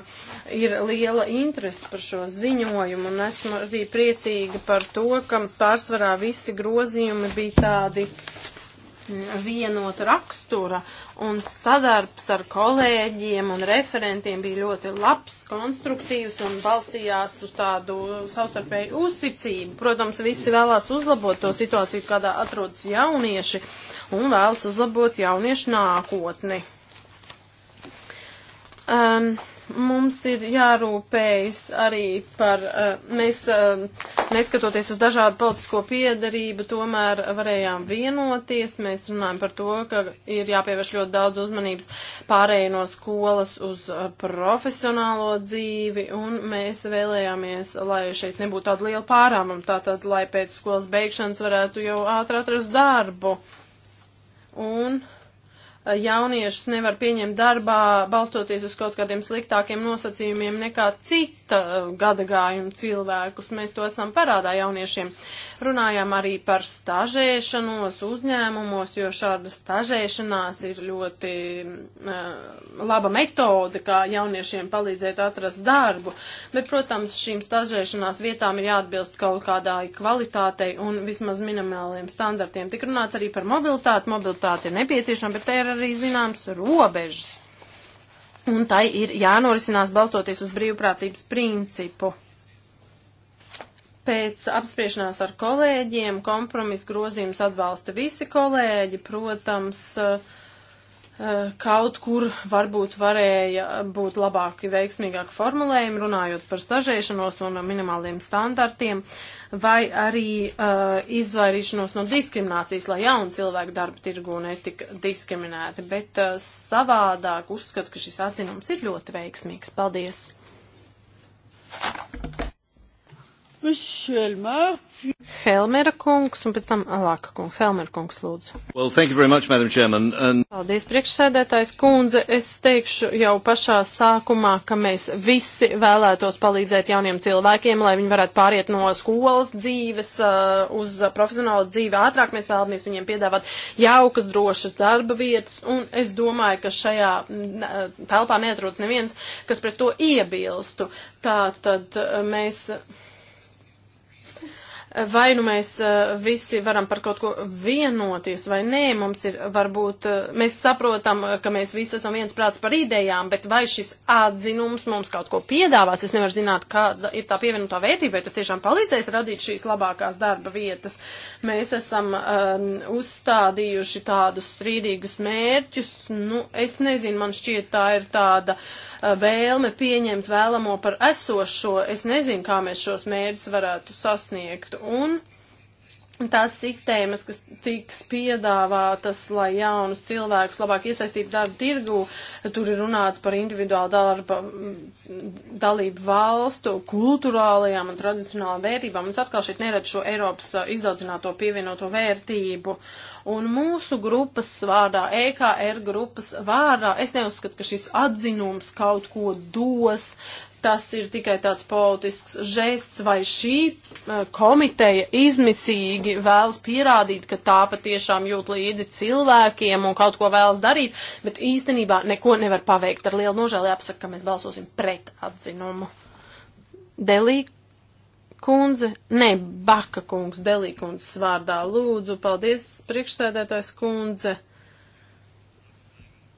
S2: ir liela interese par šo ziņojumu, un esmu arī priecīga par to, ka pārsvarā visi grozījumi bija tādi mm, vienota rakstura, un sadarbs ar kolēģiem un referentiem bija ļoti labs, konstruktīvs un balstījās uz tādu savstarpēju uzticību. Protams, visi vēlās uzlabot to situāciju, kādā atrodas jaunieši, un vēlas uzlabot jauniešu nākotni. Um, mums ir jārūpējas arī par, uh, mēs um, neskatoties uz dažādu politisko piedarību, tomēr varējām vienoties. Mēs runājam par to, ka ir jāpievērš ļoti daudz uzmanības pārējai no skolas uz uh, profesionālo dzīvi, un mēs vēlējāmies, lai šeit nebūtu tāda liela pārāmuma, tātad, lai pēc skolas beigšanas varētu jau ātri atrast darbu. Uh, un eh, jauniešus nevar pieņemt darbā, balstoties uz kaut kādiem sliktākiem nosacījumiem nekā citi sporta gadagājumu cilvēkus. Mēs to esam parādā jauniešiem. Runājām arī par stažēšanos uzņēmumos, jo šāda stažēšanās ir ļoti uh, laba metode, kā jauniešiem palīdzēt atrast darbu. Bet, protams, šīm stažēšanās vietām ir jāatbilst kaut kādai kvalitātei un vismaz minimāliem standartiem. Tik runāts arī par mobilitāti. Mobilitāte ir nepieciešama, bet te ir arī zināms robežas un tai ir jānorisinās balstoties uz brīvprātības principu. Pēc apspriešanās ar kolēģiem kompromisu grozījums atbalsta visi kolēģi, protams, uh, Eh, kaut kur varbūt varēja būt labāki, veiksmīgāki formulējumi, runājot par stažēšanos un minimāliem standartiem, vai arī uh, izvairīšanos no diskriminācijas, lai jauni cilvēki darba tirgu netika diskriminēti. Bet uh, savādāk uzskatu, ka šis atzinums ir ļoti veiksmīgs. Paldies!
S1: Monsieur Elmar,
S2: Helmera kungs un pēc tam Alāka kungs. Helmera kungs, lūdzu.
S3: Well, thank you very much, Madam Chairman. And...
S2: Paldies, priekšsēdētājs kundze. Es teikšu jau pašā sākumā, ka mēs visi vēlētos palīdzēt jauniem cilvēkiem, lai viņi varētu pāriet no skolas dzīves uh, uz profesionālu dzīvi ātrāk. Mēs vēlamies viņiem piedāvāt jaukas, drošas darba vietas. Un es domāju, ka šajā uh, telpā neatrodas neviens, kas pret to iebilstu. Tā tad uh, mēs. Uh, vai nu mēs eh, visi varam par kaut ko vienoties vai nē, mums ir varbūt, eh, mēs saprotam, eh, ka mēs visi esam viensprāts par idejām, bet vai šis atzinums mums kaut ko piedāvās, es nevaru zināt, kāda ir tā pievienotā vērtība, vai tas tiešām palīdzēs radīt šīs labākās darba vietas. Mēs esam um, uzstādījuši tādus strīdīgus mērķus, nu, es nezinu, man šķiet tā ir tāda. Uh, vēlme pieņemt vēlamo par esošo. Es nezinu, kā mēs šos mērķus varētu sasniegt. Un tās sistēmas, kas tiks piedāvātas, lai jaunus cilvēkus labāk iesaistītu darba tirgu, tur ir runāts par individuālu darba dalību valstu, kulturālajām un tradicionālām vērtībām. Es atkal šeit neredzu šo Eiropas izdaudzināto pievienoto vērtību. Uh, Un mūsu grupas vārdā, EKR grupas vārdā, es neuzskatu, ka šis atzinums kaut ko dos. Tas ir tikai tāds politisks žests, vai šī eh, komiteja izmisīgi vēlas pierādīt, ka tā patiešām jūt līdzi cilvēkiem un kaut ko vēlas darīt, bet īstenībā neko nevar paveikt. Ar lielu nožēlu jāpasaka, ka mēs balsosim pret atzinumu. Delī kundze, ne, Baka kungs, Delī kundzes vārdā lūdzu, paldies, priekšsēdētājs kundze.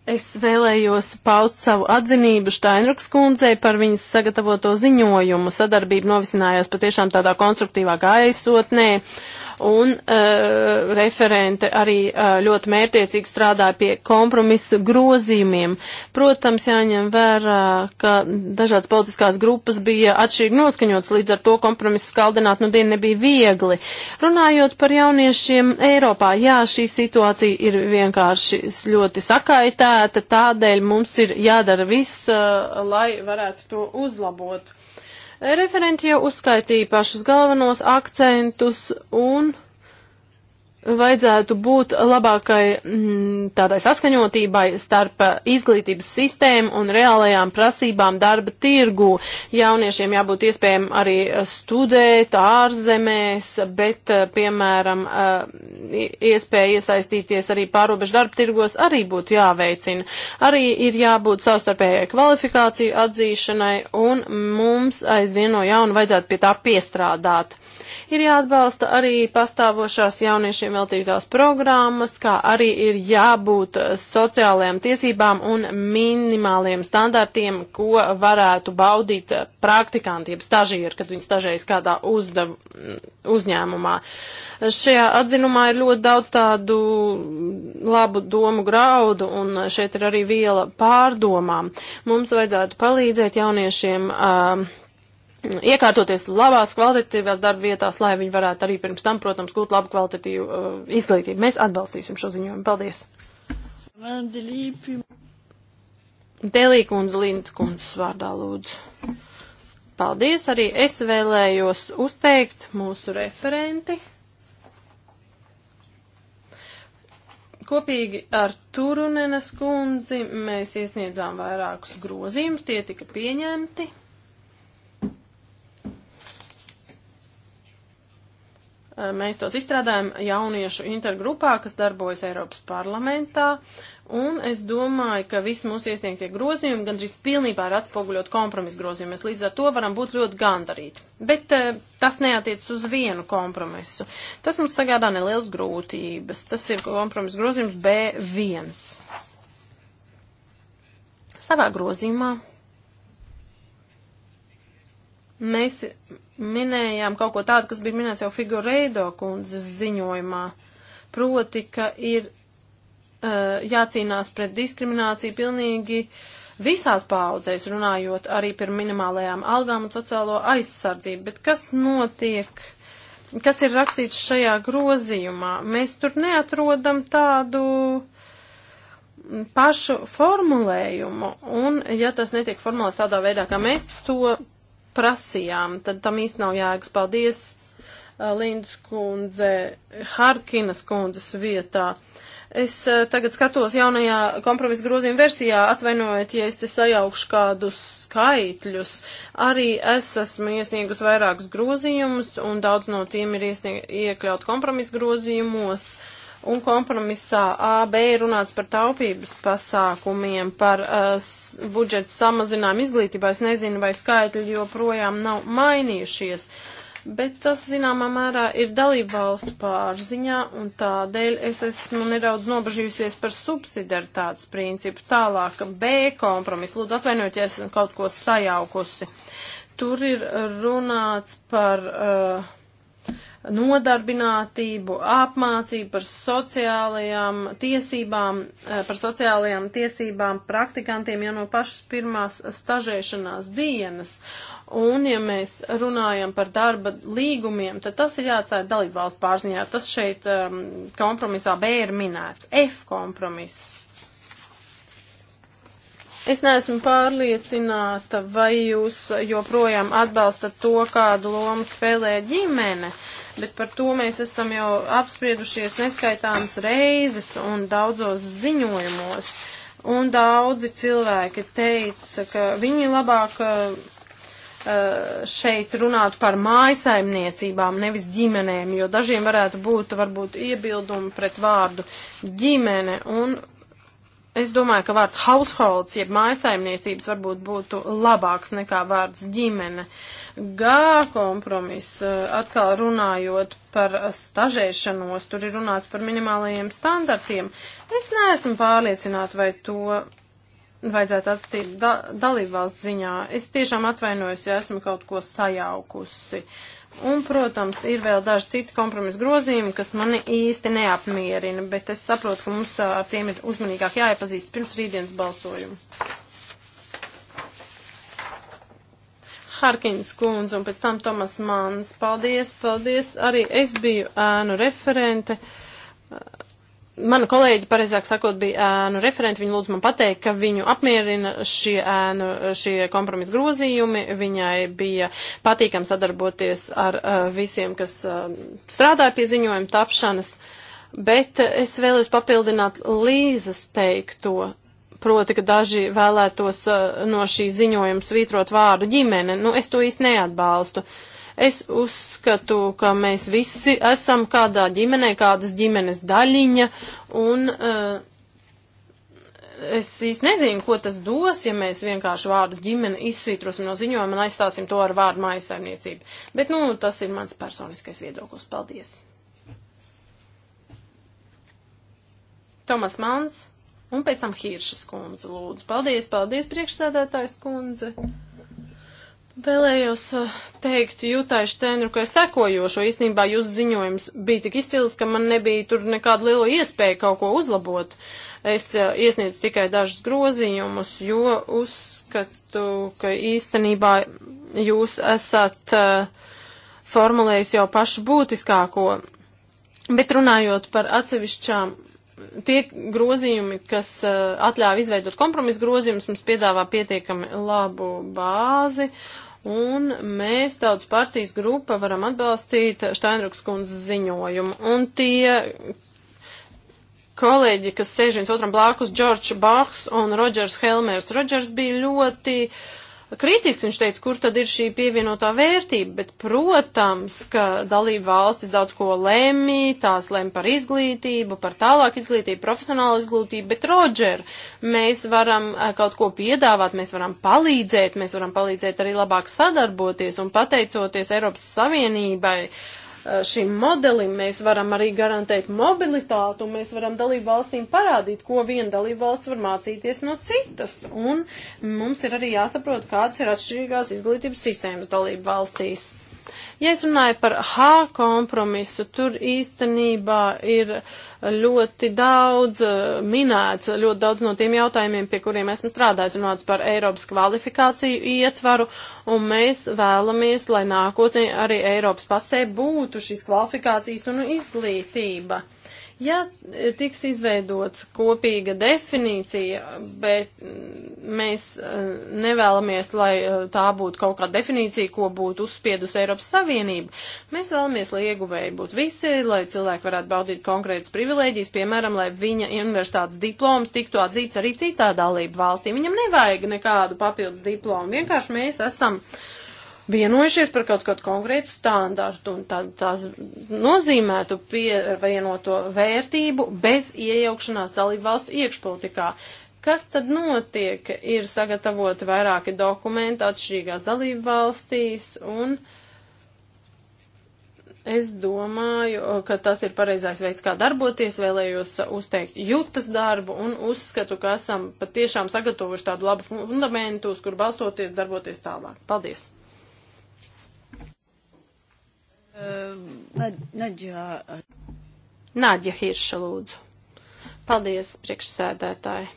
S2: Es vēlējos paust savu atzinību Štainruks kundzei par viņas sagatavoto ziņojumu. Sadarbība novisinājās patiešām tādā konstruktīvā gaisotnē. Uh, un uh, referente arī uh, ļoti mērtiecīgi strādāja pie kompromisu grozījumiem. Protams, jāņem vērā, ka dažādas politiskās grupas bija atšķirīgi noskaņotas, līdz ar to kompromisu skaldināt nu dienu nebija viegli. Runājot par jauniešiem Eiropā, jā, šī situācija ir vienkārši ļoti sakaitēta, tādēļ mums ir jādara viss, uh, lai varētu to uzlabot. Referenti jau uzskaitīja pašus galvenos akcentus un vajadzētu būt labākai m, mm, tādai saskaņotībai starp izglītības sistēmu un reālajām prasībām darba tirgu. Jauniešiem jābūt iespējami arī studēt ārzemēs, bet, eh, piemēram, eh, iespēja iesaistīties arī pārobežu darba tirgos arī būtu jāveicina. Arī ir jābūt savstarpējai kvalifikāciju atzīšanai un mums aizvien no jauna vajadzētu pie tā piestrādāt. Ir jāatbalsta arī pastāvošās jauniešiem veltītās programmas, kā arī ir jābūt eh, sociālajām tiesībām un minimāliem standartiem, ko varētu baudīt eh, praktikanti, jeb stažieri, kad viņi stažējas kādā uzdev, mm, uzņēmumā. Šajā atzinumā ir ļoti daudz tādu labu domu graudu, un šeit ir arī viela pārdomām. Mums vajadzētu palīdzēt jauniešiem. Uh, iekārtoties labās kvalitatīvās darbvietās, lai viņi varētu arī pirms tam, protams, gūt labu kvalitatīvu uh, izglītību. Mēs atbalstīsim šo ziņojumu. Paldies! Delī kundze, Linda kundze vārdā lūdzu. Paldies, arī es vēlējos uzteikt mūsu referenti. Kopīgi ar Turunenes kundzi mēs iesniedzām vairākus grozījumus, tie tika pieņemti. Eh, mēs tos izstrādājam jauniešu intergrupā, kas darbojas Eiropas parlamentā, un es domāju, ka visi mūsu iesniegtie grozījumi gandrīz pilnībā ir atspoguļot kompromisu grozījumi. Mēs līdz ar to varam būt ļoti gandarīti. Bet eh, tas neatiecas uz vienu kompromisu. Tas mums sagādā nelielas grūtības. Tas ir kompromisu grozījums B1. Savā grozījumā mēs minējām kaut ko tādu, kas bija minēts jau Figureido kundzes ziņojumā. Proti, ka ir uh, jācīnās pret diskrimināciju pilnīgi visās paudzēs, runājot arī par minimālajām algām un sociālo aizsardzību. Bet kas notiek? Kas ir rakstīts šajā grozījumā? Mēs tur neatrodam tādu pašu formulējumu, un ja tas netiek formulēts tādā veidā, kā mēs to prasījām, tad tam īsti nav jēgas. Paldies uh, Lindas kundze, Harkinas kundzes vietā. Es uh, tagad skatos jaunajā kompromisa grozījuma versijā, atvainojiet, ja es te sajaukšu kādus skaitļus. Arī es esmu iesniegus vairākus grozījumus, un daudz no tiem ir iekļaut kompromisa grozījumos. Uh, Un kompromisā AB runāts par taupības pasākumiem, par uh, budžeta samazinājumu izglītībā. Es nezinu, vai skaitļi joprojām nav mainījušies, bet tas, zināmā mērā, ir dalību valstu pārziņā, un tādēļ es esmu nedaudz nobežījusies par subsidiaritātes principu. Tālāk B kompromis. Lūdzu, atvainojiet, ja esmu kaut ko sajaukusi. Tur ir runāts par. Uh, nodarbinātību, apmācību par sociālajām tiesībām, eh, par sociālajām tiesībām praktikantiem jau no pašas pirmās stažēšanās dienas. Un, ja mēs runājam par darba līgumiem, tad tas ir jāatstāja dalību valsts pārziņā. Tas šeit um, kompromisā B ir minēts. F kompromiss. Es neesmu pārliecināta, vai jūs joprojām atbalstat to, kādu lomu spēlē ģimene. Uh, bet par to mēs esam jau apspriedušies neskaitāmas reizes un daudzos ziņojumos. Un daudzi cilvēki teica, ka viņi labāk eh, eh, šeit runāt par mājasaimniecībām, nevis ģimenēm, jo dažiem varētu būt varbūt iebildumi pret vārdu ģimene. Un es domāju, ka vārds households, jeb mājasaimniecības varbūt būtu labāks nekā vārds ģimene. Uh, G kompromiss, eh, atkal runājot par stažēšanos, tur ir runāts par minimālajiem standartiem. Es neesmu pārliecināta, vai to vajadzētu atstīt da dalībvalsts ziņā. Es tiešām atvainojos, ja esmu kaut ko sajaukusi. Un, protams, ir vēl daži citi kompromisa grozījumi, kas mani īsti neapmierina, bet es saprotu, ka mums eh, ar tiem ir uzmanīgāk jāiepazīst pirms rītdienas balsojumu. Harkins kundze un pēc tam Tomas Mans. Paldies, paldies. Arī es biju ēnu referente. Mana kolēģi, pareizāk sakot, bija ēnu referenti. Viņa lūdzu man pateikt, ka viņu apmierina šie ēnu, šie kompromisa grozījumi. Viņai bija patīkam sadarboties ar uh, visiem, kas uh, strādāja pie ziņojuma tapšanas. Bet es vēlos papildināt Līzas teikto proti, ka daži vēlētos uh, no šī ziņojuma svītrot vārdu ģimene. Nu, es to īsti neatbalstu. Es uzskatu, ka mēs visi esam kādā ģimenē, kādas ģimenes daļiņa, un uh, es īsti nezinu, ko tas dos, ja mēs vienkārši vārdu ģimene izsvītrosim no ziņojuma un aizstāsim to ar vārdu mājasaimniecību. Bet, nu, tas ir mans personiskais viedoklis. Paldies! Tomas Mans. Un pēc tam Hiršas kundze, lūdzu. Paldies, paldies, priekšsēdētājs kundze. Vēlējos uh, teikt Jūtai Štēnru, ka sekojošo īstenībā jūsu ziņojums bija tik izcils, ka man nebija tur nekāda liela iespēja kaut ko uzlabot. Es uh, iesniedzu tikai dažus grozījumus, jo uzskatu, ka īstenībā jūs esat uh, formulējis jau pašu būtiskāko. Bet runājot par atsevišķām tie grozījumi, kas uh, atļāva izveidot kompromisu grozījumus, mums piedāvā pietiekami labu bāzi. Un mēs tautas partijas grupa varam atbalstīt Štainruks kundzes ziņojumu. Un tie kolēģi, kas sēž viens otram blākus, Džordžs Baks un Rodžers Helmers. Rodžers bija ļoti uh, kritisks. Viņš teica, kur tad ir šī pievienotā vērtība, bet, protams, ka dalība valstis daudz ko lemj, tās lem par izglītību, par tālāk izglītību, profesionālu izglītību, bet, Rodžer, mēs varam eh, kaut ko piedāvāt, mēs varam palīdzēt, mēs varam palīdzēt arī labāk sadarboties un pateicoties Eiropas Savienībai. Uh, Eh, šim modelim, mēs varam arī garantēt mobilitātu, un mēs varam dalību valstīm parādīt, ko viena dalība valsts var mācīties no citas. Un mums ir arī jāsaprot, kādas ir atšķirīgās izglītības sistēmas dalību valstīs. Ja es runāju par H kompromisu, tur īstenībā ir ļoti daudz eh, minēts, ļoti daudz no tiem jautājumiem, pie kuriem esmu strādājis, runāts par Eiropas kvalifikāciju ietvaru, un mēs vēlamies, lai nākotnē arī Eiropas pasē būtu šīs kvalifikācijas un izglītība. Ja tiks izveidots kopīga definīcija, bet mēs eh, nevēlamies, lai eh, tā būtu kaut kāda definīcija, ko būtu uzspiedusi Eiropas Savienība, mēs vēlamies, lai ieguvēji būtu visi, lai cilvēki varētu baudīt konkrētas privilēģijas, piemēram, lai viņa universitātes diploms tiktu atzīts arī citā dalību valstī. Viņam nevajag nekādu papildus diplomu, vienkārši mēs esam. Uh, vienojušies par kaut kādu konkrētu standartu, un tad tās nozīmētu pievienoto vērtību bez iejaukšanās dalību valstu iekšpolitikā. Kas tad notiek? Ir sagatavoti vairāki dokumenti atšķirīgās dalību valstīs, un es domāju, ka tas ir pareizais veids, kā darboties. Vēlējos uzteikt jūtas darbu un uzskatu, ka esam patiešām sagatavojuši tādu labu fundamentu, uz kur balstoties darboties tālāk. Paldies! Nadja. Nadja Hirša lūdzu. Paldies, priekšsēdētāji.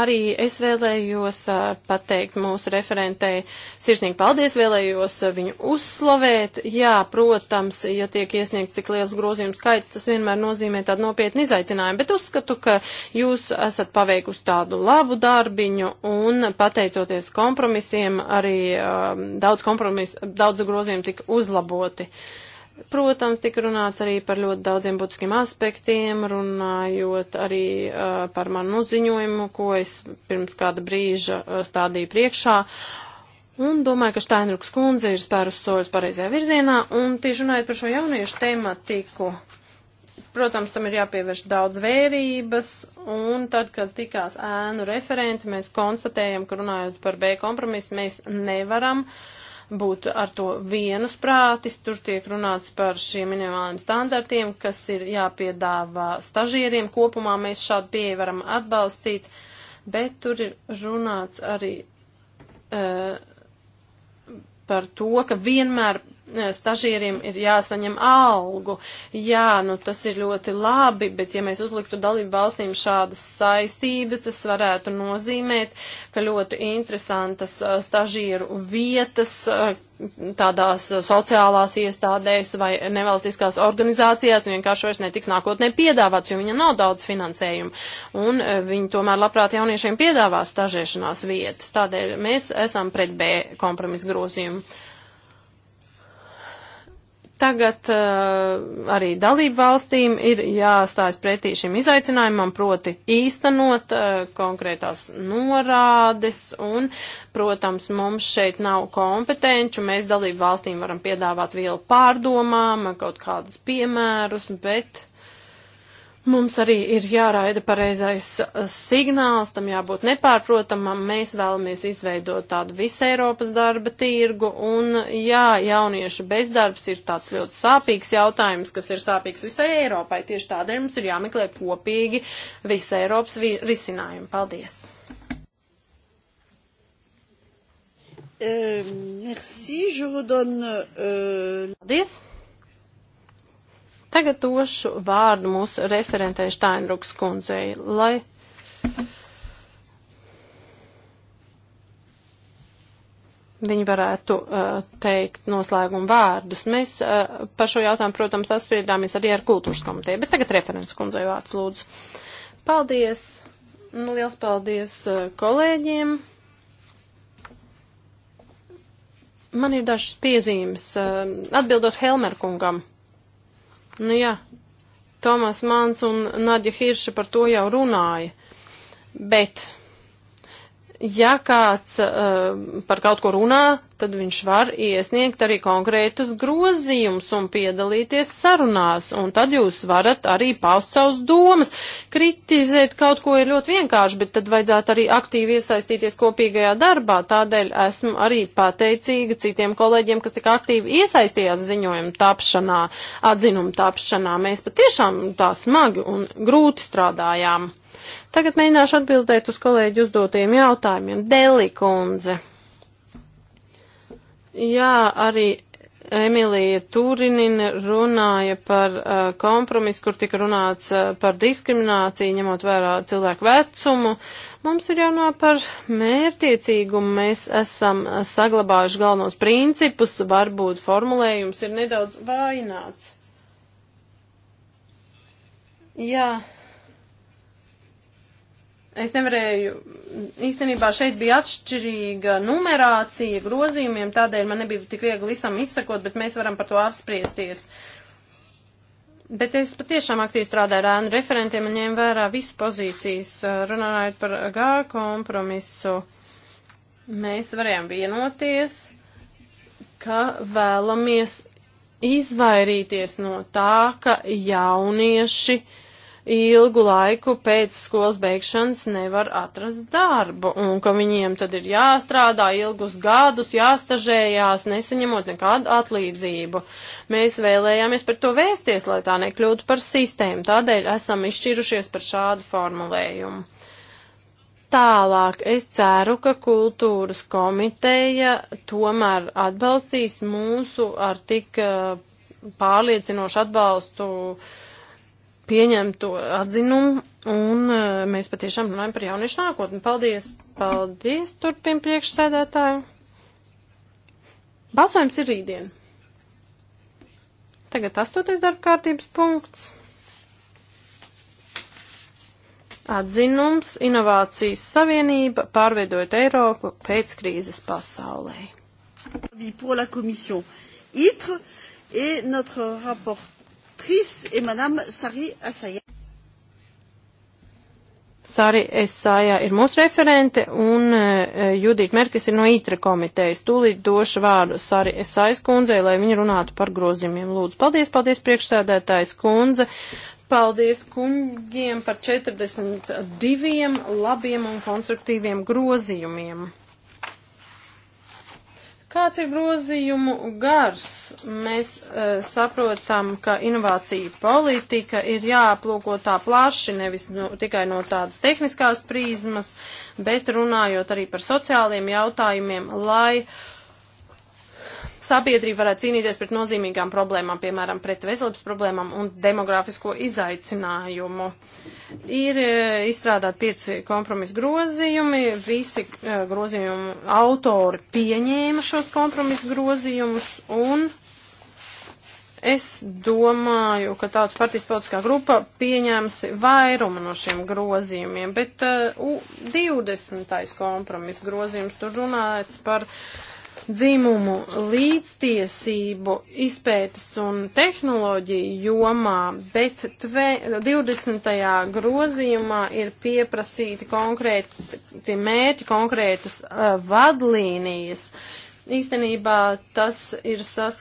S2: Arī es vēlējos pateikt mūsu referentei sirsnīgi paldies, vēlējos viņu uzslavēt. Jā, protams, ja tiek iesniegts tik liels grozījums skaits, tas vienmēr nozīmē tādu nopietnu izaicinājumu, bet uzskatu, ka jūs esat paveikusi tādu labu darbiņu un pateicoties kompromisiem, arī um, daudz, kompromis, daudz grozījumu tika uzlaboti. Uh, Protams, tika runāts arī par ļoti daudziem būtiskiem aspektiem, runājot arī uh, par manu ziņojumu, ko es pirms kāda brīža uh, stādīju priekšā. Un domāju, ka Štainruks kundze ir spērus soļus pareizajā virzienā, un tieši runājot par šo jauniešu tematiku, protams, tam ir jāpievērš daudz vērības, un tad, kad tikās ēnu referenti, mēs konstatējam, ka runājot par B kompromisu, mēs nevaram uh, būtu ar to vienus prātis. Tur tiek runāts par šiem minimāliem standartiem, kas ir jāpiedāvā stažieriem. Kopumā mēs šādu pieeju varam atbalstīt, bet tur ir runāts arī. Uh, par to, ka vienmēr Eh, stažieriem ir jāsaņem algu. Jā, nu tas ir ļoti labi, bet ja mēs uzliktu dalību valstīm šādas saistības, tas varētu nozīmēt, ka ļoti interesantas eh, stažieru vietas eh, tādās sociālās iestādēs vai nevalstiskās organizācijās vienkārši vairs netiks nākotnē piedāvāts, jo viņam nav daudz finansējumu. Un viņi tomēr labprāt jauniešiem piedāvā stažēšanās vietas. Tādēļ mēs esam pret B kompromisu grozījumu. Tagad uh, arī dalību valstīm ir jāstājas pretī šim izaicinājumam, proti īstenot uh, konkrētās norādes un, protams, mums šeit nav kompetenču, mēs dalību valstīm varam piedāvāt vielu pārdomām, kaut kādus piemērus, bet Mums arī ir jāraida pareizais uh, signāls, tam jābūt nepārprotamam. Mēs vēlamies izveidot tādu visu Eiropas darba tirgu, un jā, jauniešu bezdarbs ir tāds ļoti sāpīgs jautājums, kas ir sāpīgs visai Eiropai. Tieši tādēļ mums ir jāmeklē kopīgi visa Eiropas vi risinājumi. Paldies!
S1: Uh, merci, je redonne, uh... Paldies!
S2: Tagad došu vārdu mūsu referentē Štainruks kundzei, lai. Viņi varētu uh, teikt noslēgumu vārdus. Mēs uh, par šo jautājumu, protams, apspriedāmies arī ar kultūras komiteju, bet tagad referents kundzei vārds lūdzu. Paldies! Nu, liels paldies uh, kolēģiem! Man ir dažas piezīmes, uh, atbildot Helmer kungam. Nu jā, Tomas Mans un Nadja Hirša par to jau runāja, bet ja kāds uh, par kaut ko runā, tad viņš var iesniegt arī konkrētus grozījumus un piedalīties sarunās, un tad jūs varat arī paust savus domas. Kritizēt kaut ko ir ļoti vienkārši, bet tad vajadzētu arī aktīvi iesaistīties kopīgajā darbā. Tādēļ esmu arī pateicīga citiem kolēģiem, kas tik aktīvi iesaistījās ziņojuma tapšanā, atzinuma tapšanā. Mēs patiešām tā smagi un grūti strādājām. Tagad mēģināšu atbildēt uz kolēģi uzdotajiem jautājumiem. Deli kundze. Jā, arī Emilija Turinina runāja par uh, kompromisu, kur tika runāts uh, par diskrimināciju, ņemot vērā cilvēku vecumu. Mums ir jānā par mērtiecīgumu. Mēs esam uh, saglabājuši galvenos principus, varbūt formulējums ir nedaudz vaināts. Jā, Es nevarēju, īstenībā šeit bija atšķirīga numerācija grozījumiem, tādēļ man nebija tik viegli visam izsakot, bet mēs varam par to apspriesties. Bet es patiešām aktīvi strādāju ar ēnu referentiem un ņēmu vērā visu pozīcijas, runājot par G kompromisu. Mēs varējām vienoties, ka vēlamies izvairīties no tā, ka jaunieši uh, ilgu laiku pēc skolas beigšanas nevar atrast darbu, un ka viņiem tad ir jāstrādā ilgus gadus, jāstažējās, nesaņemot nekādu atlīdzību. Mēs vēlējāmies par to vēsties, lai tā nekļūtu par sistēmu, tādēļ esam izšķirušies par šādu formulējumu. Tālāk es ceru, ka kultūras komiteja tomēr atbalstīs mūsu ar tik eh, pārliecinošu atbalstu uh, pieņemto atzinumu, un e, mēs patiešām runājam par jauniešu nākotni. Paldies! Paldies, turpin priekšsēdētāju! Balsojums ir rītdien. Tagad astoties darbkārtības punkts. Atzinums, inovācijas savienība, pārveidojot Eiropu pēc krīzes pasaulē.
S1: Pour la commission ITRE et notre rapport rapportrice est Madame Sari Asaya.
S2: Sari Esāja ir mūsu referente un uh, Judita Merkis ir no ITRA komitejas. Tūlīt došu vārdu Sari Esājas kundzei, lai viņa runātu par grozījumiem. Lūdzu, paldies, paldies priekšsēdētājs kundze. Paldies kungiem par 42 labiem un konstruktīviem grozījumiem. Kāds ir grozījumu gars? Mēs uh, saprotam, ka inovācija politika ir jāaplūko tā plaši, nevis no, tikai no tādas tehniskās prīzmas, bet runājot arī par sociāliem jautājumiem, lai uh, sabiedrība varētu cīnīties pret nozīmīgām problēmām, piemēram, pret veselības problēmām un demografisko izaicinājumu. Ir e, izstrādāt pieci kompromisu grozījumi, visi e, grozījumu autori pieņēma šos kompromisu grozījumus un es domāju, ka tautas partijas politiskā grupa pieņēms vairumu no šiem grozījumiem, bet e, uh, 20. kompromisu grozījums tur runāts par uh, dzimumu līdztiesību izpētes un tehnoloģiju jomā, bet tve, 20. grozījumā ir pieprasīti konkrēti mērķi, konkrētas uh, vadlīnijas. Īstenībā tas ir sas,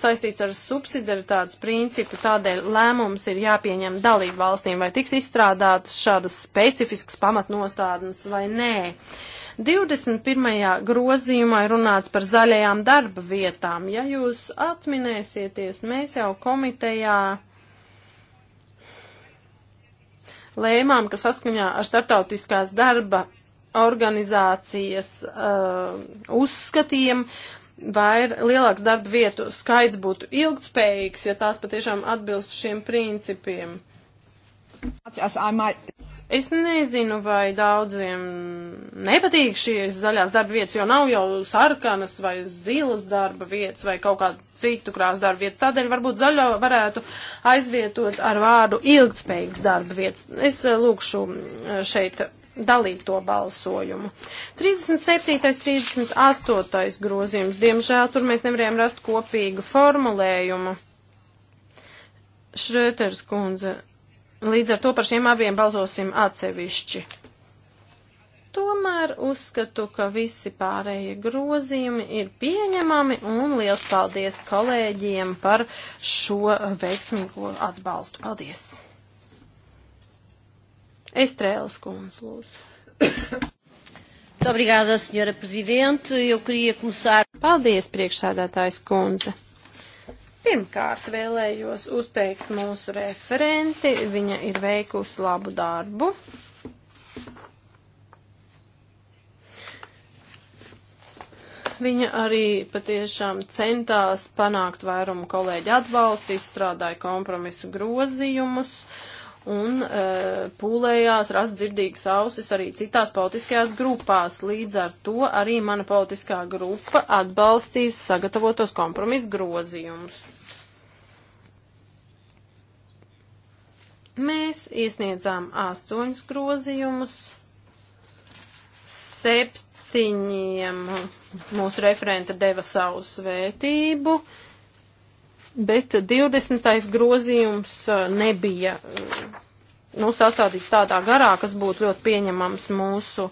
S2: saistīts ar subsidiaritātes principu, tādēļ lēmums ir jāpieņem dalību valstīm, vai tiks izstrādātas šādas specifiskas pamatnostādnes vai nē. Uh, 21. grozījumā ir runāts par zaļajām darba vietām. Ja jūs atminēsieties, mēs jau komitejā lēmām, ka saskaņā ar starptautiskās darba organizācijas uh, uzskatiem vai lielāks darba vietu skaits būtu ilgtspējīgs, ja tās patiešām atbilst šiem principiem. Es nezinu, vai daudziem nepatīk šīs zaļās darba vietas, jo nav jau sarkanas vai zilas darba vietas vai kaut kāda citu krāsu darba vietas. Tādēļ varbūt zaļo varētu aizvietot ar vārdu ilgtspējīgs darba vietas. Es eh, lūkšu eh, šeit dalīt to balsojumu. 37. 38. grozījums. Diemžēl tur mēs nevarējām rast kopīgu formulējumu. Šrēters kundze Līdz ar to par šiem abiem balsosim atsevišķi. Tomēr uzskatu, ka visi pārējie grozījumi ir pieņemami un liels paldies kolēģiem par šo veiksmīgo atbalstu. Paldies! Estrēlas kundze, lūdzu. Obrigada, senhora Presidente. Eu queria começar. Paldies, priekšsēdētājs kundze. Pirmkārt vēlējos uzteikt mūsu referenti, viņa ir veikusi labu darbu. Viņa arī patiešām centās panākt vairumu kolēģi atbalstu, izstrādāja kompromisu grozījumus un e, pūlējās rast dzirdīgas ausis arī citās politiskajās grupās. Līdz ar to arī mana politiskā grupa atbalstīs sagatavotos kompromisu grozījumus. Mēs iesniedzām astoņus grozījumus, septiņiem mūsu referenta deva savu svētību, bet 20. grozījums uh, nebija uh, nu, sastādīts tādā garā, kas būtu ļoti pieņemams mūsu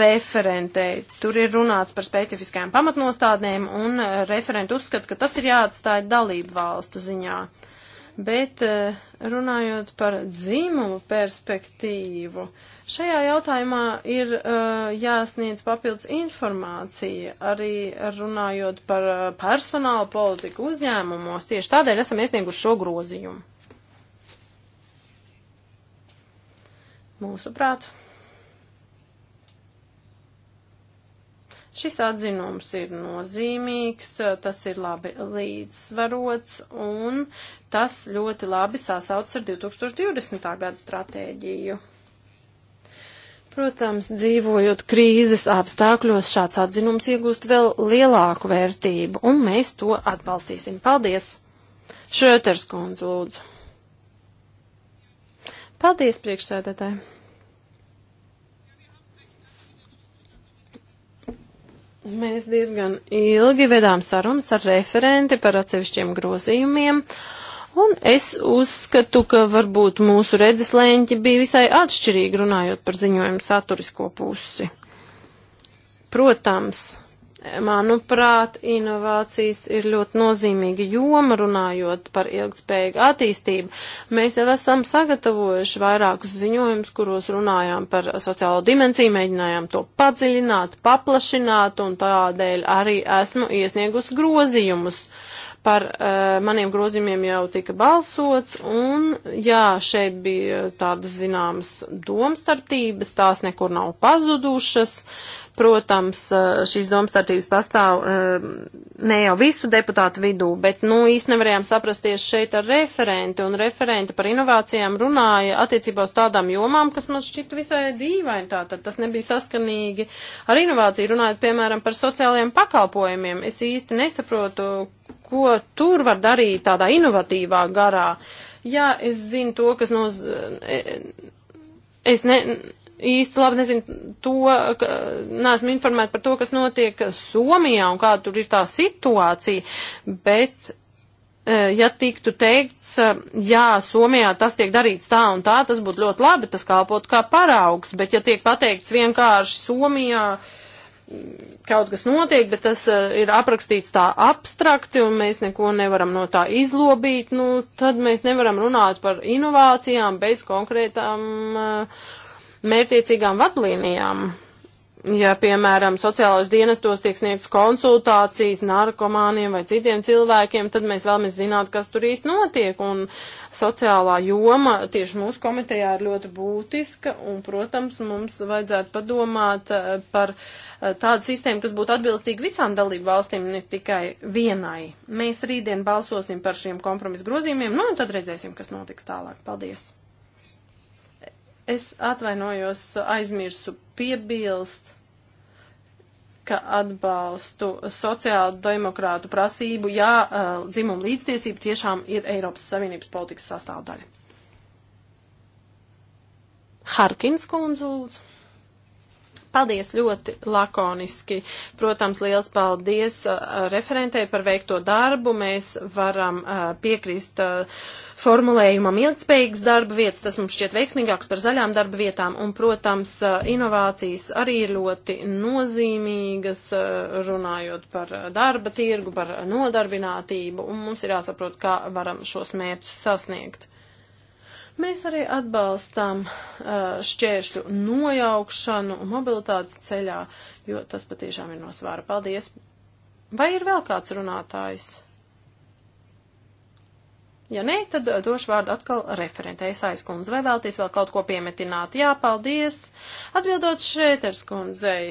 S2: referentei. Tur ir runāts par specifiskajām pamatnostādnēm, un referenti uzskata, ka tas ir jāatstāja dalību valstu ziņā. Uh, Bet eh, runājot par dzīmumu perspektīvu, šajā jautājumā ir eh, jāsniedz papildus informācija, arī runājot par eh, personāla politiku uzņēmumos. Tieši tādēļ esam iesnieguši šo grozījumu. Mūsuprāt. Šis atzinums ir nozīmīgs, tas ir labi līdzsvarots un tas ļoti labi sasauc ar 2020. gada stratēģiju. Protams, dzīvojot krīzes apstākļos, šāds atzinums iegūst vēl lielāku vērtību, un mēs to atbalstīsim. Paldies! Šrēters kundze, lūdzu! Paldies, priekšsēdētāji! Mēs diezgan ilgi vedām sarunas ar referenti par atsevišķiem grozījumiem, un es uzskatu, ka varbūt mūsu redzeslēņķi bija visai atšķirīgi runājot par ziņojumu saturisko pusi. Protams, Manuprāt, inovācijas ir ļoti nozīmīga joma runājot par ilgspējīgu attīstību. Mēs jau esam sagatavojuši vairākus ziņojumus, kuros runājām par sociālo dimensiju, mēģinājām to padziļināt, paplašināt un tādēļ arī esmu iesniegus grozījumus. Par uh, maniem grozījumiem jau tika balsots un jā, šeit bija tādas zināmas domstartības, tās nekur nav pazudušas. Uh, Protams, eh, šīs domstarpības pastāv eh, ne jau visu deputātu vidū, bet, nu, īsti nevarējām saprasties šeit ar referenti, un referenti par inovācijām runāja attiecībā uz tādām jomām, kas man šķita visai dīvaini, tātad tas nebija saskanīgi ar inovāciju, runājot, piemēram, par sociālajiem pakalpojumiem. Es īsti nesaprotu, ko tur var darīt tādā inovatīvā garā. Jā, es zinu to, kas noz... E, e, es ne īsti labi nezinu to, ka neesmu informēta par to, kas notiek Somijā un kāda tur ir tā situācija, bet e, ja tiktu teikts, e, jā, Somijā tas tiek darīts tā un tā, tas būtu ļoti labi, tas kalpot kā paraugs, bet ja tiek pateikts vienkārši Somijā, mm, kaut kas notiek, bet tas e, ir aprakstīts tā abstrakti un mēs neko nevaram no tā izlobīt, nu, tad mēs nevaram runāt par inovācijām bez konkrētām uh, mērtiecīgām vadlīnijām. Ja, piemēram, sociālajos dienestos tiek sniegts konsultācijas narkomāniem vai citiem cilvēkiem, tad mēs vēlamies zināt, kas tur īsti notiek. Un sociālā joma tieši mūsu komitejā ir ļoti būtiska. Un, protams, mums vajadzētu padomāt eh, par eh, tādu sistēmu, kas būtu atbilstīga visām dalību valstīm, ne tikai vienai. Mēs rītdien balsosim par šiem kompromisu grozījumiem, nu un tad redzēsim, kas notiks tālāk. Paldies! Es atvainojos, aizmirsu piebilst ka atbalstu sociālu demokrātu prasību, jā, uh, dzimuma līdztiesība tiešām ir Eiropas Savienības politikas sastāvdaļa. Harkins kundze lūdzu. Paldies ļoti lakoniski. Protams, liels paldies uh, referentei par veikto darbu. Mēs varam uh, piekrist uh, formulējumam ilgspējīgas darba vietas. Tas mums šķiet veiksmīgāks par zaļām darba vietām. Un, protams, uh, inovācijas arī ir ļoti nozīmīgas, uh, runājot par uh, darba tirgu, par nodarbinātību. Un mums ir jāsaprot, kā varam šos mērķus sasniegt. Mēs arī atbalstām šķēršļu nojaukšanu mobilitātes ceļā, jo tas patiešām ir nosvāra. Paldies! Vai ir vēl kāds runātājs? Ja nē, tad došu vārdu atkal referentei Saiskundze. Vai vēlties vēl kaut ko piemetināt? Jā, paldies! Atbildot Šrēters kundzei.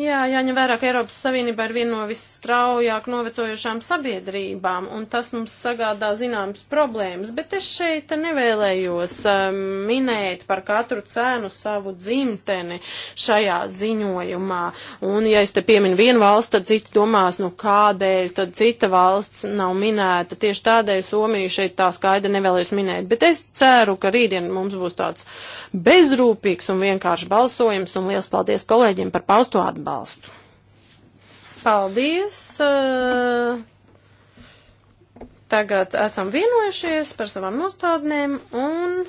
S2: Jā, jāņem vērā, ka Eiropas Savienība ir viena no visstraujāk novecojušām sabiedrībām, un tas mums sagādā zināmas problēmas, bet es šeit nevēlējos um, minēt par katru cēnu savu dzimteni šajā ziņojumā. Un, ja es te pieminu vienu valsts, tad citi domās, nu kādēļ, tad cita valsts nav minēta. Tieši tādēļ Somiju šeit tā skaidri nevēlējos minēt, bet es ceru, ka rītdien mums būs tāds bezrūpīgs un vienkārši balsojums, un liels paldies kolēģiem par paustu atbalstu atbalstu. Paldies! Eh, tagad esam vienojušies par savām nostādnēm un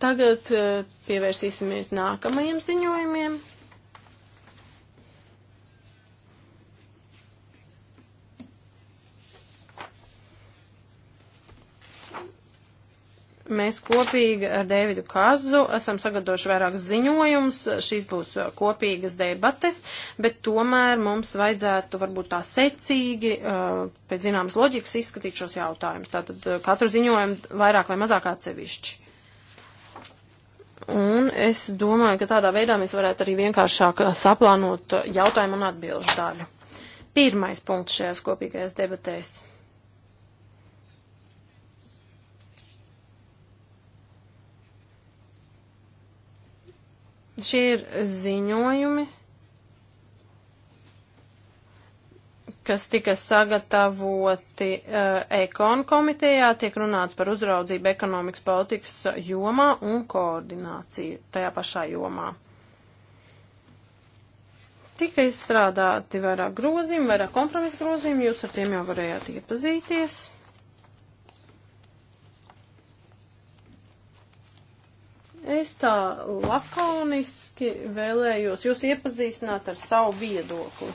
S2: tagad eh, pievērsīsimies nākamajiem ziņojumiem. Mēs kopīgi ar Dēvidu Kazu esam sagatavojuši vairākus ziņojumus, šīs būs uh, kopīgas debates, bet tomēr mums vajadzētu varbūt tā secīgi, uh, pēc zināmas loģikas, izskatīt šos jautājumus. Tātad uh, katru ziņojumu vairāk vai mazāk atsevišķi. Un es domāju, ka tādā veidā mēs varētu arī vienkāršāk saplānot jautājumu un atbilžu daļu. Pirmais punkts šajās kopīgajās debatēs Šie ir ziņojumi, kas tika sagatavoti uh, eh, ekonu komitejā, tiek runāts par uzraudzību ekonomikas politikas jomā un koordināciju tajā pašā jomā. Tika izstrādāti vairāk grozījumi, vairāk kompromisu grozījumi, jūs ar tiem jau varējāt iepazīties. Es tā lakoniski vēlējos jūs iepazīstināt ar savu viedokli.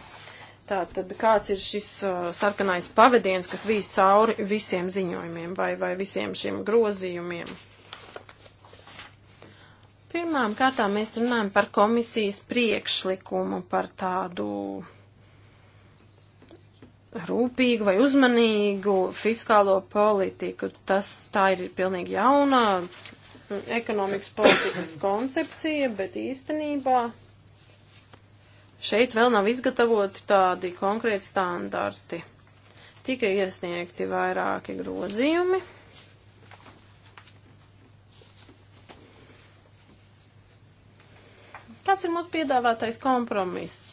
S2: Tātad, kāds ir šis uh, sarkanais pavadiens, kas vīz cauri visiem ziņojumiem vai, vai visiem šiem grozījumiem? Pirmām kārtām mēs runājam par komisijas priekšlikumu, par tādu rūpīgu vai uzmanīgu fiskālo politiku. Tas tā ir pilnīgi jauna ekonomikas politikas koncepcija, bet īstenībā šeit vēl nav izgatavoti tādi konkrēti standarti. Tika iesniegti vairāki grozījumi. Kāds ir mūsu piedāvātais kompromiss?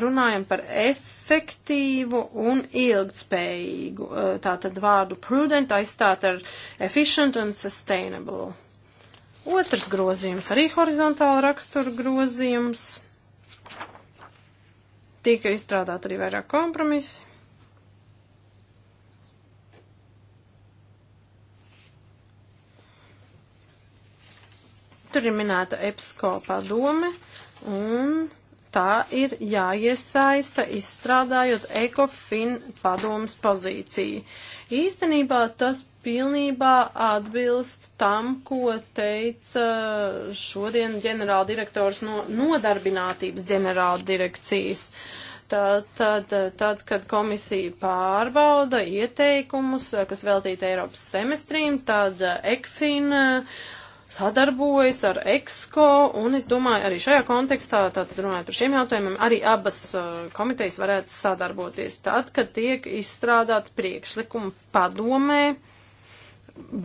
S2: Runājam par F efektīvu un ilgtspējīgu. Eh, tātad vārdu prudent aizstāt ar efficient un sustainable. Otrs grozījums, arī horizontāla rakstura grozījums. Tika izstrādāt arī vairāk kompromisi. Tur ir minēta EPSCO padome un tā ir jāiesaista, izstrādājot ECOFIN padomas pozīciju. Īstenībā tas pilnībā atbilst tam, ko teica šodien ģenerāldirektors no nodarbinātības ģenerāldirekcijas. Tad, tad, tad, kad komisija pārbauda ieteikumus, kas veltīti Eiropas semestrīm, tad eh, ECFIN uh, sadarbojas ar EXCO, un es domāju, arī šajā kontekstā, tātad runājot par šiem jautājumiem, arī abas uh, komitejas varētu sadarboties. Tad, kad tiek izstrādāt priekšlikumu padomē,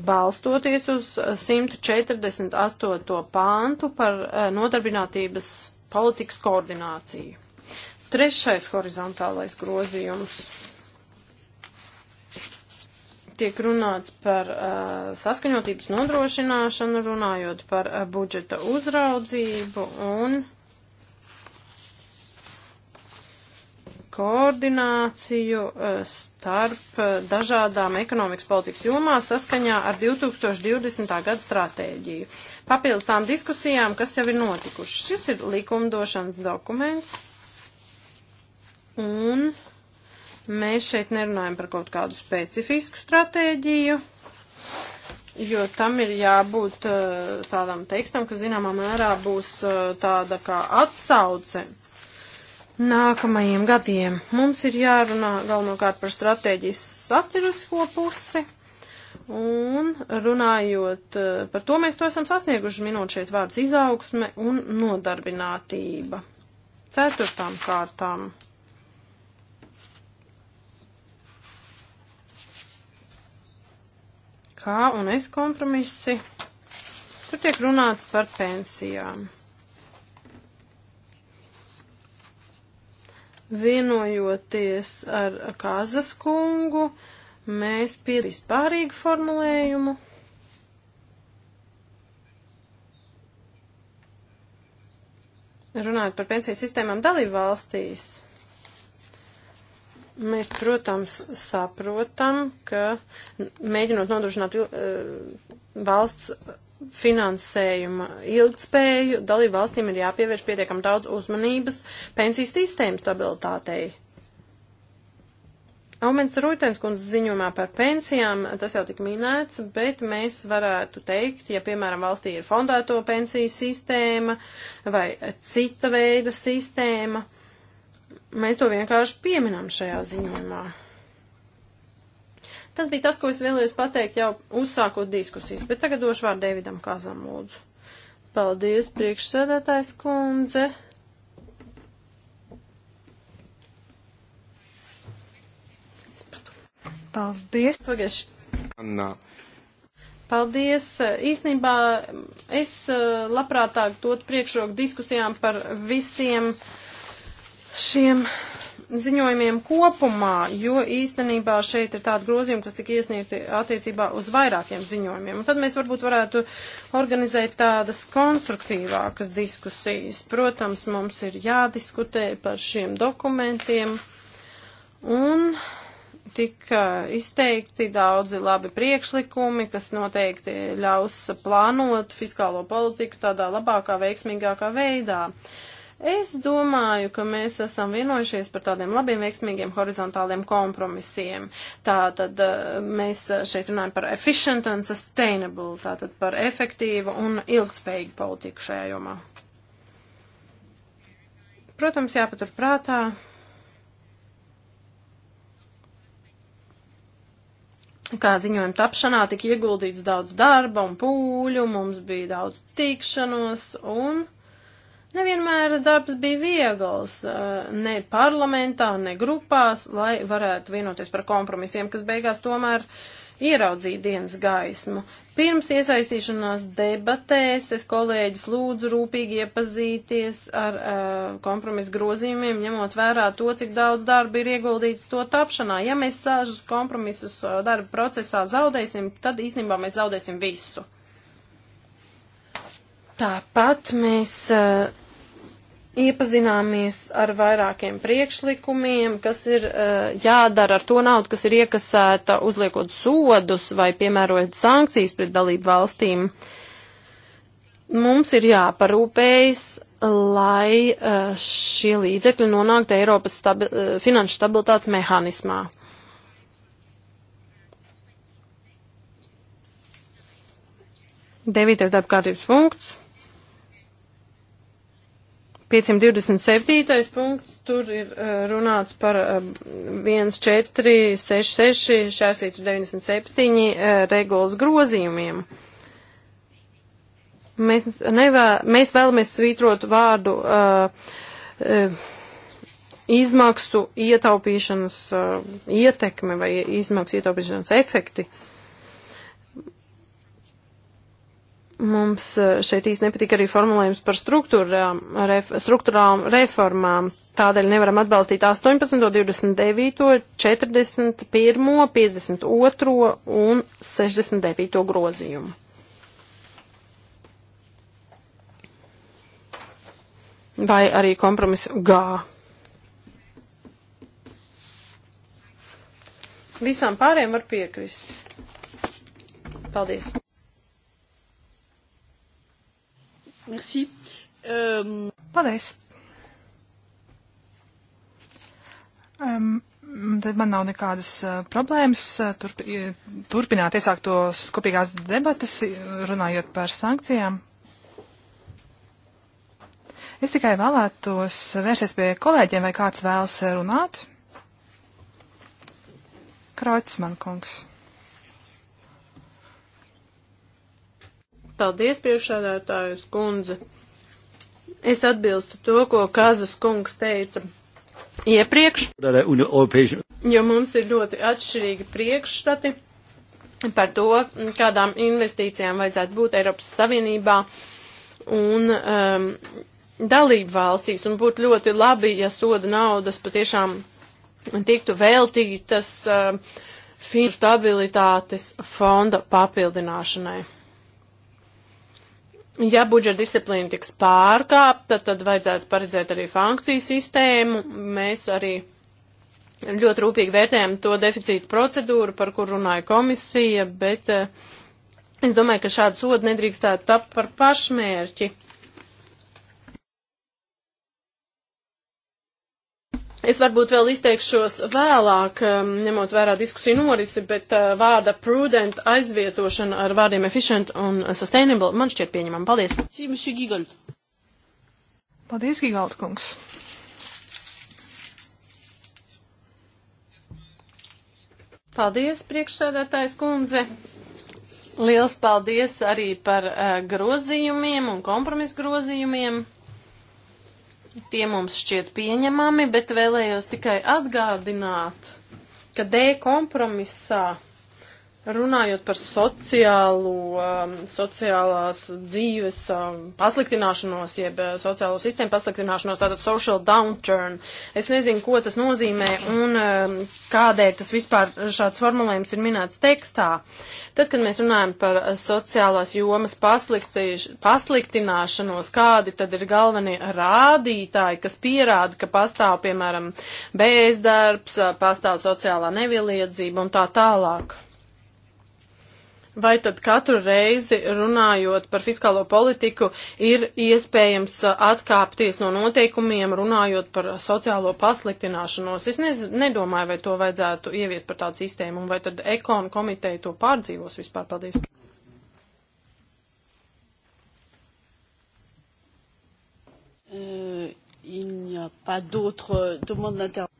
S2: balstoties uz 148. pāntu par uh, nodarbinātības politikas koordināciju. Trešais horizontālais grozījums tiek runāts par uh, saskaņotības nodrošināšanu, runājot par uh, budžeta uzraudzību un koordināciju uh, starp uh, dažādām ekonomikas politikas jomām saskaņā ar 2020. gada stratēģiju. Papildus tām diskusijām, kas jau ir notikušas. Šis ir likumdošanas dokuments. Un Mēs šeit nerunājam par kaut kādu specifisku stratēģiju, jo tam ir jābūt uh, tādam tekstam, kas zināmā mērā būs uh, tāda kā atsauce nākamajiem gadiem. Mums ir jārunā galvenokārt par stratēģijas satirisko pusi. Un runājot uh, par to, mēs to esam sasnieguši minot šeit vārdus izaugsme un nodarbinātība. Ceturtām kārtām K un S kompromisi. Tur tiek runāts par pensijām. Vienojoties ar Kazas kungu, mēs pie vispārīgu formulējumu. Runājot par pensiju sistēmām dalību valstīs. Mēs, protams, saprotam, ka mēģinot nodrošināt eh, valsts finansējuma ilgtspēju, dalību valstīm ir jāpievērš pietiekam daudz uzmanības pensiju sistēmu stabilitātei. Aumens Rūtenskundze ziņojumā par pensijām, tas jau tik minēts, bet mēs varētu teikt, ja piemēram valstī ir fondēto pensiju sistēma vai cita veida sistēma, uh, Mēs to vienkārši pieminam šajā ziņojumā. Tas bija tas, ko es vēlējos pateikt jau uzsākot diskusijas, bet tagad došu vārdu Davidam Kazam lūdzu. Paldies, priekšsēdētājs kundze. Paldies. Pagaiš. Anna. Paldies. Īsnībā es eh, labprātāk dot priekšroku diskusijām par visiem uh, šiem ziņojumiem kopumā, jo īstenībā šeit ir tādi grozījumi, kas tika iesniegti attiecībā uz vairākiem ziņojumiem. Un tad mēs varbūt varētu organizēt tādas konstruktīvākas diskusijas. Protams, mums ir jādiskutē par šiem dokumentiem. Un tika izteikti daudzi labi priekšlikumi, kas noteikti ļaus plānot fiskālo politiku tādā labākā, veiksmīgākā veidā. Uh, Es domāju, ka mēs esam vienojušies par tādiem labiem, veiksmīgiem horizontāliem kompromisiem. Tātad eh, mēs šeit runājam par efficient and sustainable, tātad par efektīvu un ilgspējīgu politiku šajā jomā. Protams, jāpatur prātā, kā ziņojuma tapšanā tika ieguldīts daudz darba un pūļu, mums bija daudz tikšanos un Nevienmēr darbs bija viegls, eh, ne parlamentā, ne grupās, lai varētu vienoties par kompromisiem, kas beigās tomēr ieraudzīja dienas gaismu. Pirms iesaistīšanās debatēs es kolēģis lūdzu rūpīgi iepazīties ar uh, kompromisu grozījumiem, ņemot vērā to, cik daudz darba ir ieguldīts to tapšanā. Ja mēs sāžas kompromisus eh, darba procesā zaudēsim, tad īstenībā mēs zaudēsim visu. Tāpat mēs uh, iepazināmies ar vairākiem priekšlikumiem, kas ir uh, jādara ar to naudu, kas ir iekasēta, uzliekot sodus vai piemērojot sankcijas pret dalību valstīm. Mums ir jāparūpējas, lai uh, šie līdzekļi nonāktu Eiropas stabi finanšu stabilitātes mehānismā. Devītais darbkārtības punkts. 527. punkts, tur ir eh, runāts par 1466, eh, 697 eh, regulas grozījumiem. Mēs, nevē, mēs vēlamies svītrot vārdu uh, uh, izmaksu ietaupīšanas uh, ietekme vai izmaksu ietaupīšanas efekti. Uh, Mums e, šeit īsti nepatīk arī formulējums par struktūrām, ref, struktūrām reformām. Tādēļ nevaram atbalstīt 18, 29, 41, 52 un 69 grozījumu. Vai arī kompromisu G. Visām pārējām var piekrist.
S1: Paldies! Merci. Um... Paldies.
S4: Um, tad man nav nekādas uh, problēmas uh, turpi, eh, turpināt iesākt tos kopīgās debatas, runājot par sankcijām. Es tikai vēlētos vērsties pie kolēģiem, vai kāds vēlas runāt. Kreutzmann kungs.
S2: Paldies, priekšsēdētājas kundze. Es atbilstu to, ko Kazas kungs teica iepriekš, jo mums ir ļoti atšķirīgi priekšstati par to, kādām investīcijām vajadzētu būt Eiropas Savienībā un um, dalību valstīs, un būtu ļoti labi, ja soda naudas patiešām tiktu veltītas um, finanšu stabilitātes fonda papildināšanai. Ja budžeta disciplīna tiks pārkāpta, tad vajadzētu paredzēt arī funkciju sistēmu. Mēs arī ļoti rūpīgi vērtējam to deficītu procedūru, par kur runāja komisija, bet eh, es domāju, ka šādu sodu nedrīkstētu tapt par pašmērķi. Es varbūt vēl izteikšos vēlāk, um, ņemot vērā diskusiju norisi, bet uh, vārda prudent aizvietošana ar vārdiem efficient un sustainable man šķiet pieņemama. Paldies! Paldies, Gigalt kungs! Paldies, priekšsēdētājs kundze! Liels paldies arī par uh, grozījumiem un kompromisu grozījumiem. Tie mums šķiet pieņemami, bet vēlējos tikai atgādināt, ka D kompromisā Runājot par sociālo, um, sociālās dzīves um, pasliktināšanos, jeb uh, sociālo sistēmu pasliktināšanos, tātad social downturn, es nezinu, ko tas nozīmē un um, kādēļ tas vispār šāds formulējums ir minēts tekstā. Tad, kad mēs runājam par sociālās jomas pasliktināšanos, kādi tad ir galvenie rādītāji, kas pierāda, ka pastāv, piemēram, bezdarbs, pastāv sociālā nevienlīdzība un tā tālāk. Vai tad katru reizi runājot par fiskālo politiku ir iespējams uh, atkāpties no noteikumiem, runājot par sociālo pasliktināšanos? Es nez, nedomāju, vai to vajadzētu ieviest par tādu sistēmu, un vai tad ekonu komiteja to pārdzīvos
S1: vispār. Paldies! Uh, il n'y a pas d'autres demandes d'intervention.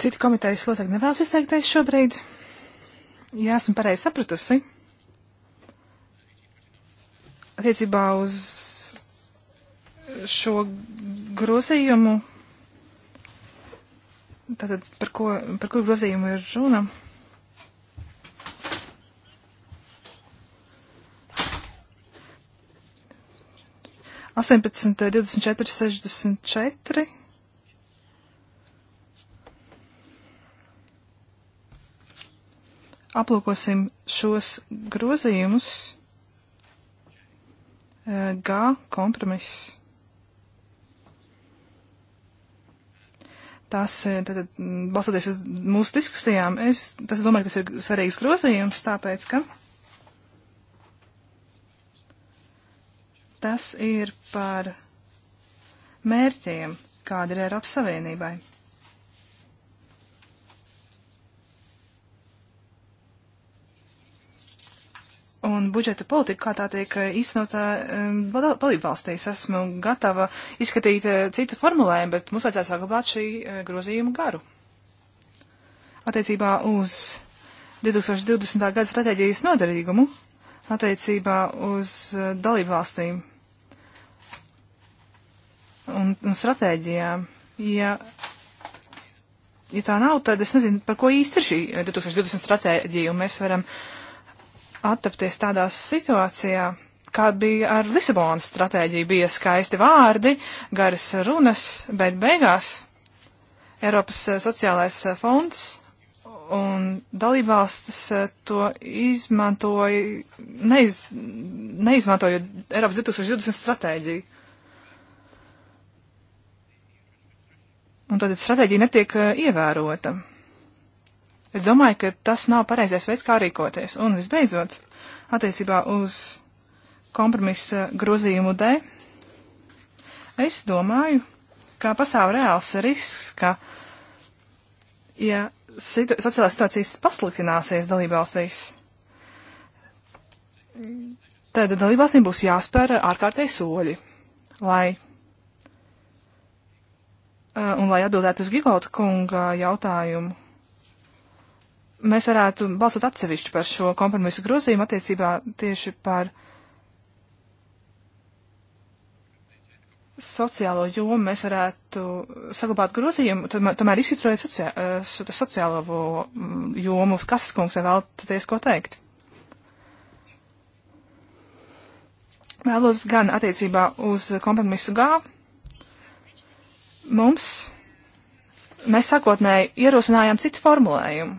S4: Citi komitejas locekļi nevēlas izteikties šobrīd. Ja esmu pareizi sapratusi, attiecībā uz šo grozījumu, tātad par ko, par kuru grozījumu ir runa? Astoņpadsmit, divdesmit četri, sešdesmit četri. aplūkosim šos grozījumus, G kompromiss. Tas, tad, balstoties uz mūsu diskusijām, es tas, domāju, ka tas ir svarīgs grozījums, tāpēc, ka tas ir par mērķiem, kāda ir Eiropas Savienībai. un budžeta politika, kā tā tiek eh, īstenotā dalību valstīs. Esmu gatava izskatīt eh, citu formulējumu, bet mums vajadzētu saglabāt šī eh, grozījuma garu. Attiecībā uz 2020. gada stratēģijas noderīgumu, attiecībā uz dalību valstīm un, un stratēģijām, ja ja tā nav, tad es nezinu, par ko īsti ir šī 2020 stratēģija, un mēs varam attapties tādā situācijā, kā bija ar Lisabonas stratēģiju. Bija skaisti vārdi, garas runas, bet beigās Eiropas sociālais fonds un dalībvalstis to izmantoja, neiz, neizmantojot Eiropas 2020 stratēģiju. Un tad stratēģija netiek eh, ievērota. Es domāju, ka tas nav pareizais veids, kā rīkoties. Un visbeidzot, attiecībā uz kompromisa grozījumu D, es domāju, ka pastāv reāls risks, ka, ja situ sociālās situācijas pasliktināsies dalībvalstīs, tad dalībvalstīm būs jāspēr ārkārtēji soļi, lai eh, un lai atbildētu uz Gigauta kunga jautājumu mēs varētu balsot atsevišķi par šo kompromisu grozījumu attiecībā tieši par sociālo jomu. Mēs varētu saglabāt grozījumu, tomēr izsvitrojot sociā, eh, sociālo mm, jomu. Kas, kungs, vēlaties ko teikt? Vēlos gan attiecībā uz kompromisu G. Mums, mēs sākotnēji ierosinājām citu formulējumu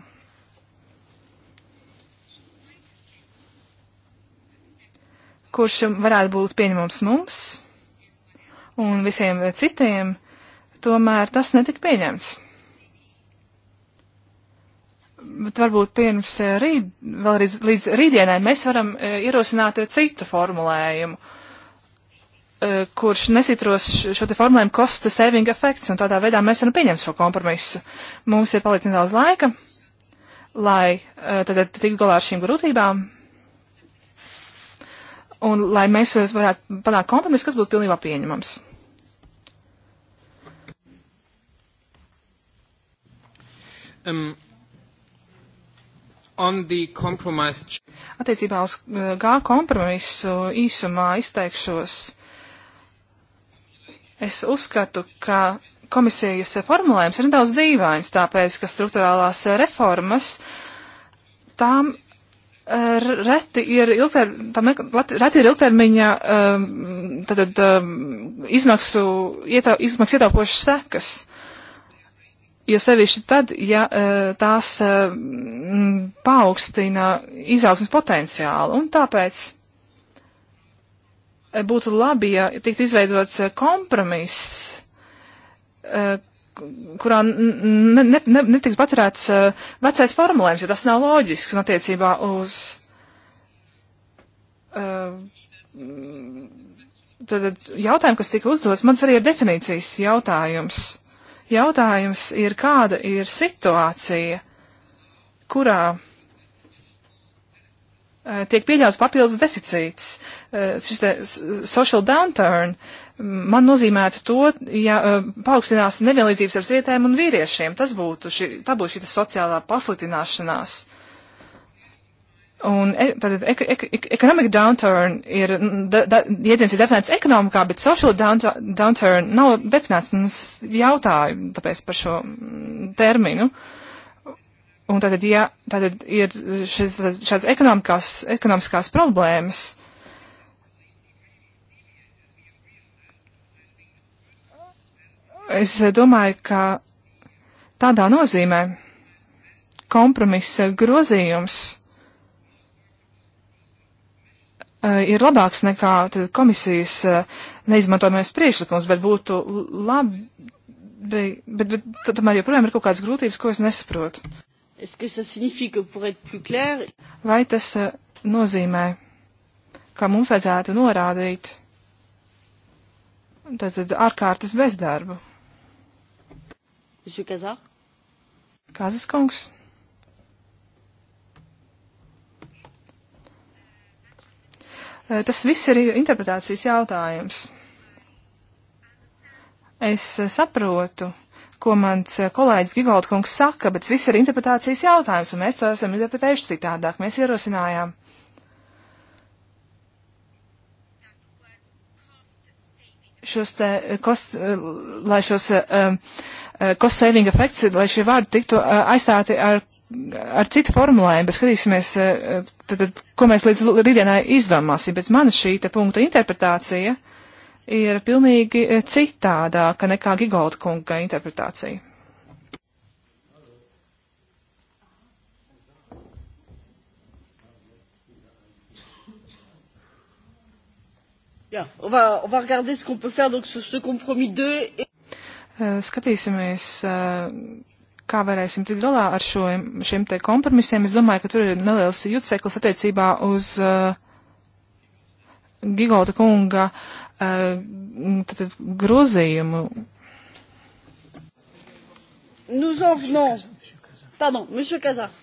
S4: kurš varētu būt pieņemams mums un visiem citiem, tomēr tas netika pieņemts. Bet varbūt pirms eh, rīt, vēl līdz, līdz rītdienai mēs varam eh, ierosināt eh, citu formulējumu, kurš nesitros šo te formulējumu cost saving effects, un tādā veidā mēs varam pieņemt šo kompromisu. Mums ir palicis nedaudz laika, lai tad tiktu galā ar šīm grūtībām un lai mēs varētu panākt kompromisu, kas būtu pilnībā pieņemams. Um, Attiecībā uz uh, G kompromisu īsumā izteikšos. Es uzskatu, ka komisijas formulējums ir nedaudz dīvains, tāpēc, ka struktūrālās uh, reformas tām Reti ir, ilgter, tam, reti ir ilgtermiņa um, tātad, um, izmaksu, ietau, izmaksu ietaupošas sekas. Jo sevišķi tad, ja eh, tās um, paaugstina izaugsmas potenciālu. Un tāpēc eh, būtu labi, ja tiktu izveidots kompromiss, kurā ne, ne, ne, netiks paturēts uh, vecais formulējums, jo tas nav loģisks un attiecībā uz uh, tad, jautājumu, kas tika uzdots. Mans arī ir definīcijas jautājums. Jautājums ir, kāda ir situācija, kurā uh, tiek pieļauts papildus deficīts, šis te social downturn, uh, man nozīmētu to, ja eh, paaugstinās nevienlīdzības ar sievietēm un vīriešiem. Tas būtu šī, tā būtu šī sociālā pasliktināšanās. Un e, tad ek, ek, ek, economic downturn ir, da, da, jēdziens ir definēts ekonomikā, bet social downturn, downturn nav definēts, un es jautāju tāpēc par šo mm, terminu. Un tātad, ja, tātad ir šis, šāds ekonomiskās, ekonomiskās problēmas, es domāju, ka tādā nozīmē kompromisa grozījums eh, ir labāks nekā komisijas eh, neizmantojamais priekšlikums, bet būtu labi, bet, bet, bet tomēr joprojām ir kaut kādas grūtības, ko es nesaprotu. Vai tas eh, nozīmē, ka mums vajadzētu norādīt tātad ārkārtas bezdarbu? Monsieur Kazar. Kazas kungs. Tas viss ir interpretācijas jautājums. Es saprotu, ko mans kolēģis Gigoldkungs saka, bet viss ir interpretācijas jautājums, un mēs to esam interpretējuši citādāk. Mēs ierosinājām. Šos te, kost, lai šos um, uh, Uh, cost saving effects, lai šie vārdi tiktu uh, aizstāti ar ar citu formulējumu, bet skatīsimies, uh, tad, tad, ko mēs līdz rītdienai izdomāsim. Bet man šī te punkta interpretācija ir pilnīgi citādāka nekā Gigolda kunga interpretācija.
S1: Bien, on va, on va regarder ce qu'on peut faire donc sur ce compromis 2 et
S4: Eh, skatīsimies, eh, kā varēsim tikt galā ar šo, šiem te kompromisiem. Es domāju, ka tur ir neliels jutseklis attiecībā uz uh, Gigolta kunga uh, grozījumu.
S1: Nous en venons. Pardon, monsieur Kazar.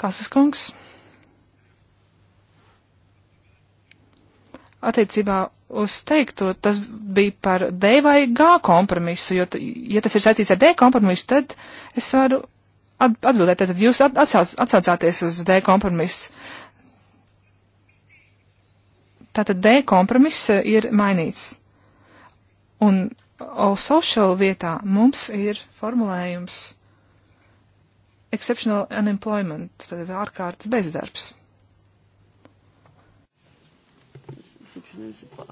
S4: Kasas kungs. Attiecībā uz teikto, tas bija par D vai G kompromisu, jo, ja tas ir saistīts ar D kompromisu, tad es varu atbildēt, tad jūs atsauc, atsaucāties uz D kompromisu. Tātad D kompromiss eh, ir mainīts. Un O social vietā mums ir formulējums exceptional unemployment, tātad ārkārtas bezdarbs. c'est fini, c'est pas.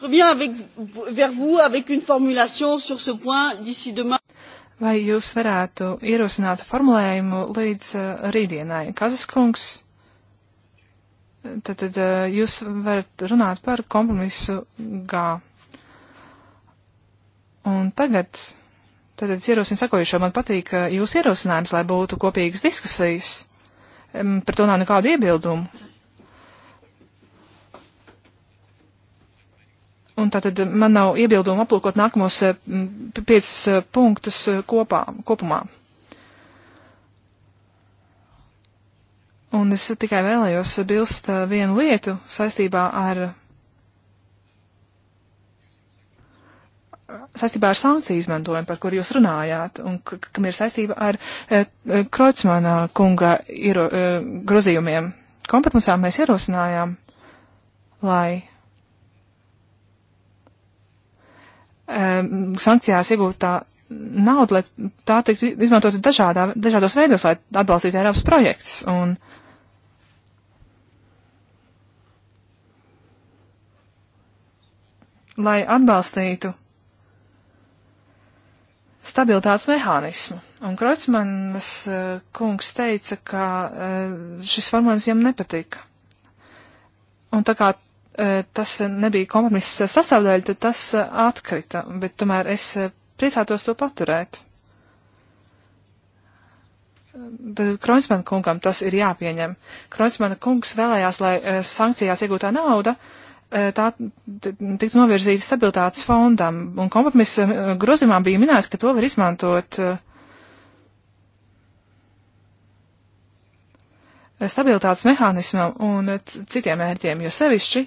S1: Je reviens avec, vers vous avec une formulation sur ce point d'ici demain. Vai jūs varētu ierosināt formulējumu
S4: līdz uh, rītdienai? Kazaskungs, tad, tad uh, jūs varat runāt par kompromisu G. Un tagad, tad es ierosinu sakojušo, man patīk uh, jūsu ierosinājums, lai būtu kopīgas diskusijas. Um, par to nav nekādu iebildumu. Un tātad man nav iebildumu aplūkot nākamos eh, piecus eh, punktus eh, kopā, kopumā. Un es tikai vēlējos bilst vienu lietu saistībā ar, saistībā ar sankciju izmantojumu, par kur jūs runājāt, un kam ir saistība ar e, Kreutzmanā kunga iero, e, grozījumiem. Kompetencām mēs ierosinājām, lai um, sankcijās iegūtā nauda, lai tā tiktu izmantota dažādā, dažādos veidos, lai atbalstītu Eiropas projekts. Un, lai atbalstītu stabilitātes mehānismu. Un Kreutzmanas uh, eh, kungs teica, ka uh, šis formulējums viņam nepatika. Un tā kā tas nebija kompromiss sastāvdaļa, tad tas atkrita, bet tomēr es priecātos to paturēt. Tad Kroņsmana kungam tas ir jāpieņem. Kroņsmana kungs vēlējās, lai sankcijās iegūtā nauda tā tiktu novirzīta stabilitātes fondam, un kompromiss grozījumā bija minēts, ka to var izmantot stabilitātes mehānismam un citiem mērķiem, jo sevišķi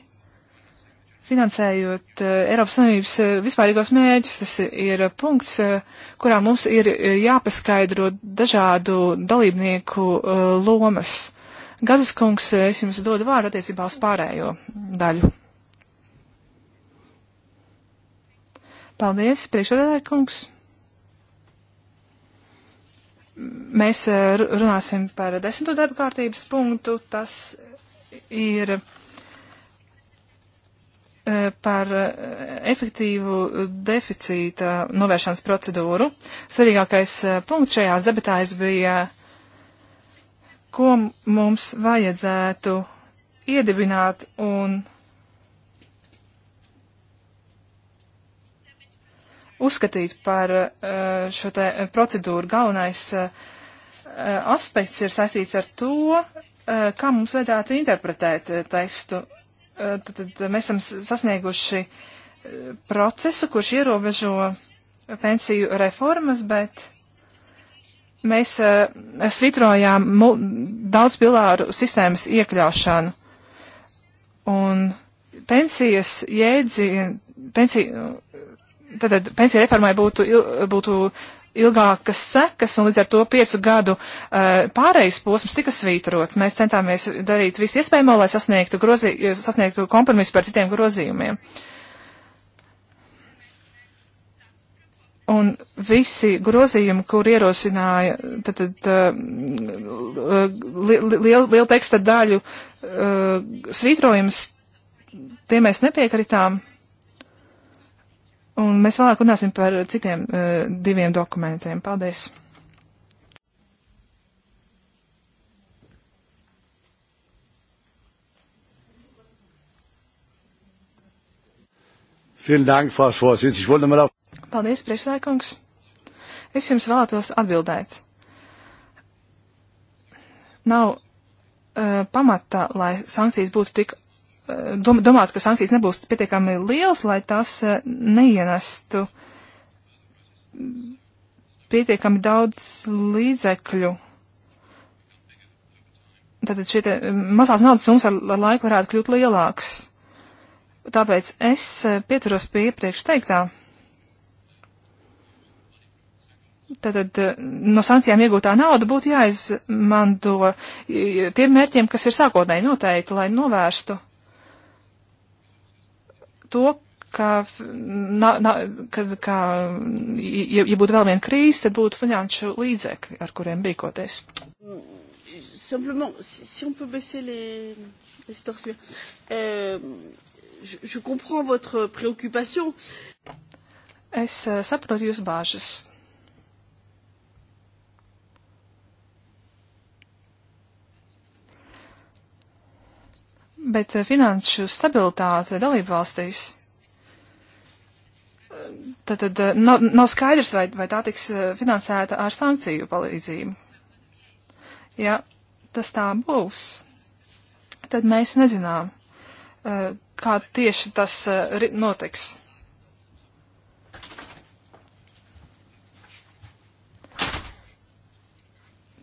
S4: finansējot eh, Eiropas Savienības eh, vispārīgos mērķus, tas ir punkts, eh, kurā mums ir jāpaskaidro dažādu dalībnieku lomas. Gazas kungs, es jums dodu vārdu attiecībā uz pārējo daļu. Paldies, priekšredētāji kungs. Mēs runāsim par desmito darba kārtības punktu. Tas ir E, par e, efektīvu deficīta novēršanas procedūru. Svarīgākais e, punkts šajās debatēs bija, ko mums vajadzētu iedibināt un uzskatīt par šo te procedūru. Galvenais aspekts ir saistīts ar to, kā mums vajadzētu interpretēt tekstu Eh, tad, tad mēs esam sasnieguši eh, procesu, kurš ierobežo pensiju reformas, bet mēs uh, svitrojām daudz pilāru sistēmas iekļaušanu. Un pensijas jēdzi, pensija, tad, tad pensija reformai būtu, būtu ilgākas sekas, un līdz ar to piecu gadu uh, eh, pārejas posms tika svītrots. Mēs centāmies darīt visu iespējamo, lai sasniegtu, grozī, sasniegtu kompromisu par citiem grozījumiem. Un visi grozījumi, kur ierosināja tad, tad, uh, li, li, lielu, lielu teksta daļu uh, eh, svītrojumus, tie mēs nepiekritām. Un mēs vēlāk runāsim par citiem uh, diviem dokumentiem. Paldies! Paldies, priekšsēkungs! Es jums vēlētos atbildēt. Nav uh, pamata, lai sankcijas būtu tik dom domāts, ka sankcijas nebūs pietiekami liels, lai tās eh, neienestu pietiekami daudz līdzekļu. Tātad šie eh, mazās naudas summas ar, ar laiku varētu kļūt lielāks. Tāpēc es eh, pieturos pie iepriekš teiktā. Tātad no sankcijām iegūtā nauda būtu jāizmanto tiem mērķiem, kas ir sākotnēji noteikti, lai novērstu to, ka, na, na, ka, ka ja, ja būtu vēl viena krīze, tad būtu finanšu līdzekļi, ar kuriem rīkoties.
S1: Simplement, si on peut baisser les, les torsions. Euh, je, je comprends votre préoccupation. Es eh,
S4: saprotu jūsu bāžas. Bet eh, finanšu stabilitāte dalību valstīs. Tad, tad eh, nav, nav skaidrs, vai, vai tā tiks eh, finansēta ar sankciju palīdzību. Ja tas tā būs, tad mēs nezinām, kā tieši tas notiks.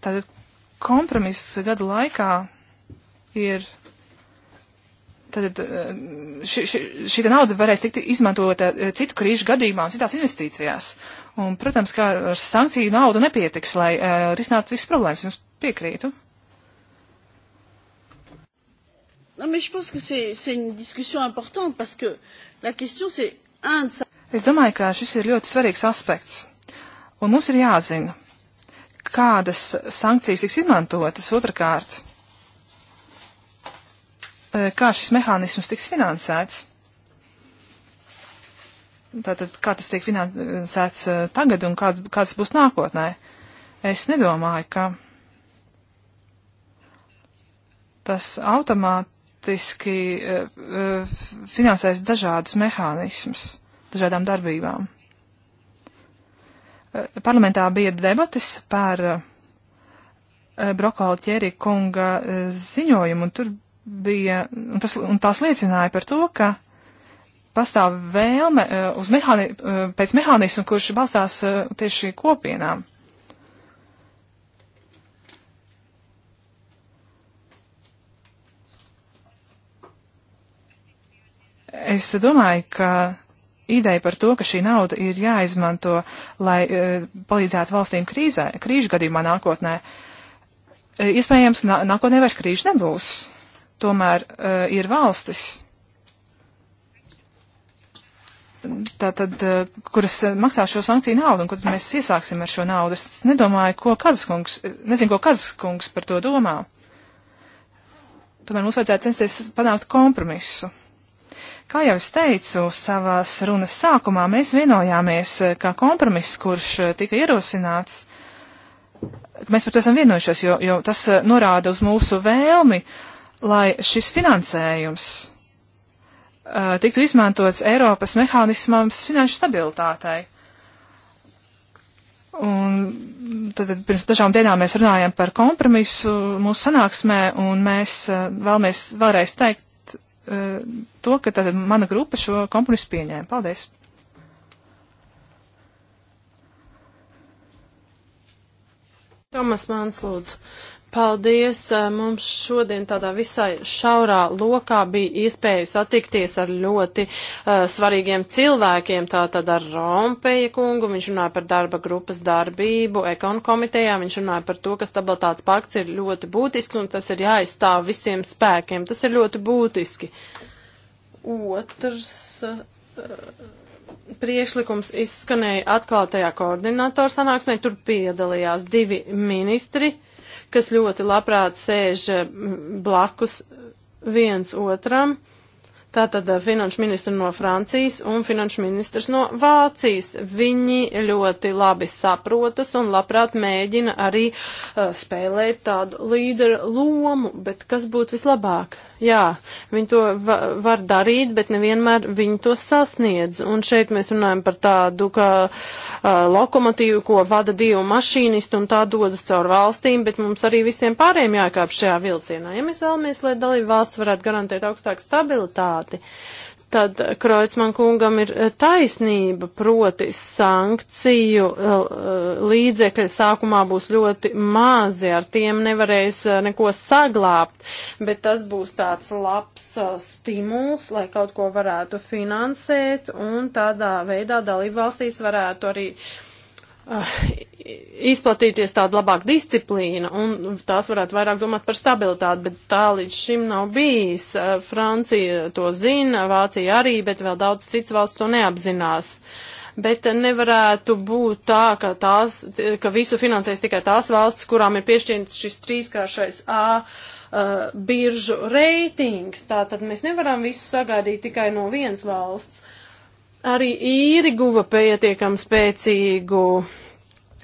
S4: Tātad kompromiss gadu laikā ir tad eh, ši, ši, šī nauda varēs tikt izmantota eh, citu krīžu gadījumā un citās investīcijās. Un, protams, kā ar sankciju naudu nepietiks, lai uh, risinātu visas problēmas. Jums piekrītu.
S1: Non, mais je pense que c'est une discussion importante parce que la question c'est un de
S4: Es domāju, ka šis ir ļoti svarīgs aspekts. Un mums ir jāzina, kādas sankcijas tiks izmantotas otrkārt. Uh, E, kā šis mehānisms tiks finansēts. Tātad, kā tas tiek finansēts e, tagad un kā, kāds būs nākotnē? Es nedomāju, ka tas automātiski e, finansēs dažādus mehānismus, dažādām darbībām. Parlamentā bija debatas par Brokola ķērī kunga ziņojumu, un tur bija, un, tas, un tās liecināja par to, ka pastāv vēlme eh, uz mehāni, eh, pēc mehānismu, kurš balstās eh, tieši kopienām. Es domāju, ka ideja par to, ka šī nauda ir jāizmanto, lai palīdzētu valstīm krīzē, krīžu gadījumā nākotnē, iespējams, nākotnē vairs krīžu nebūs tomēr uh, ir valstis, tātad, uh, kuras maksā šo sankciju naudu un kur mēs iesāksim ar šo naudu. Es nedomāju, ko Kazaskungs, nezinu, ko Kazaskungs par to domā. Tomēr mums vajadzētu censties panākt kompromisu. Kā jau es teicu savās runas sākumā, mēs vienojāmies, eh, ka kompromiss, kurš tika ierosināts, mēs par to esam vienojušies, jo, jo tas norāda uz mūsu vēlmi uh, lai šis finansējums uh, tiktu izmantots Eiropas mehānismams finanšu stabilitātei. Un tad pirms dažām dienām mēs runājam par kompromisu mūsu sanāksmē, un mēs uh, vēlamies vēlreiz teikt uh, to, ka tad mana grupa šo kompromisu pieņēma. Paldies!
S2: Tomas Mans lūdzu. Paldies! Eh, mums šodien tādā visai šaurā lokā bija iespēja satikties ar ļoti uh, svarīgiem cilvēkiem, tātad ar Rompeja kungu, viņš runāja par darba grupas darbību, ekonu komitejā, viņš runāja par to, ka stabilitātes pakts ir ļoti būtisks un tas ir jāizstāv visiem spēkiem. Tas ir ļoti būtiski. Otrs. Uh, priešlikums izskanēja atklātajā koordinātora sanāksmē, tur piedalījās divi ministri. Uh, kas ļoti labprāt sēž eh, blakus viens otram. Uh, Tātad eh, finanšu ministri no Francijas un finanšu ministrs no Vācijas. Viņi ļoti labi saprotas un labprāt mēģina arī uh, spēlēt tādu līderu lomu, bet kas būtu vislabāk? Jā, viņi to va var darīt, bet nevienmēr viņi to sasniedz. Un šeit mēs runājam par tādu, ka uh, lokomotīvu, ko vada divu mašīnistu un tā dodas caur valstīm, bet mums arī visiem pārējiem jākāp šajā vilcienā. Ja mēs vēlamies, lai dalība valsts varētu garantēt augstāku stabilitāti, efektivitāti. Tad Kreutzmann kungam ir eh, taisnība, proti sankciju eh, līdzekļi sākumā būs ļoti mazi, ar tiem nevarēs eh, neko saglābt, bet tas būs tāds labs stimuls, lai kaut ko varētu finansēt un tādā veidā dalībvalstīs varētu arī uh, Ah, izplatīties tāda labāka disciplīna, un tās varētu vairāk domāt par stabilitāti, bet tā līdz šim nav bijis. Ah, Francija to zina, Vācija arī, bet vēl daudz cits valsts to neapzinās. Bet nevarētu būt tā, ka, tās, ka visu finansēs tikai tās valsts, kurām ir piešķirts šis trīskāršais A ah, biržu reitings. Tātad mēs nevaram visu sagaidīt tikai no vienas valsts. Uh, arī īri guva pietiekam spēcīgu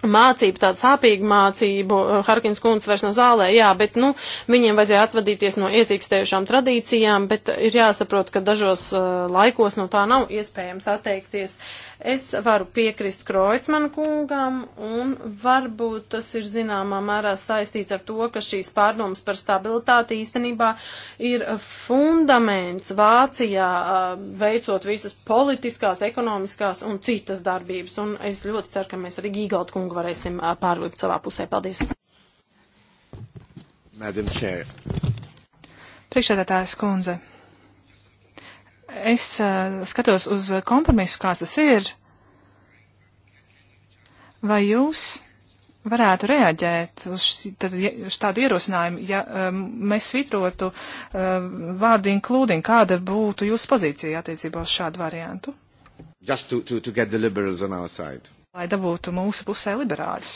S2: mācību, tādu sāpīgu mācību. Eh, Harkins kundze vairs nav zālē, jā, bet, nu, viņiem vajadzēja atvadīties no iezīkstējušām tradīcijām, bet ir jāsaprot, ka dažos uh, laikos no tā nav iespējams atteikties. Uh, Es varu piekrist Kroicmanu kungam, un varbūt tas ir zināmā mērā saistīts ar to, ka šīs pārdomas par stabilitāti īstenībā ir fundaments Vācijā um, veicot visas politiskās, ekonomiskās un citas darbības. Un es ļoti ceru, ka mēs arī Gīgalt kungu varēsim uh, pārvilkt savā pusē. Paldies!
S7: Madam Chair.
S2: Priekšsēdētājas
S4: kundze. Es skatos uz kompromisu, kāds tas ir. Vai jūs varētu reaģēt uz, šī, tad, ja, uz tādu ierosinājumu, ja um, mēs svitrotu um, vārdu including, kāda būtu jūsu pozīcija attiecībā uz šādu variantu?
S3: To, to, to
S4: Lai dabūtu mūsu pusē liberāļus.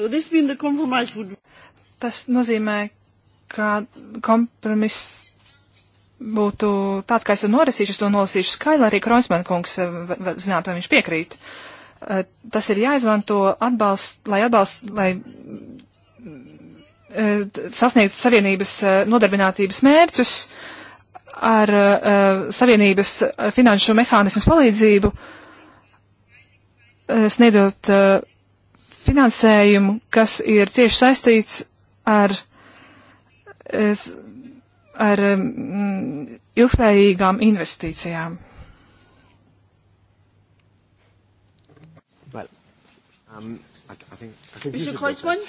S4: So would... Tas nozīmē, ka kompromiss būtu tāds, kā es to norisīšu, es to nolasīšu skaļi, arī Kroisman kungs eh, zinātu, vai viņš piekrīt. Eh, tas ir jāizmanto atbalst, lai atbalst, lai eh, sasniegtu savienības nodarbinātības mērķus ar savienības finanšu mehānismu palīdzību, sniedzot finansējumu, kas ir cieši saistīts ar, es, ar
S3: mm,
S4: ilgspējīgām investīcijām.
S7: Well, um, I, I think, I think Kreuzmann?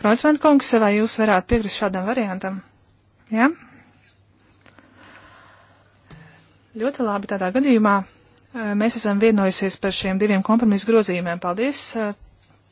S4: Kreuzmann kungs, vai jūs varētu piekrist šādam variantam? Jā? Ja? Ļoti labi tādā gadījumā. Eh, mēs esam vienojusies par šiem diviem kompromisu grozījumiem. Paldies eh,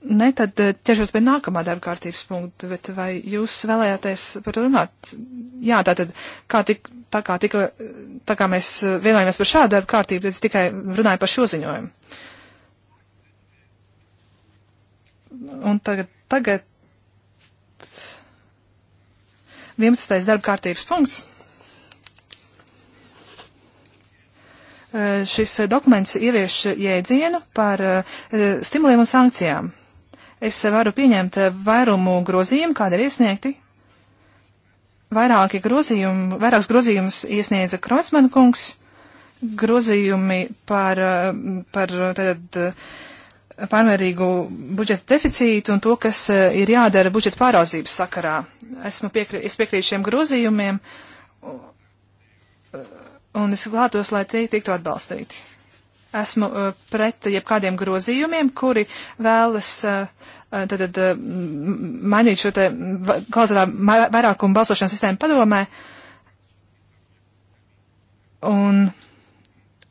S4: Ne, tad eh, ķeršos pie nākamā darba kārtības punkta, bet vai jūs vēlējāties par to runāt? Jā, tā tad, kā tik, tā kā tika, tā kā mēs eh, vienojāmies par šādu darba kārtību, tad es tikai runāju par šo ziņojumu. Un tagad, tagad 11. darba kārtības punkts. Eh, šis dokuments ievieš jēdzienu par stimuliem un sankcijām. Es varu pieņemt vairumu grozījumu, kāda ir iesniegti. Vairāki grozījumi, vairāks grozījums iesniedza Krocman kungs, grozījumi par, par tad, pārmērīgu budžeta deficītu un to, kas ir jādara budžeta pāraudzības sakarā. Esmu piekrī, es piekrītu šiem grozījumiem un es vēlētos, lai tie tiktu atbalstīti esmu uh, pret jebkādiem grozījumiem, kuri vēlas uh, tad, uh, mainīt šo te klauzulā vairākumu balsošanas sistēmu padomē. Un,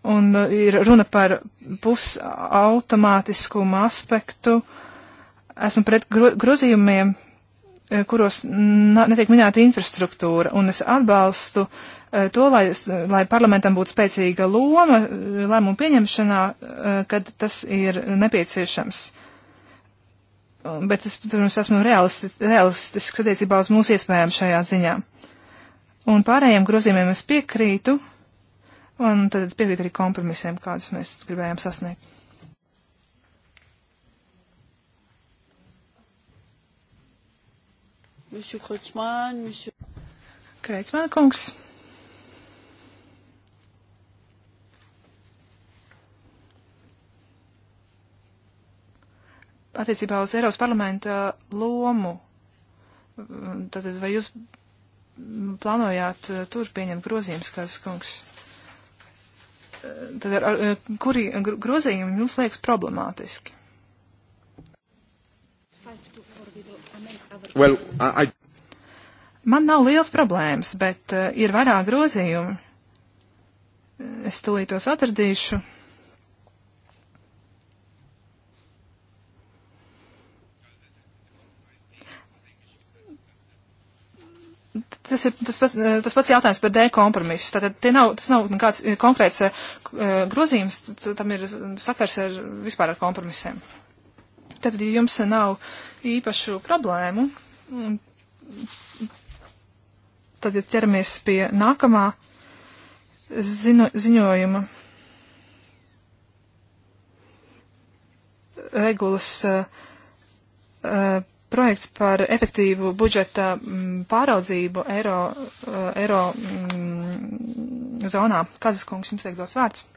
S4: un ir runa par pusautomātiskumu aspektu. Esmu pret gro grozījumiem, E, kuros netiek minēta infrastruktūra, un es atbalstu e, to, lai, lai parlamentam būtu spēcīga loma e, lēmumu pieņemšanā, kad tas ir nepieciešams. Bet es, protams, esmu realistis, realistisks attiecībā uz mūsu iespējām šajā ziņā. Un pārējiem grozījumiem es piekrītu, un tad es piekrītu arī kompromisiem, kādus mēs gribējām sasniegt.
S1: Monsieur Kreutzmann, monsieur... Kreutzmann kungs.
S4: Attiecībā uz Eiropas parlamenta lomu, tātad vai jūs plānojāt eh, tur pieņemt grozījumus, kas kungs? Eh, tad ar, ar, kuri grozījumi jums liekas problemātiski?
S3: Well, I...
S4: Man nav liels problēmas, bet uh, ir vairāk grozījumi. Es tūlīt tos atradīšu. tas ir tas pats, eh, tas pats jautājums par D kompromisu. Tātad nav, tas nav nekāds eh, konkrēts uh, grozījums, tam ir sakars ar vispār ar kompromisiem. Tātad, ja jums nav īpašu problēmu. Un tad, ja ķeramies pie nākamā zino, ziņojuma regulas uh, uh, projekts par efektīvu budžeta m, mm, pāraudzību eiro, uh, eiro m, mm, zonā. Kazaskungs, jums tiek dots vārds.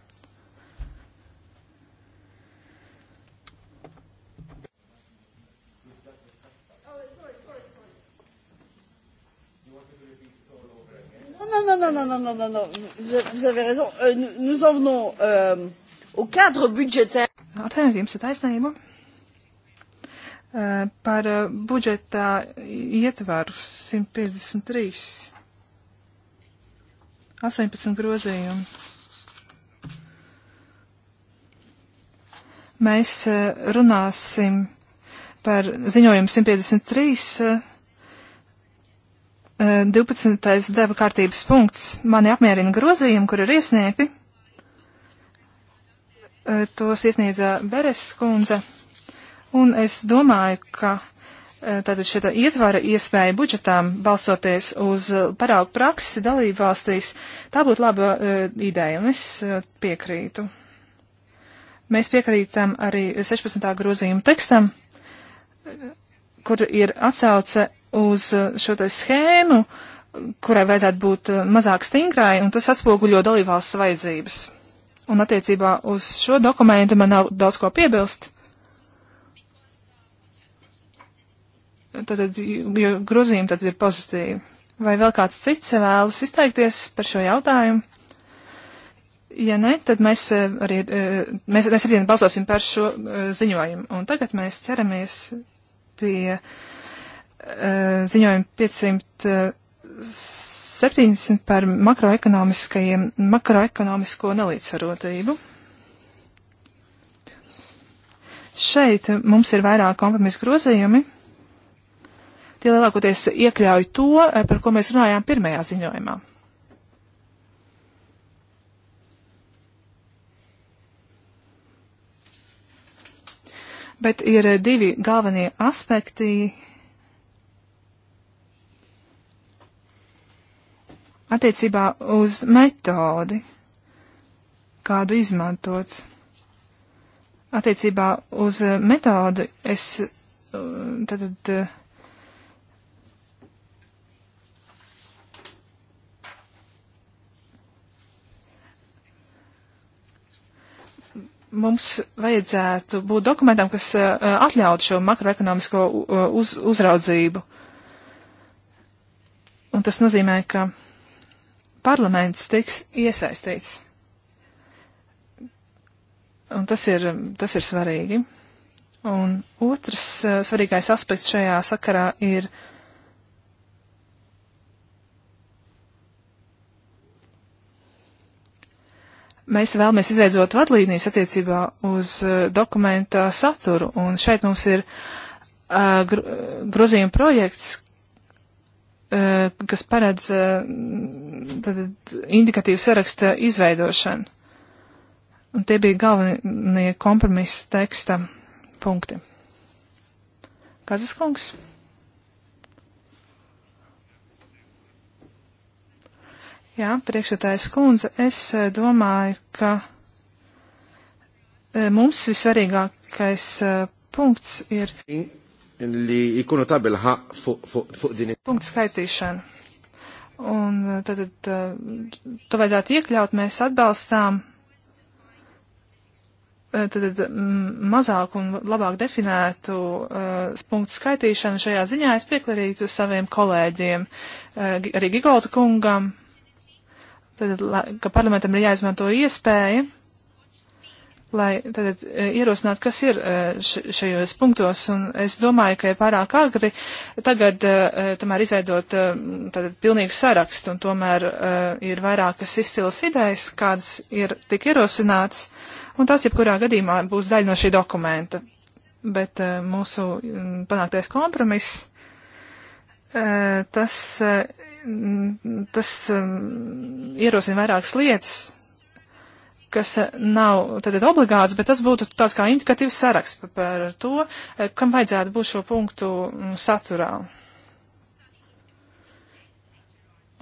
S3: non,
S1: non, non, non, non, non, non, vous avez raison. Euh, nous en venons euh, au cadre budgétaire. Atvainojiet, jums ir taisnība. Uh, par uh, budžetā
S4: ietvaru 153. 18 grozījumu. Mēs uh, runāsim par ziņojumu 153 12. Eh, deva kārtības punkts. Mani apmierina grozījumi, kur ir iesniegti. Eh, tos iesniedza Beres kundze. Un es domāju, ka eh, tātad šita ietvara iespēja budžetām balstoties uz paraugu praksi dalību valstīs, tā būtu laba ideja, un es piekrītu. Mēs piekrītam arī 16. grozījuma tekstam, kur ir atsauce uz uh, šo schēmu, kurai vajadzētu būt uh, mazāk stingrai, un tas atspoguļo dalībvalsts vajadzības. Un attiecībā uz šo dokumentu man nav daudz ko piebilst. Tātad, jo grozījumi tad ir pozitīvi. Vai vēl kāds cits vēlas izteikties par šo jautājumu? Ja ne, tad mēs uh, arī, mēs, mēs arī balsosim par šo ziņojumu. Un tagad mēs ķeramies pie uh, Eh, ziņojumu 570 eh, par makroekonomiskajiem, makroekonomisko nelīdzsvarotību. Šeit mums ir vairāk kompromisu grozījumi. Tie lielākoties iekļauj to, eh, par ko mēs runājām pirmajā ziņojumā. Bet ir divi galvenie aspekti, attiecībā uz metodi, kādu izmantot. Attiecībā uz eh, metodi es eh, tad. tad eh, mums vajadzētu būt dokumentam, kas uh, atļautu šo makroekonomisko uz, uzraudzību. Un tas nozīmē, ka parlaments tiks iesaistīts. Un tas ir, tas ir svarīgi. Un otrs uh, svarīgais aspekts šajā sakarā ir mēs vēlamies izveidot vadlīnijas attiecībā uz uh, dokumenta saturu, un šeit mums ir uh, grozījuma projekts, Eh, kas paredz eh, tad, indikatīvu saraksta izveidošanu. Un tie bija galvenie kompromisa teksta punkti. Kazaskungs? Jā, priekšsētājs kundze, es eh, domāju, ka mums visvarīgākais punkts ir. In
S3: li jkunu ta' bilħaq fuq fu, fu din.
S4: Punkt skaitīšana. Un eh, tad to vajadzētu iekļaut, mēs atbalstām tad eh, eh, mm, mazāk un labāk definētu uh, punktu skaitīšanu šajā ziņā es piekrītu saviem kolēģiem, uh, arī Gigolta kungam, tad, ka parlamentam ir jāizmanto iespēja lai tad eh, ierosinātu, kas ir eh, šajos punktos, un es domāju, ka ir pārāk agri tagad eh, tomēr izveidot tātad pilnīgu sarakstu, un tomēr ir vairākas izcilas idejas, kādas ir tik ierosināts, un tās jebkurā gadījumā būs daļa no šī dokumenta. Bet mūsu mm, panāktais kompromiss, tas, mm, tas mm, ierosina vairākas lietas, kas eh, nav tātad obligāts, bet tas būtu tāds kā indikatīvs saraksts par to, eh, kam vajadzētu būt šo punktu mm, saturā.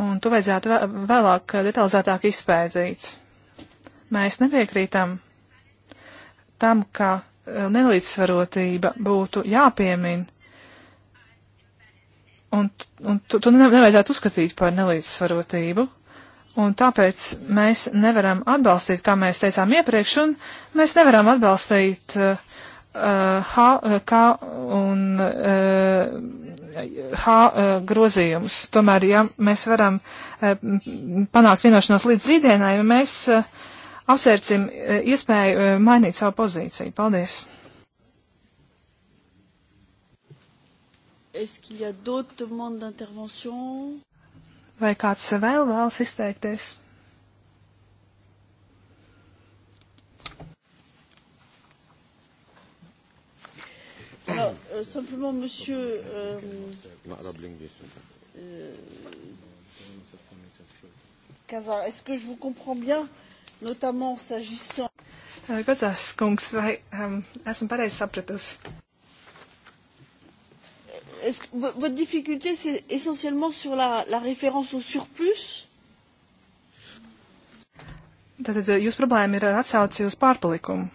S4: Un to vajadzētu vēlāk eh, detalizētāk izpētīt. Mēs nepiekrītam tam, ka nelīdzsvarotība būtu jāpiemin, un, un to, to nevajadzētu uzskatīt par nelīdzsvarotību. Un tāpēc mēs nevaram atbalstīt, kā mēs teicām iepriekš, un mēs nevaram atbalstīt uh, uh H, uh, K un uh, H uh, grozījumus. Tomēr, ja mēs varam uh, panākt vienošanos līdz rītdienai, mēs uh, apsvērsim uh, iespēju uh, mainīt savu pozīciju. Paldies!
S1: Est-ce qu'il y a d'autres demandes d'intervention
S4: Vai kāds vēl vēlas izteikties?
S1: Alors, euh, simplement, monsieur. Euh, euh, Kazar, est-ce que je vous comprends bien, notamment s'agissant. Euh, Kazars, kungs,
S4: vai um, esmu pareizi sapratusi?
S1: est-ce que votre difficulté, c'est essentiellement sur la, la référence au surplus
S4: Tātad eh, jūsu problēma ir ar atsauci uz pārpalikumu.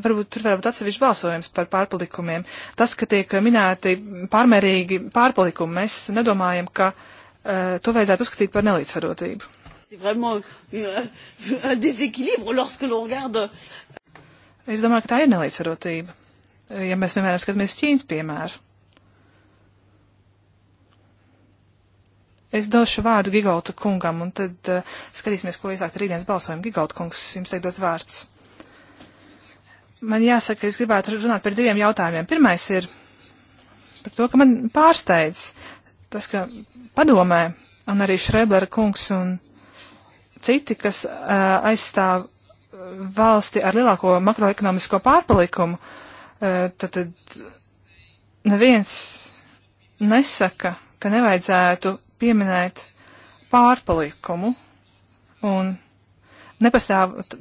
S4: Varbūt tur varbūt atsevišķi balsojums par pārpalikumiem. Tas, ka tiek minēti pārmērīgi pārpalikumi, mēs nedomājam, ka uh, to vajadzētu uzskatīt par nelīdzsvarotību.
S1: C'est vraiment euh, un déséquilibre lorsque l'on regarde
S4: Es domāju, ka tā ir nelīdzsvarotība. Ja mēs, piemēram, skatāmies Ķīnas piemēru. Es došu vārdu Gigauta kungam, un tad uh, skatīsimies, ko iesākt rītdienas balsojumu. Gigauta kungs, jums tiek dots vārds. Man jāsaka, ka es gribētu runāt par diviem jautājumiem. Pirmais ir par to, ka man pārsteidz tas, ka padomē, un arī Šreblera kungs un citi, kas uh, aizstāv valsti ar lielāko makroekonomisko pārpalikumu, eh, tad, tad neviens nesaka, ka nevajadzētu pieminēt pārpalikumu un nepastāv eh,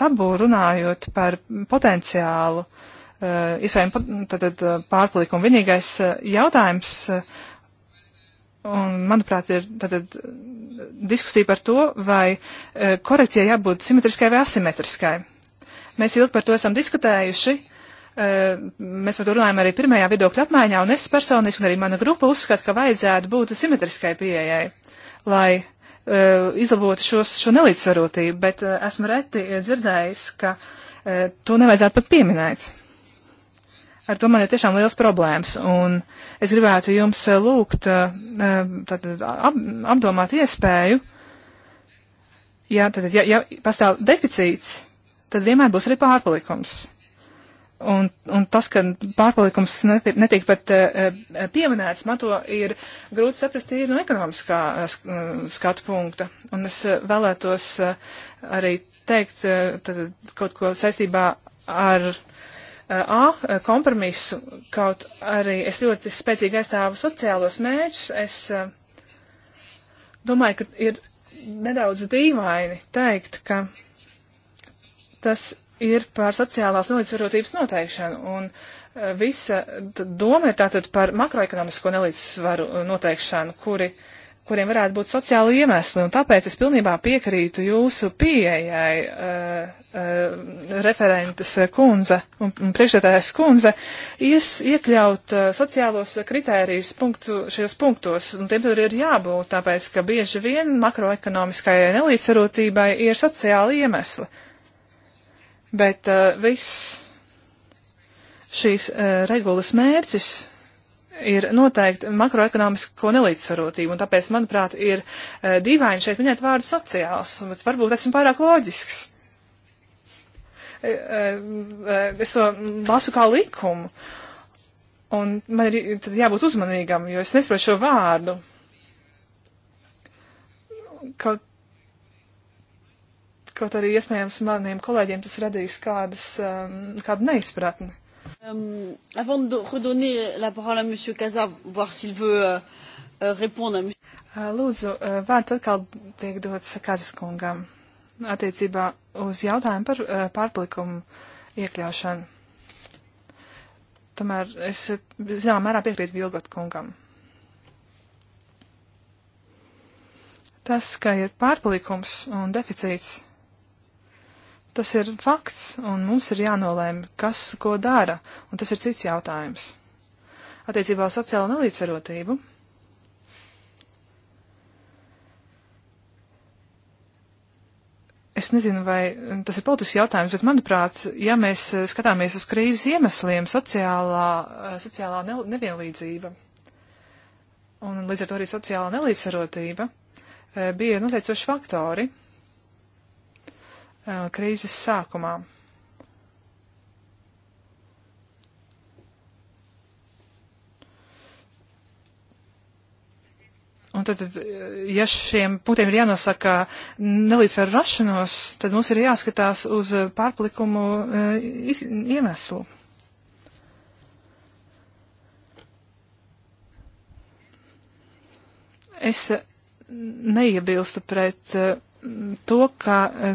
S4: tabū runājot par potenciālu, eh, iespējami pārpalikumu. Vienīgais jautājums, Un, manuprāt, ir tātad diskusija par to, vai e, korekcijai jābūt simetriskai vai asimetriskai. Mēs ilgi par to esam diskutējuši. E, mēs par to runājam arī pirmajā viedokļa apmaiņā, un es personiski un arī mana grupa uzskata, ka vajadzētu būt simetriskai pieejai, lai e, izlabotu šos, šo nelīdzsvarotību, bet e, esmu reti dzirdējis, ka e, to nevajadzētu pat pieminēt ar to man ir tiešām liels problēmas, un es gribētu jums eh, lūgt eh, eh, tātad, ap, apdomāt iespēju, ja, tātad, ja, ja pastāv deficīts, tad vienmēr būs arī pārpalikums. Un, un tas, ka pārpalikums netiek pat pieminēts, man to ir grūti saprast ir no ekonomiskā skatu punkta. Un es vēlētos arī teikt tad, kaut ko saistībā ar uh, A kompromisu, kaut arī es ļoti spēcīgi aizstāvu sociālos mērķus, es domāju, ka ir nedaudz dīvaini teikt, ka tas ir par sociālās nelīdzsvarotības noteikšanu. Un, uh, visa doma ir tātad par makroekonomisko nelīdzsvaru noteikšanu, kuri kuriem varētu būt sociāli iemesli, un tāpēc es pilnībā piekrītu jūsu pieejai, uh, uh, referentes kundze un, un priekšstādājas kundze, ies, iekļaut uh, sociālos kritērijus punktu, šajos punktos, un tiem tur ir jābūt, tāpēc, ka bieži vien makroekonomiskajai nelīdzsvarotībai ir sociāli iemesli. Bet uh, viss šīs uh, regulas mērķis ir noteikti makroekonomisko nelīdzsvarotību, un tāpēc, manuprāt, ir uh, dīvaini šeit minēt vārdu sociāls, bet varbūt esmu pārāk loģisks. E, e, es to lasu kā likumu, un man ir jābūt uzmanīgam, jo es nesaprotu šo vārdu. Kaut kaut arī iespējams maniem kolēģiem tas radīs kādas, um, kādu neizpratni.
S1: Um, avant de redonner la parole à M. Kaza, voir s'il veut uh, répondre à M. Euh, lūdzu, vārds atkal tiek dots Kazas kungam
S4: attiecībā uz jautājumu par uh, pārplikumu iekļaušanu. Tomēr es, uh, zināmā mērā, piekrītu Vilgot kungam. Tas, ka ir pārpalikums un deficīts, Tas ir fakts, un mums ir jānolēma, kas ko dara, un tas ir cits jautājums. Attiecībā uz sociālo nelīdzsvarotību. Es nezinu, vai tas ir politisks jautājums, bet manuprāt, ja mēs eh, skatāmies uz krīzes iemesliem, sociālā, eh, sociālā ne, nevienlīdzība un līdz ar to arī sociālā nelīdzsvarotība eh, bija noteicoši faktori krīzes sākumā. Un tad, ja šiem punktiem ir jānosaka nelīdzsver rašanos, tad mums ir jāskatās uz pārplikumu iemeslu. Es neiebilstu pret uh, to, ka e,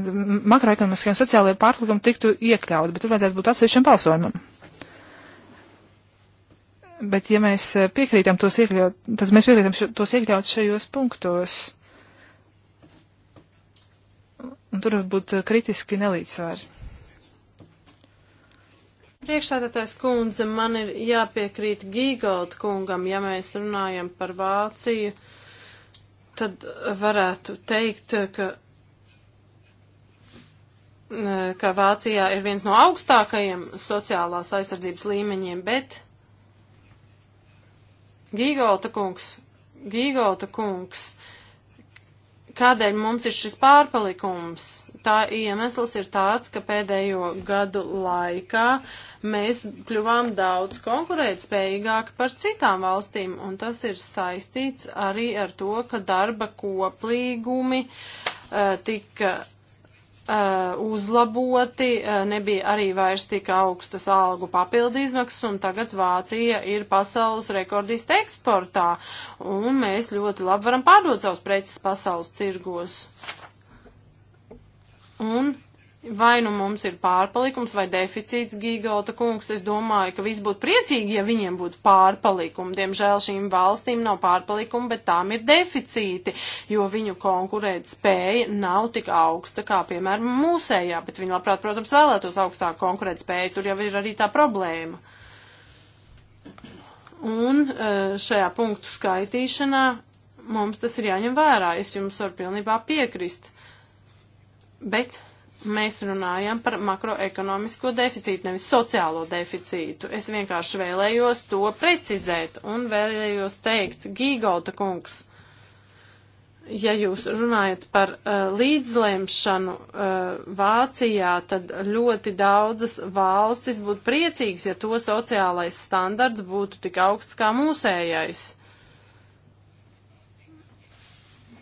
S4: makroekonomiskie un sociālajie pārlikumi tiktu iekļauti, bet tur vajadzētu būt atsevišķam balsojumam. Bet ja mēs e, piekrītam tos iekļaut, tad mēs piekrītam šo, tos iekļaut šajos punktos. Un tur var būt e, kritiski nelīdzsvari.
S2: Priekšsēdētājs kundze, man ir jāpiekrīt Gīgolda kungam, ja mēs runājam par Vāciju. Uh, tad varētu teikt, ka, ka Vācijā ir viens no augstākajiem sociālās aizsardzības līmeņiem, bet Gīgolta kungs, Gīgolta kungs, kādēļ mums ir šis pārpalikums? tā iemesls ir tāds, ka pēdējo gadu laikā mēs kļuvām daudz konkurētspējīgāki par citām valstīm, un tas ir saistīts arī ar to, ka darba koplīgumi uh, tika eh, uzlaboti, eh, nebija arī vairs tik augstas algu papildu izmaksas, un tagad Vācija ir pasaules rekordista eksportā, un mēs ļoti labi varam pārdot savus preces pasaules tirgos. Un vai nu mums ir pārpalikums vai deficīts, Gigolta kungs, es domāju, ka viss būtu priecīgi, ja viņiem būtu pārpalikumi. Diemžēl šīm valstīm nav pārpalikumi, bet tām ir deficīti, jo viņu konkurēt spēja nav tik augsta kā, piemēram, mūsējā, bet viņi labprāt, protams, vēlētos augstāku konkurēt spēju, tur jau ir arī tā problēma. Un eh, šajā punktu skaitīšanā mums tas ir jāņem vērā, es jums varu pilnībā piekrist bet mēs runājam par makroekonomisko deficītu, nevis sociālo deficītu. Es vienkārši vēlējos to precizēt un vēlējos teikt, Gīgolta kungs, ja jūs runājat par uh, līdzlemšanu uh, Vācijā, tad ļoti daudzas valstis būtu priecīgas, ja to sociālais standarts būtu tik augsts kā mūsējais.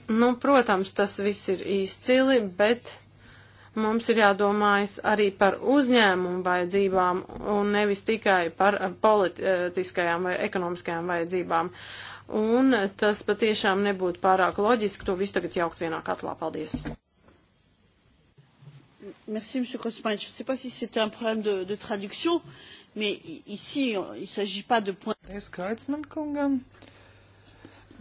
S2: Nu, protams, tas viss ir izcili, bet Mums ir jādomājas arī par uzņēmumu vajadzībām un nevis tikai par eh, politiskajām vai ekonomiskajām vajadzībām. Un tas patiešām nebūtu pārāk loģiski to visu tagad jaukt vienā katlā. Paldies!
S1: Merci, Monsieur Crossman. Je ne sais pas si c'était un problème de, de traduction, mais ici, il ne s'agit pas de points.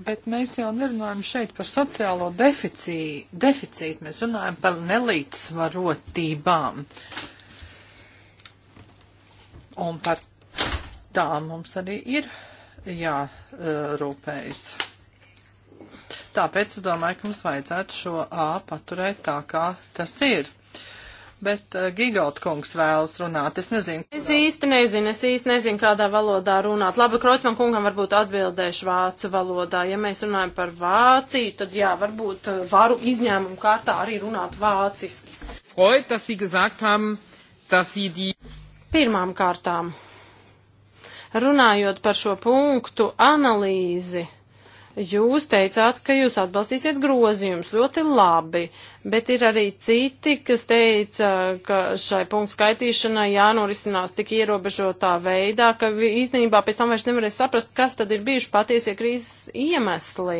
S1: Bet
S5: mēs jau nerunājam šeit par sociālo deficītu, deficītu. mēs runājam par nelīdzsvarotībām. Un par tā mums arī ir jārūpējas. Tāpēc es domāju, ka mums vajadzētu šo A paturēt tā, kā tas ir bet uh, eh, Gigaut kungs vēlas runāt. Es nezinu.
S2: Es īsti nezinu, es īsti nezinu, kādā valodā runāt. Labi, Kroķman kungam varbūt atbildēšu vācu valodā. Ja mēs runājam par Vāciju, tad jā, varbūt eh, varu izņēmumu kārtā arī runāt vāciski.
S3: Freud, dass Sie gesagt haben, dass Sie die. Pirmām
S2: kārtām. Runājot par šo punktu analīzi Jūs teicāt, ka jūs atbalstīsiet grozījumus ļoti labi, bet ir arī citi, kas teica, ka šai punktu skaitīšanai jānorisinās tik ierobežotā veidā, ka īstenībā pēc tam vairs nevarēs saprast, kas tad ir bijuši patiesie krīzes iemesli.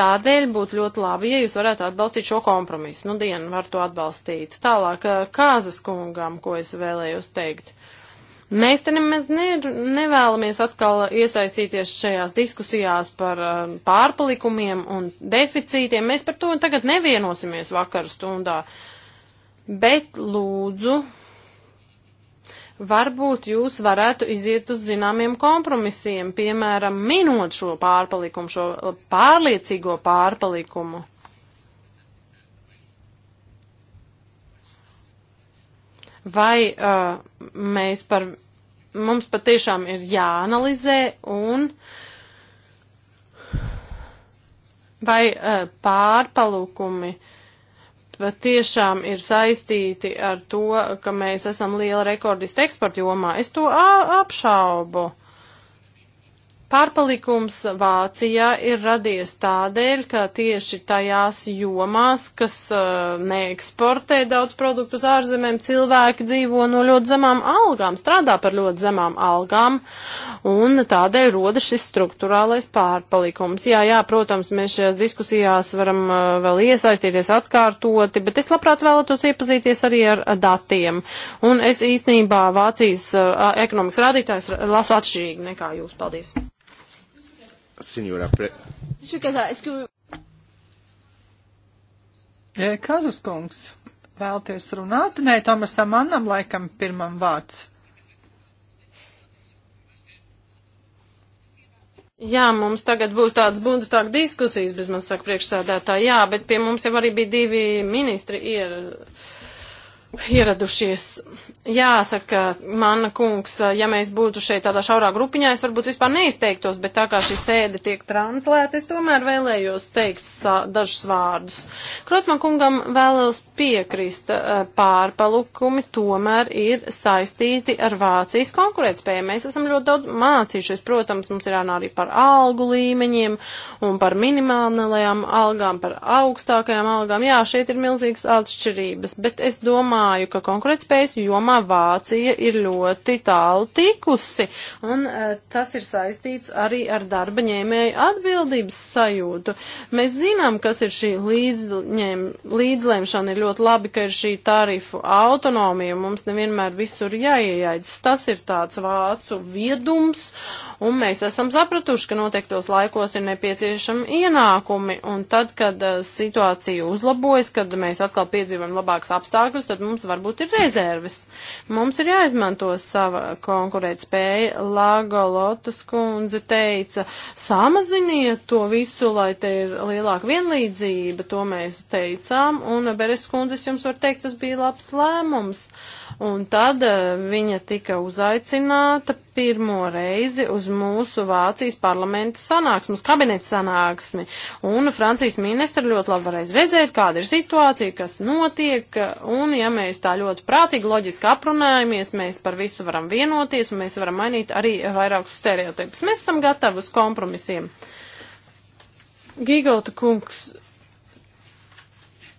S2: Tādēļ būtu ļoti labi, ja jūs varētu atbalstīt šo kompromisu. Nu, dienu var to atbalstīt. Tālāk, eh, Kāzas kungam, ko es vēlējos teikt. Mēs te nemaz ne, nevēlamies atkal iesaistīties šajās diskusijās par um, pārpalikumiem un deficītiem. Mēs par to tagad nevienosimies vakar stundā. Bet lūdzu, varbūt jūs varētu iziet uz zināmiem kompromisiem, piemēram, minot šo pārpalikumu, šo pārliecīgo pārpalikumu. vai uh, mēs par mums patiešām ir jāanalizē un vai uh, pārpalūkumi patiešām ir saistīti ar to, ka mēs esam liela rekordisti eksporta jomā. Es to apšaubu. Uh, Pārpalikums Vācijā ir radies tādēļ, ka tieši tajās jomās, kas uh, neeksportē daudz produktu uz ārzemēm, cilvēki dzīvo no ļoti zemām algām, strādā par ļoti zemām algām, un tādēļ roda šis struktūrālais pārpalikums. Jā, jā, protams, mēs šajās diskusijās varam uh, vēl iesaistīties atkārtoti, bet es labprāt vēlētos iepazīties arī ar datiem. Un es īstenībā Vācijas uh, ekonomikas rādītājs lasu atšķirīgi nekā jūs. Paldies!
S3: Signora Pre...
S5: Monsieur Kazas, est-ce que... Eh, Kazas kungs, vēlties runāt? Nē, Tomasam Annam laikam pirmam vārds.
S2: Jā, mums tagad būs tādas bundestāga diskusijas, bez man saka priekšsēdētā, jā, bet pie mums jau arī bija divi ministri ier, ieradušies. Jāsaka, mana kungs, ja mēs būtu šeit tādā šaurā grupiņā, es varbūt vispār neizteiktos, bet tā kā šī sēde tiek translēta, es tomēr vēlējos teikt dažus vārdus. Krotman kungam vēlos piekrist, eh, pārpalukumi tomēr ir saistīti ar Vācijas konkurētspēju. Mēs esam ļoti daudz mācījušies, protams, mums ir jānā arī par algu līmeņiem un par minimālajām algām, par augstākajām algām. Jā, šeit ir milzīgas atšķirības, bet es domāju, domāju, ka konkurētspējas jomā Vācija ir ļoti tālu tikusi, un e, tas ir saistīts arī ar darba ņēmēju atbildības sajūtu. Mēs zinām, kas ir šī līdzņēm, līdzlēmšana, ir ļoti labi, ka ir šī tarifu autonomija, mums nevienmēr visur jāiejaic. Tas ir tāds vācu viedums, un mēs esam sapratuši, ka noteiktos laikos ir nepieciešami ienākumi, un tad, kad e, situācija uzlabojas, kad mēs atkal piedzīvam labākus apstākļus, tad mums mums varbūt ir rezerves. Mums ir jāizmanto sava konkurētspēja. Lago Lotus kundze teica, samaziniet to visu, lai te ir lielāka vienlīdzība, to mēs teicām, un Beres kundzes jums var teikt, tas bija labs lēmums. Uh, Un tad eh, viņa tika uzaicināta pirmo reizi uz mūsu Vācijas parlamenta sanāksmi, uz kabineta sanāksmi. Un Francijas ministra ļoti labi varēs redzēt, kāda ir situācija, kas notiek. Un ja mēs tā ļoti prātīgi, loģiski aprunājamies, mēs par visu varam vienoties un mēs varam mainīt arī vairākus stereotipus. Mēs esam gatavi uz kompromisiem. Gigolta kungs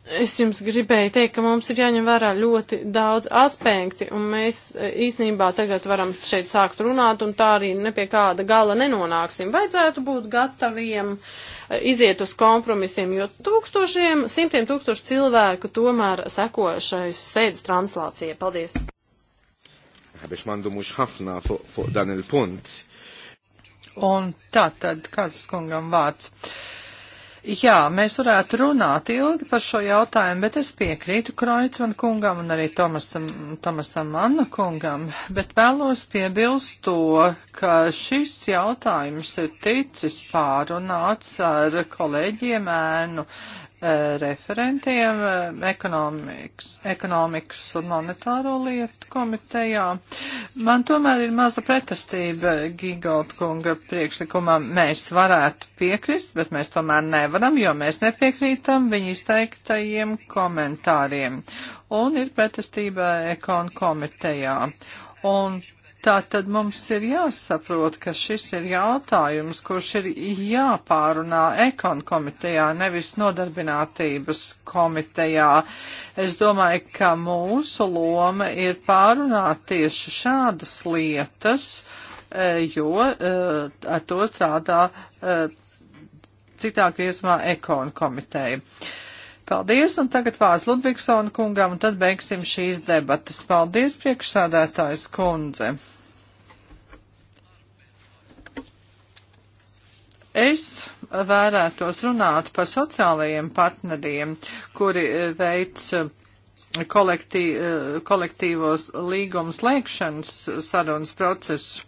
S2: Es jums gribēju teikt, ka mums ir jāņem vērā ļoti daudz aspekti, un mēs e, īsnībā tagad varam šeit sākt runāt, un tā arī ne pie kāda gala nenonāksim. Vajadzētu būt gataviem e, iziet uz kompromisiem, jo tūkstošiem, simtiem tūkstošu cilvēku tomēr seko šai sēdes translācijai. Paldies!
S5: Un tā tad, kāds kungam vārds? Uh, Jā, mēs varētu runāt ilgi par šo jautājumu, bet es piekrītu Kroicman kungam un arī Tomasam, Tomasam Manna kungam, bet vēlos piebilst to, ka šis jautājums ir ticis pārunāts ar kolēģiem ēnu Eh, referentiem eh, ekonomikas, ekonomikas un monetāro lietu komitejā. Man tomēr ir maza pretestība Gigold kunga priekšlikumam. Mēs varētu piekrist, bet mēs tomēr nevaram, jo mēs nepiekrītam viņa izteiktajiem komentāriem. Un ir pretestība ekon komitejā. Un Tā tad mums ir jāsaprot, ka šis ir jautājums, kurš ir jāpārunā ekon komitejā, nevis nodarbinātības komitejā. Es domāju, ka mūsu loma ir pārunāt tieši šādas lietas, e, jo e, ar to strādā e, citā griezumā ekon komiteja. Paldies, un tagad vārds Ludvigsona kungam, un tad beigsim šīs debatas. Paldies, priekšsādātājs kundze. Es vērētos runāt par sociālajiem partneriem, kuri eh, veic eh, kolektī, eh, kolektīvos līgumus lēkšanas sarunas procesu.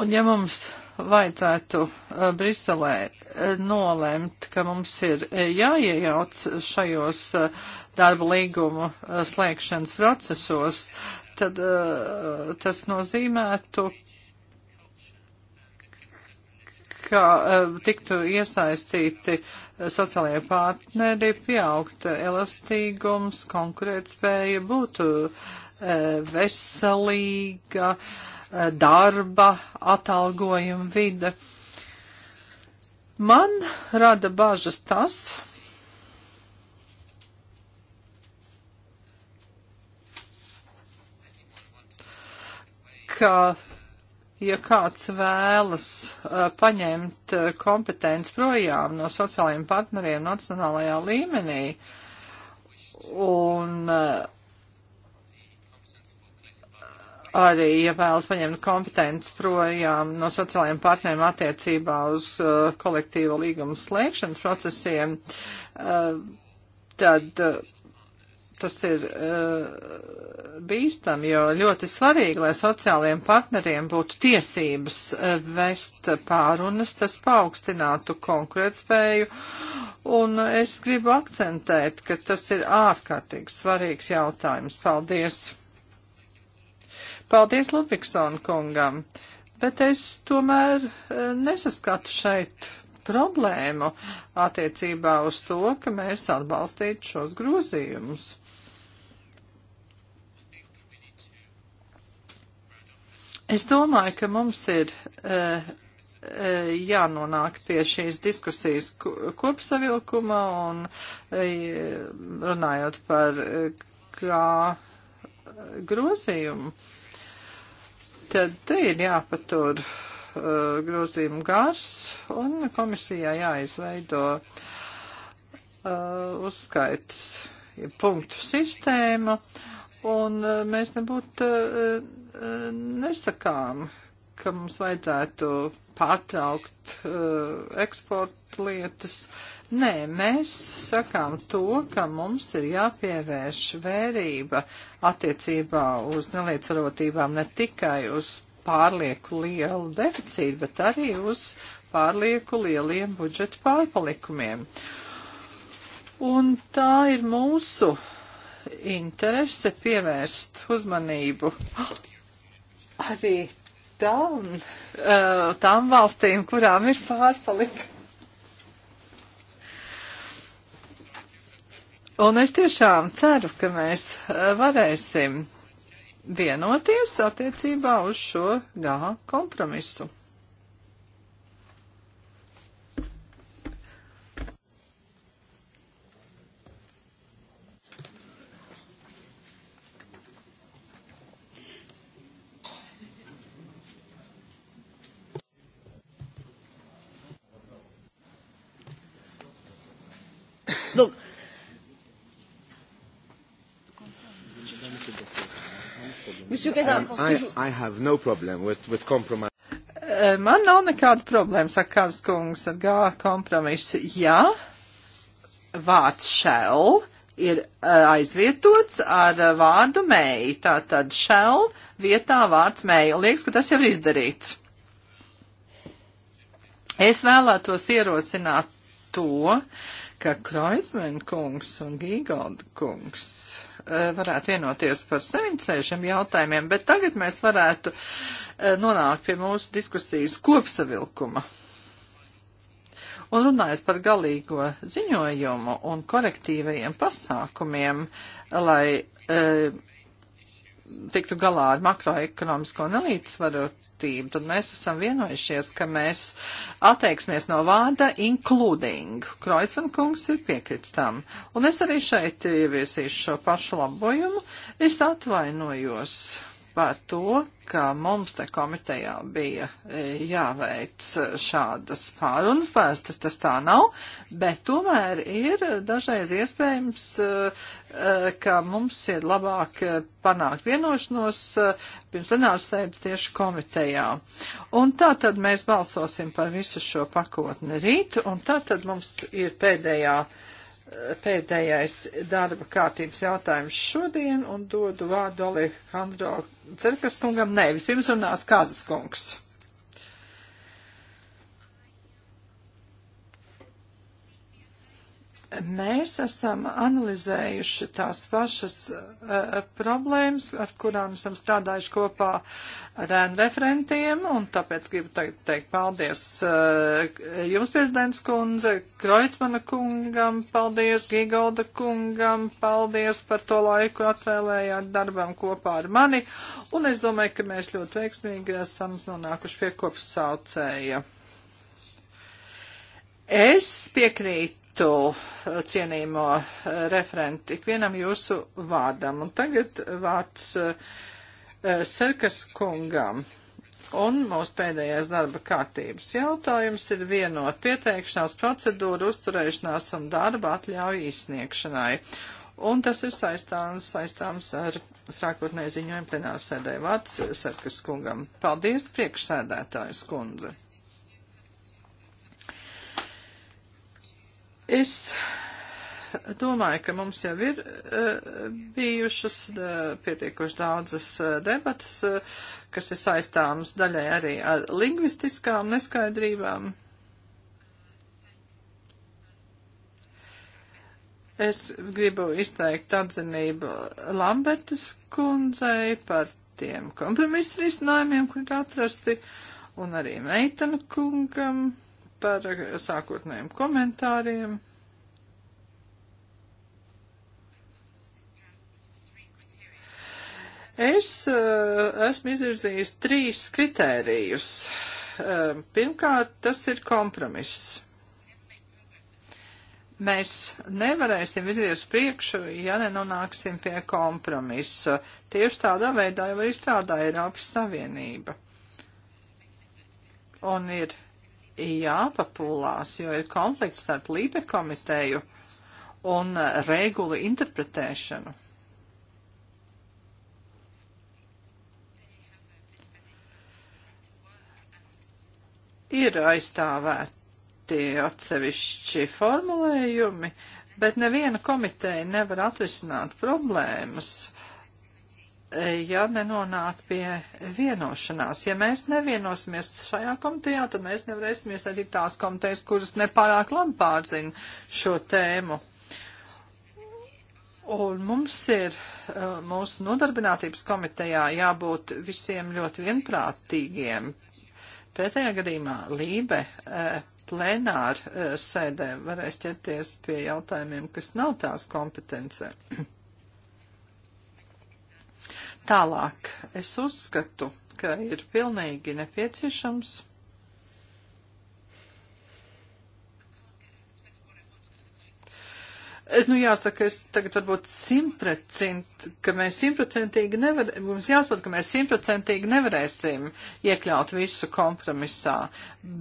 S5: Un ja mums vajadzētu Briselē nolēmt, ka mums ir jāiejauc šajos darba līgumu slēgšanas procesos, tad tas nozīmētu, ka uh, eh, tiktu iesaistīti sociālajie partneri, pieaugt elastīgums, konkurētspēja, būtu uh, eh, veselīga uh, darba atalgojuma vide. Man rada bažas tas, ka ja kāds vēlas uh, paņemt uh, kompetenci projām no sociālajiem partneriem nacionālajā līmenī un uh, arī, ja vēlas paņemt kompetenci projām no sociālajiem partneriem attiecībā uz uh, kolektīva līguma slēgšanas procesiem, uh, tad uh, tas ir uh, bīstam, jo ļoti svarīgi, lai sociālajiem partneriem būtu tiesības uh, vest pārunas, tas paaugstinātu konkurētspēju. Un es gribu akcentēt, ka tas ir ārkārtīgi svarīgs jautājums. Paldies! Paldies Ludvigson kungam! Bet es tomēr uh, nesaskatu šeit problēmu attiecībā uz to, ka mēs atbalstītu šos grozījumus. Es domāju, ka mums ir eh, eh, jānonāk pie šīs diskusijas kopsavilkuma un eh, runājot par kā grozījumu, tad te ir jāpatur grozījumu gars un komisijā jāizveido uzskaits punktu sistēma un mēs nebūtu E, nesakām, ka mums vajadzētu pārtraukt uh, eksporta lietas. Nē, mēs sakām to, ka mums ir jāpievērš vērība attiecībā uz nelīdzsvarotībām ne tikai uz pārlieku lielu deficītu, bet arī uz pārlieku lieliem budžeta pārpalikumiem. Un tā ir mūsu interese pievērst uzmanību. Oh! arī tām, tām valstīm, kurām ir pārpalika. Un es tiešām ceru, ka mēs varēsim vienoties attiecībā uz šo gā kompromisu.
S3: Donc, Monsieur Kazan, um, I, I have no problem with, with compromise.
S5: Uh, man nav nekāda problēma, saka Kazkungs, ar gā kompromisu. Jā, vārds shell ir uh, aizvietots ar uh, vārdu mēji. Tātad shell vietā vārds mēji. Liekas, ka tas jau ir izdarīts. Es vēlētos ierosināt to, ka Kreuzmen kungs un Gīgalda kungs eh, varētu vienoties par sevincējušiem jautājumiem, bet tagad mēs varētu eh, nonākt pie mūsu diskusijas kopsavilkuma. Un runājot par galīgo ziņojumu un korektīvajiem pasākumiem, lai e, tiktu galā ar makroekonomisko nelīdzsvaru, kustību, tad mēs esam vienojušies, ka mēs atteiksimies no vārda including. Kreuzman kungs ir piekrits tam. Un es arī šeit ieviesīšu šo pašu labojumu. Es atvainojos par to, ka mums te komitejā bija e, jāveic šādas pārunas, pēc tas, tas tā nav, bet tomēr ir dažreiz iespējams, e, e, ka mums ir labāk panākt vienošanos pirms plenāras sēdes tieši komitejā. Un tā tad mēs balsosim par visu šo pakotni rīt, un tā tad mums ir pēdējā. Uh, pēdējais darba kārtības jautājums šodien un dodu vārdu Alejandro Cerkas kungam. Nē, vispirms runās Kazas kungs. mēs esam analizējuši tās pašas uh, problēmas, ar kurām esam strādājuši kopā ar ēnu referentiem, un tāpēc gribu teikt, teikt paldies uh, jums, prezidents kundze, Kreutzmana kungam, paldies Gigolda kungam, paldies par to laiku atvēlējāt darbam kopā ar mani, un es domāju, ka mēs ļoti veiksmīgi esam nonākuši pie kopsaucēja. Es piekrītu citu eh, cienīmo eh, referenti, ikvienam jūsu vārdam. Un tagad vārds eh, Serkas kungam. Un mūsu pēdējais darba kārtības jautājums ir vienot pieteikšanās procedūru uzturēšanās un darba atļauju izsniegšanai. Un tas ir saistāms, saistāms ar sākotnēju ziņojumu plenārsēdē vārds Sarkas kungam. Paldies, priekšsēdētājs kundze! Es domāju, ka mums jau ir uh, bijušas uh, pietiekoši daudzas uh, debatas, uh, kas ir saistāmas daļai arī ar lingvistiskām neskaidrībām. Es gribu izteikt atzinību Lambertas kundzei par tiem kompromisu risinājumiem, kur ir atrasti, un arī meitanu kungam par sākotnējiem komentāriem. Es eh, esmu izvirzījis trīs kritērijus. Eh, pirmkārt, tas ir kompromiss. Mēs nevarēsim virzīties priekšu, ja nenonāksim pie kompromisa. Tieši tādā veidā jau arī strādā Eiropas Savienība. Un ir jāpapūlās, jo ir konflikts starp Lībe komiteju un e, regulu interpretēšanu. Ir aizstāvēti atsevišķi formulējumi, bet neviena komiteja nevar atrisināt problēmas ja nenonāk pie vienošanās. Ja mēs nevienosimies šajā komitejā, tad mēs nevarēsim iesaistīt tās komitejas, kuras nepārāk labi pārzina šo tēmu. Un mums ir uh, mūsu nodarbinātības komitejā jābūt visiem ļoti vienprātīgiem. Pretējā gadījumā Lībe uh, plenāra uh, sēdē varēs ķerties pie jautājumiem, kas nav tās kompetence. *clears throat* Tālāk es uzskatu, ka ir pilnīgi nepieciešams Nu, jāsaka, es tagad varbūt simtprocent, ka mēs simtprocentīgi nevar, mums jāsaprot, ka mēs simtprocentīgi nevarēsim iekļaut visu kompromisā,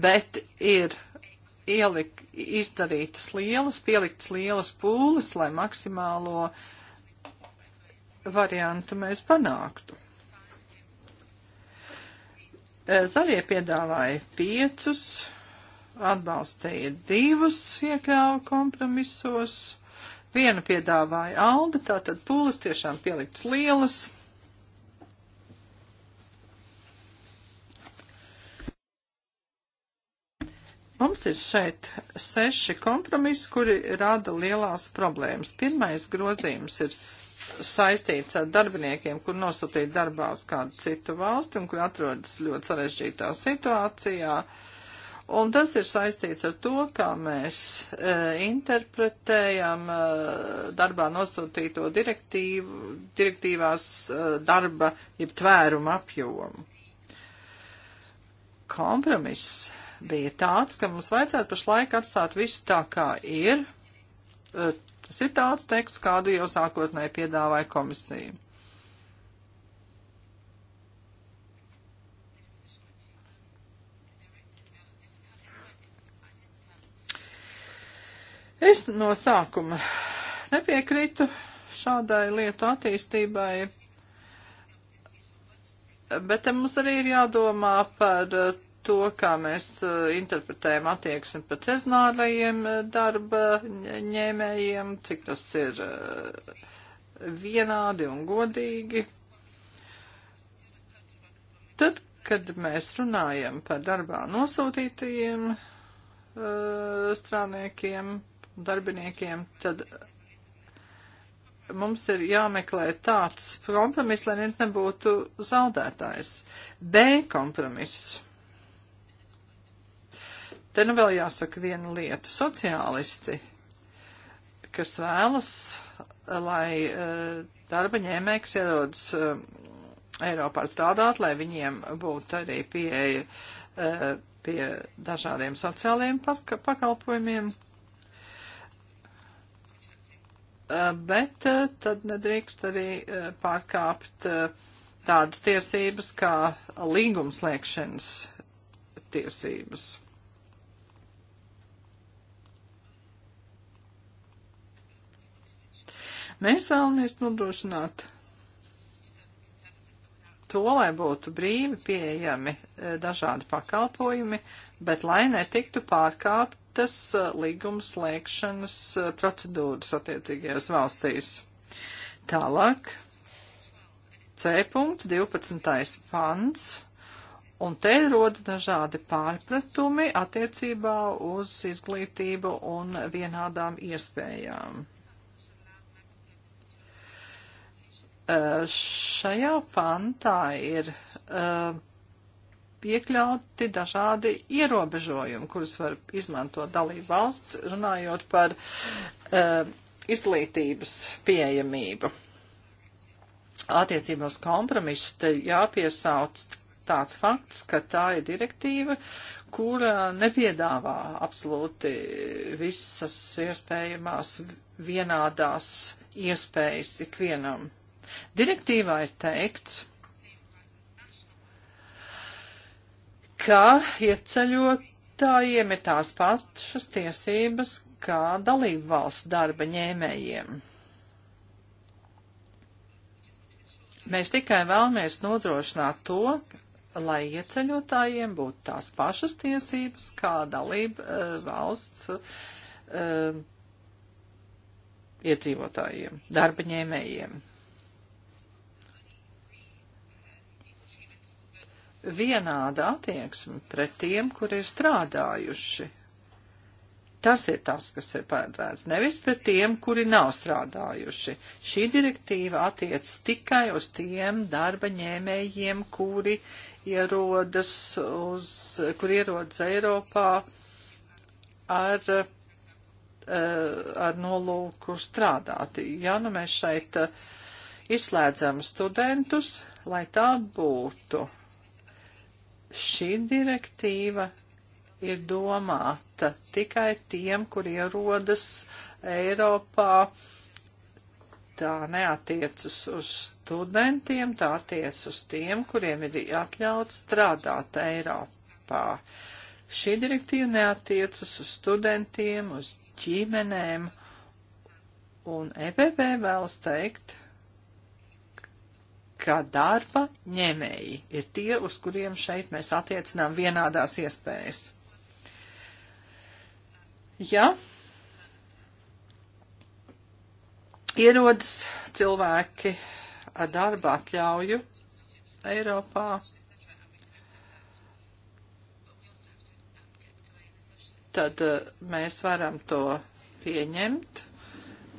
S5: bet ir ielik, izdarītas lielas, pieliktas lielas pūles, lai maksimālo uh, variantu mēs panāktu. E, zaļie piedāvāja piecus, atbalstīja divus iekļāvu kompromisos, vienu piedāvāja Alde, tātad pūles tiešām pieliktas lielas. Mums ir šeit seši kompromisi, kuri rada lielās problēmas. Pirmais grozījums ir saistīts ar darbiniekiem, kur nosūtīt darbā uz kādu citu valsti un kur atrodas ļoti sarežģītā situācijā. Un tas ir saistīts ar to, kā mēs e, interpretējam e, darbā nosūtīto direktīvu, direktīvās e, darba, jeb tvērumu apjomu. Kompromiss bija tāds, ka mums vajadzētu pašlaik atstāt visu tā, kā ir, e, Tas ir tāds teksts, kādu jau sākotnēji piedāvāja komisija. Es no sākuma nepiekrītu šādai lietu attīstībai, bet te mums arī ir jādomā par to, kā mēs eh, interpretējam attieksmi pret sezonārajiem eh, darba ņēmējiem, cik tas ir eh, vienādi un godīgi. Tad, kad mēs runājam par darbā nosūtītajiem strādniekiem, darbiniekiem, tad mums ir jāmeklē tāds kompromiss, lai neviens nebūtu zaudētājs. B kompromiss Te nu vēl jāsaka viena lieta. Sociālisti, kas vēlas, lai eh, darba ņēmēji, kas ierodas eh, Eiropā strādāt, lai viņiem būtu arī pieeja eh, pie dažādiem sociālajiem pakalpojumiem, bet tad nedrīkst arī pārkāpt tādas tiesības kā līgumslēgšanas tiesības. Mēs vēlamies nodrošināt to, lai būtu brīvi pieejami e, dažādi pakalpojumi, bet lai netiktu pārkāptas e, līguma slēgšanas e, procedūras attiecīgajās valstīs. Tālāk, C punkts, 12. pants, un te rodas dažādi pārpratumi attiecībā uz izglītību un vienādām iespējām. Eh, šajā pantā ir eh, piekļauti dažādi ierobežojumi, kurus var izmantot dalību valsts, runājot par eh, izglītības pieejamību. Attiecībā uz kompromisu te jāpiesauc tāds fakts, ka tā ir direktīva, kura nepiedāvā absolūti visas iespējamās vienādās iespējas ikvienam. Direktīvā ir teikts, ka ieceļotājiem ir tās pašas tiesības kā dalību valsts darba ņēmējiem. Mēs tikai vēlamies nodrošināt to, lai ieceļotājiem būtu tās pašas tiesības kā dalība uh, eh, valsts uh, iedzīvotājiem, darba ņēmējiem. vienāda attieksme pret tiem, kur ir strādājuši. Tas ir tas, kas ir paredzēts, nevis pret tiem, kuri nav strādājuši. Šī direktīva attiec tikai uz tiem darba ņēmējiem, kuri ierodas, uz, kur ierodas Eiropā ar, eh, ar nolūku strādāt. Ja nu mēs šeit eh, izslēdzam studentus, lai tā būtu šī direktīva ir domāta tikai tiem, kur ierodas Eiropā. Tā neatiecas uz studentiem, tā attiec uz tiem, kuriem ir atļauts strādāt Eiropā. Šī direktīva neatiecas uz studentiem, uz ģimenēm, un EPP vēlas teikt, ka darba ņēmēji ir tie, uz kuriem šeit mēs attiecinām vienādās iespējas. Ja ierodas cilvēki ar darba atļauju Eiropā, tad eh, mēs varam to pieņemt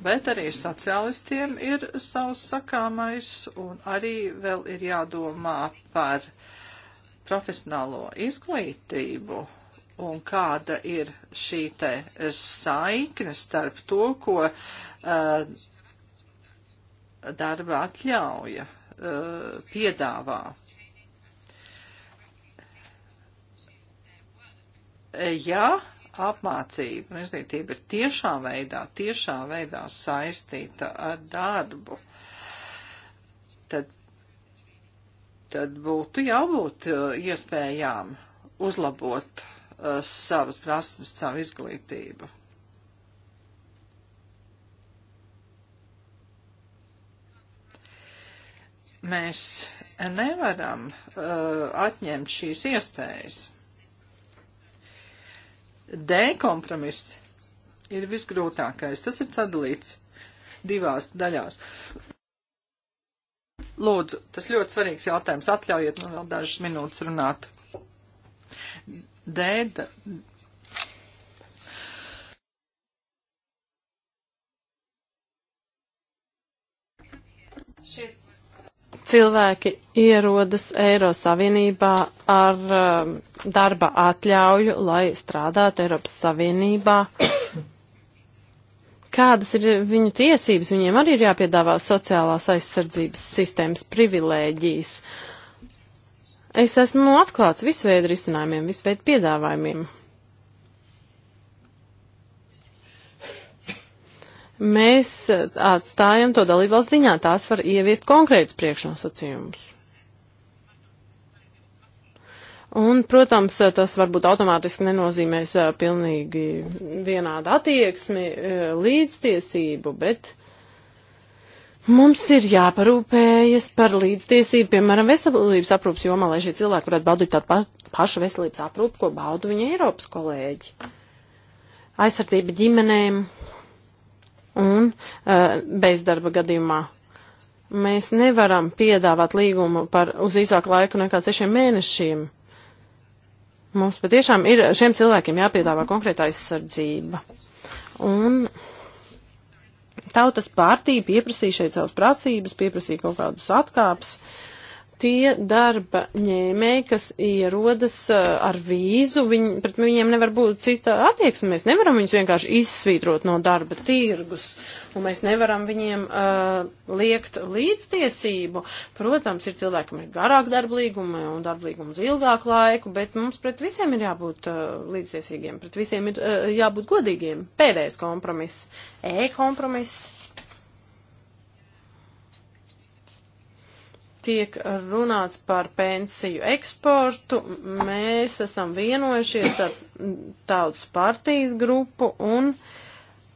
S5: bet arī sociālistiem ir savs sakāmais un arī vēl ir jādomā par profesionālo izglītību un kāda ir šī te saikne starp to, ko uh, darba atļauja uh, piedāvā. Ja apmācība un izglītība ir tiešā veidā, tiešā veidā saistīta ar darbu, tad, tad būtu jābūt uh, iespējām uzlabot uh, savas prasmes, savu izglītību. Mēs nevaram uh, atņemt šīs iespējas. D kompromiss ir visgrūtākais. Tas ir sadalīts divās daļās. Lūdzu, tas ļoti svarīgs jautājums. Atļaujiet man vēl dažas minūtes runāt. D. Da,
S2: Šeit cilvēki ierodas Eiropas Savienībā ar um, darba atļauju, lai strādātu Eiropas Savienībā. *coughs* Kādas ir viņu tiesības? Viņiem arī ir jāpiedāvā sociālās aizsardzības sistēmas privilēģijas. Es esmu atklāts visveidu risinājumiem, visveidu piedāvājumiem. mēs eh, atstājam to dalībvalsts ziņā. Tās var ieviest konkrēts priekšnosacījumus. Un, protams, eh, tas varbūt automātiski nenozīmēs eh, pilnīgi vienādu attieksmi, līdztiesību, bet mums ir jāparūpējas par līdztiesību, piemēram, veselības aprūpas jomā, lai šie cilvēki varētu baudīt tādu pa pašu veselības aprūpu, ko baudu viņa Eiropas kolēģi. Aizsardzība ģimenēm un uh, bezdarba gadījumā. Mēs nevaram piedāvāt līgumu par uz īsāku laiku nekā sešiem mēnešiem. Mums patiešām ir šiem cilvēkiem jāpiedāvā konkrēta aizsardzība. Un tautas partija pieprasīja šeit savas prasības, pieprasīja kaut kādus atkāpes. Uh, tie darba ņēmēji, kas ierodas eh, ar vīzu, viņi, pret viņiem nevar būt cita attieksme. Mēs nevaram viņus vienkārši izsvītrot no darba tirgus, un mēs nevaram viņiem uh, liekt līdztiesību. Protams, ir cilvēki, kam ir garāk darba līguma un darba līgums ilgāku laiku, bet mums pret visiem ir jābūt uh, līdztiesīgiem, pret visiem ir uh, jābūt godīgiem. Pēdējais kompromiss, e-kompromiss tiek runāts par pensiju eksportu, mēs esam vienojušies ar tautas partijas grupu un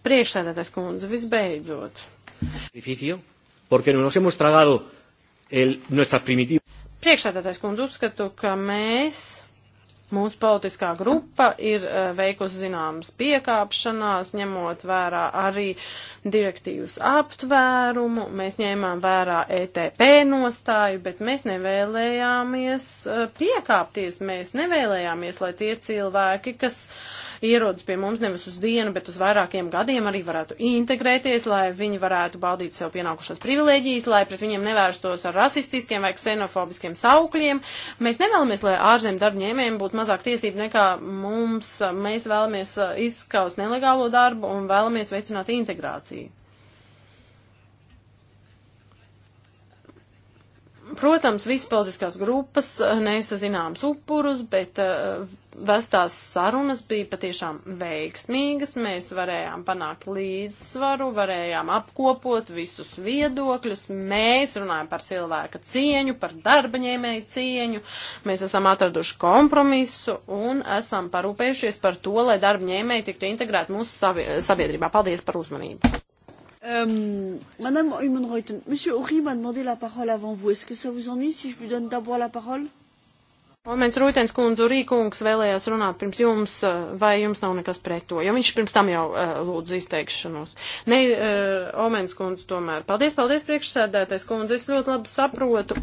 S2: priekšsēdētājs kundze visbeidzot. Priekšsēdētājs kundze uzskatu, ka mēs Mūsu politiskā grupa ir eh, veikusi zināmas piekāpšanās, ņemot vērā arī direktīvas aptvērumu. Mēs ņēmām vērā ETP nostāju, bet mēs nevēlējāmies eh, piekāpties. Mēs nevēlējāmies, lai tie cilvēki, kas uh, ierodas pie mums nevis uz dienu, bet uz vairākiem gadiem arī varētu integrēties, lai viņi varētu baudīt sev pienākušās privilēģijas, lai pret viņiem nevērstos ar rasistiskiem vai ksenofobiskiem saukļiem. Mēs nevēlamies, lai ārzem darbņēmējiem būtu mazāk tiesību nekā mums. Mēs vēlamies uh, izskaust nelegālo darbu un vēlamies veicināt integrāciju. Protams, visas politiskās grupas eh, nesa zināms upurus, bet uh, vestās sarunas bija patiešām veiksmīgas. Mēs varējām panākt līdzsvaru, varējām apkopot visus viedokļus. Mēs runājam par cilvēka cieņu, par darba ņēmēju cieņu. Mēs esam atraduši kompromisu un esam parūpējušies par to, lai darba ņēmēji tiktu integrēti mūsu sabiedrībā. Paldies par uzmanību!
S1: Euh, Madame Humenreuthen, Monsieur Horry m'a demandé la parole avant vous. Est-ce que ça vous ennuie si je lui donne d'abord la parole
S2: Moments Rūtens kundze, Rīkungs vēlējās runāt pirms jums, eh, vai jums nav nekas pret to, jo viņš pirms tam jau uh, eh, lūdzu izteikšanos. Ne, uh, eh, Omens kundze tomēr. Paldies, paldies priekšsēdētais kundze, es ļoti labi saprotu.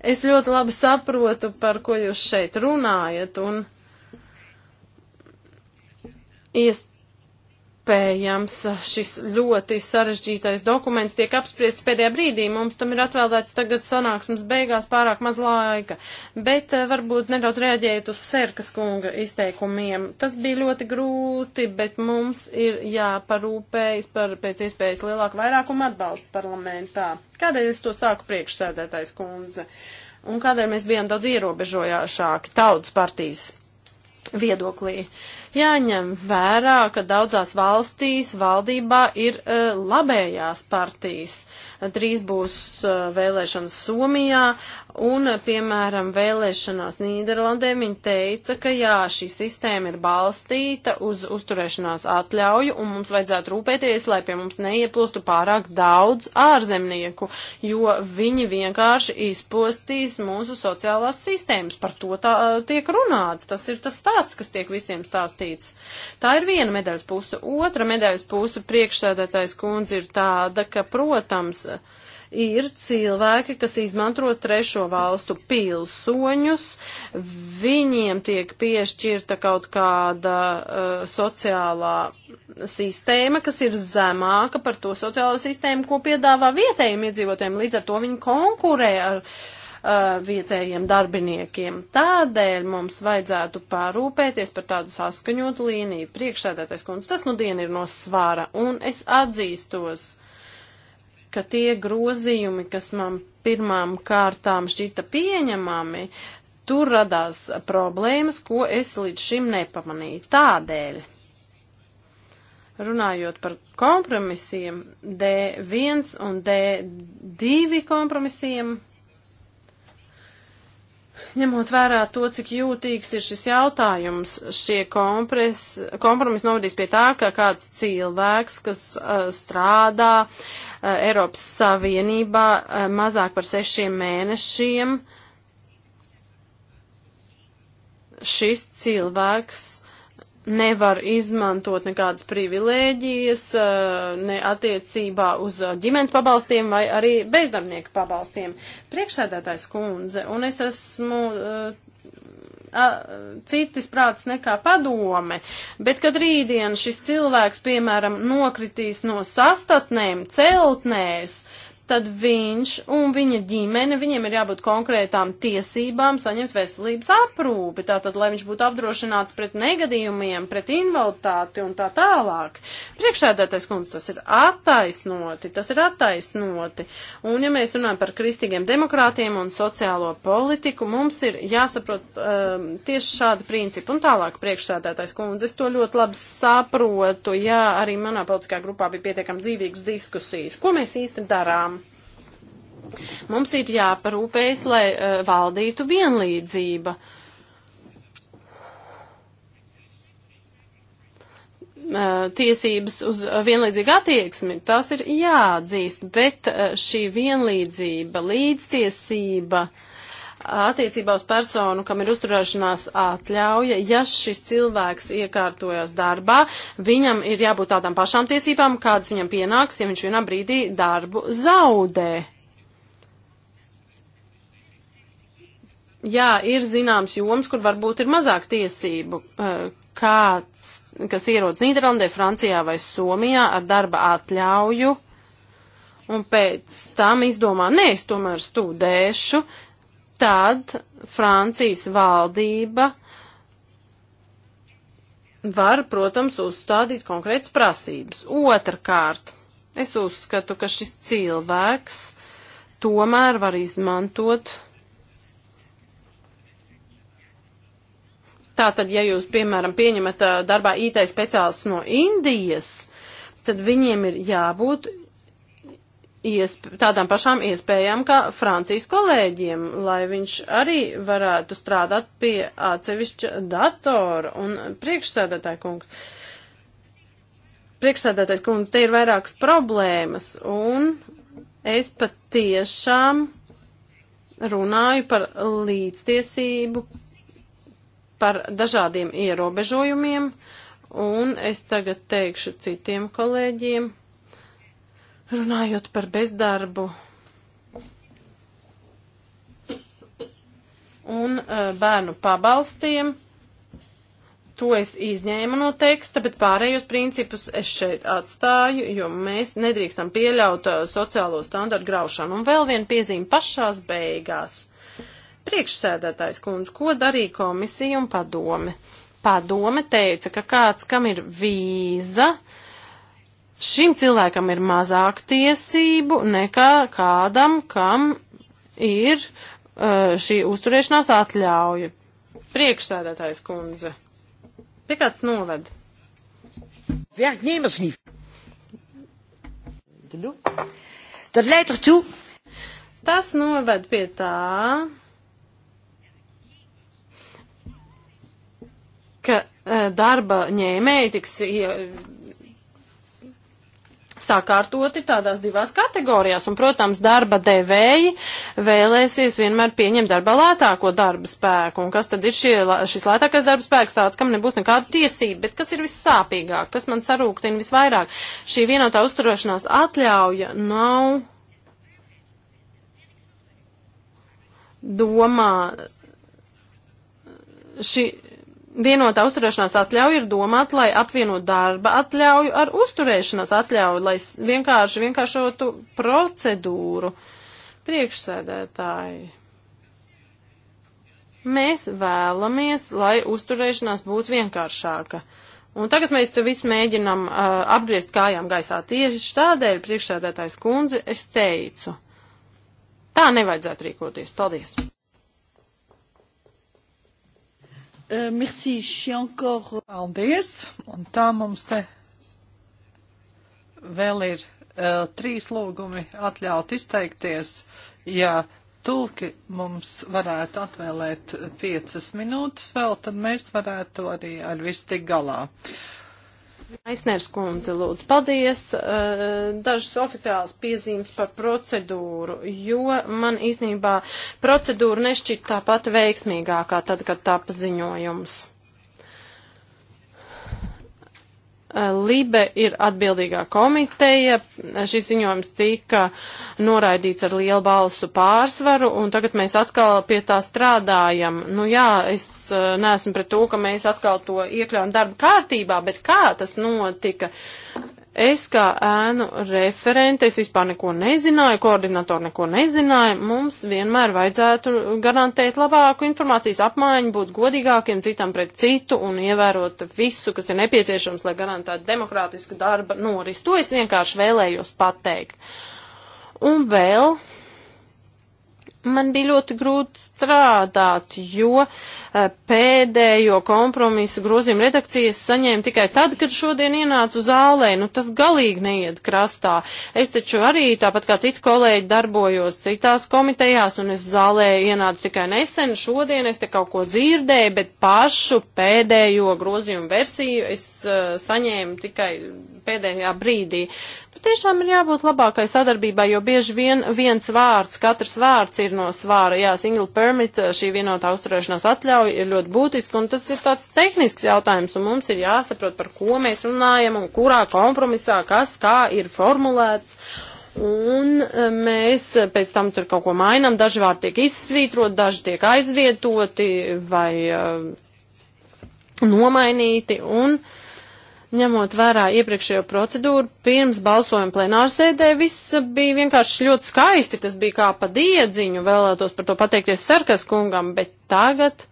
S2: Es ļoti labi saprotu, par ko jūs šeit runājat, un iespējams iespējams šis ļoti sarežģītais dokuments tiek apspriests pēdējā brīdī. Mums tam ir atvēlēts tagad sanāksmes beigās pārāk maz laika, bet eh, varbūt nedaudz reaģējot uz Serkas kunga izteikumiem. Tas bija ļoti grūti, bet mums ir jāparūpējas par pēc iespējas lielāku vairākumu atbalstu parlamentā. Kādēļ es to sāku priekšsēdētājs kundze? Un kādēļ mēs bijām daudz ierobežojošāki tautas partijas viedoklī? Uh, Jāņem vērā, ka daudzās valstīs valdībā ir e, labējās partijas. Drīz būs e, vēlēšanas Somijā, Un, piemēram, vēlēšanās Nīderlandē viņi teica, ka jā, šī sistēma ir balstīta uz uzturēšanās atļauju un mums vajadzētu rūpēties, lai pie mums neieplūstu pārāk daudz ārzemnieku, jo viņi vienkārši izpostīs mūsu sociālās sistēmas. Par to tā, tiek runāts. Tas ir tas stāsts, kas tiek visiem stāstīts. Tā ir viena medaļas puse. Otra medaļas puse priekšsēdētājs kundze ir tāda, ka, protams, uh, ir cilvēki, kas izmanto trešo valstu pilsoņus, viņiem tiek piešķirta kaut kāda uh, sociālā sistēma, kas ir zemāka par to sociālo sistēmu, ko piedāvā vietējiem iedzīvotājiem. Līdz ar to viņi konkurē ar uh, vietējiem darbiniekiem. Tādēļ mums vajadzētu pārūpēties par tādu saskaņotu līniju. Priekšsēdētais kundze, tas nu dien ir no svara, un es atzīstos. Uh, ka tie grozījumi, kas man pirmām kārtām šķita pieņemami, tur radās problēmas, ko es līdz šim nepamanīju. Tādēļ, runājot par kompromisiem, D1 un D2 kompromisiem, Ņemot vērā to, cik jūtīgs ir šis jautājums, šie kompromisi novadīs pie tā, ka kāds cilvēks, kas uh, strādā uh, Eiropas Savienībā uh, mazāk par sešiem mēnešiem, šis cilvēks nevar izmantot nekādas privilēģijas eh, ne attiecībā uz eh, ģimenes pabalstiem vai arī bezdarbnieku pabalstiem. Priekšsēdētājs kundze, un es esmu eh, citas prāts nekā padome, bet kad rītdien šis cilvēks, piemēram, nokritīs no sastatnēm, celtnēs, tad viņš un viņa ģimene, viņiem ir jābūt konkrētām tiesībām saņemt veselības aprūpi, tātad, lai viņš būtu apdrošināts pret negadījumiem, pret invaliditāti un tā tālāk. Priekšsēdētais kundze, tas ir attaisnoti, tas ir attaisnoti. Un ja mēs runājam par kristīgiem demokrātiem un sociālo politiku, mums ir jāsaprot um, tieši šādi principi. Un tālāk, priekšsēdētais kundze, es to ļoti labi saprotu, jā, arī manā politiskā grupā bija pietiekami dzīvīgas diskusijas. Ko mēs īsti darām? Mums ir jāparūpējas, lai uh, valdītu vienlīdzība. Eh, tiesības uz vienlīdzīgu attieksmi, tas ir jāatzīst, bet eh, šī vienlīdzība, līdztiesība attiecībā uz personu, kam ir uzturēšanās atļauja, ja šis cilvēks iekārtojas darbā, viņam ir jābūt tādām pašām tiesībām, kādas viņam pienāks, ja viņš vienā brīdī darbu zaudē. jā, ir zināms joms, kur varbūt ir mazāk tiesību, eh, kāds, kas ierodas Nīderlandē, Francijā vai Somijā ar darba atļauju, un pēc tam izdomā, nē, es tomēr studēšu, tad Francijas valdība var, protams, uzstādīt konkrētas prasības. Otrakārt, es uzskatu, ka šis cilvēks tomēr var izmantot Tātad, ja jūs, piemēram, pieņemat darbā IT speciālists no Indijas, tad viņiem ir jābūt iesp tādām pašām iespējām kā Francijas kolēģiem, lai viņš arī varētu strādāt pie atsevišķa datora un priekšsēdētāja kungs. Priekšsēdētais kungs, te ir vairākas problēmas un es pat tiešām runāju par līdztiesību par dažādiem ierobežojumiem, un es tagad teikšu citiem kolēģiem, runājot par bezdarbu un eh, bērnu pabalstiem. To es izņēmu no teksta, bet pārējos principus es šeit atstāju, jo mēs nedrīkstam pieļaut eh, sociālo standartu graušanu. Un vēl viena piezīme pašās beigās. Priekšsēdētājs kundze, ko darīja komisija un padome? Padome teica, ka kāds, kam ir vīza, šim cilvēkam ir mazāk tiesību nekā kādam, kam ir uh, šī uzturēšanās atļauja. Priekšsēdētājs kundze. Pie kāds noved? Werknemers niet. Tad leidt ertoe. Tas noved pie tā, ka eh, darba ņēmēji tiks sakārtoti tādās divās kategorijās, un, protams, darba devēji vēlēsies vienmēr pieņemt darba lētāko darba spēku, un kas tad ir šie, šis lētākais darba spēks tāds, kam nebūs nekāda tiesība, bet kas ir vissāpīgāk, kas man sarūktina visvairāk, šī vienotā uzturošanās atļauja nav domā, šī, vienotā uzturēšanās atļauja ir domāta, lai apvienot darba atļauju ar uzturēšanās atļauju, lai vienkārši vienkāršotu procedūru priekšsēdētāji. Mēs vēlamies, lai uzturēšanās būtu vienkāršāka. Un tagad mēs to visu mēģinam uh, apgriezt kājām gaisā. Tieši tādēļ priekšsēdētājs kundze es teicu. Tā nevajadzētu rīkoties. Paldies!
S1: Uh, merci, encore... Euh, Paldies, un tā
S5: mums te vēl ir uh, trīs lūgumi atļaut izteikties, ja tulki mums varētu atvēlēt eh,
S2: piecas minūtes vēl, tad mēs varētu arī ar visu tik galā. Uh, Aizsnērs kundze, lūdzu, paldies. Eh, dažas oficiālas piezīmes par procedūru, jo man īstenībā procedūra nešķita tāpat veiksmīgākā tad, kad tā paziņojums. Eh, Libe ir atbildīgā komiteja. Šis ziņojums tika noraidīts ar lielu balsu pārsvaru, un tagad mēs atkal pie tā strādājam. Nu jā, es eh, neesmu pret to, ka mēs atkal to iekļaujam darba kārtībā, bet kā tas notika? Es kā ēnu referente, es vispār neko nezināju, koordinatori neko nezināja, mums vienmēr vajadzētu garantēt labāku informācijas apmaiņu, būt godīgākiem citam pret citu un ievērot visu, kas ir nepieciešams, lai garantētu demokrātisku darba noris. To es vienkārši vēlējos pateikt. Un vēl man bija ļoti grūti strādāt, jo eh, pēdējo kompromisu grozījumu redakcijas saņēmu tikai tad, kad šodien ienācu zālē. Nu, tas galīgi neiet krastā. Es taču arī, tāpat kā citi kolēģi, darbojos citās komitejās, un es zālē ienācu tikai nesen. Šodien es te kaut ko dzirdēju, bet pašu pēdējo grozījumu versiju es uh, saņēmu tikai pēdējā brīdī. Bet tiešām ir jābūt labākai sadarbībai, jo bieži vien viens vārds, katrs vārds ir no svāra. Jā, single permit, šī vienotā uzturēšanās atļauja ir ļoti būtiska, un tas ir tāds tehnisks jautājums, un mums ir jāsaprot, par ko mēs runājam un kurā kompromisā, kas kā ir formulēts. Un eh, mēs pēc tam tur kaut ko mainām, daži vārdi tiek izsvītrot, daži tiek aizvietoti vai uh, nomainīti. Un, uh, ņemot vērā iepriekšējo procedūru, pirms balsojuma plenārsēdē viss bija vienkārši ļoti skaisti, tas bija kā pa diedziņu, vēlētos par to pateikties Sarkas kungam, bet tagad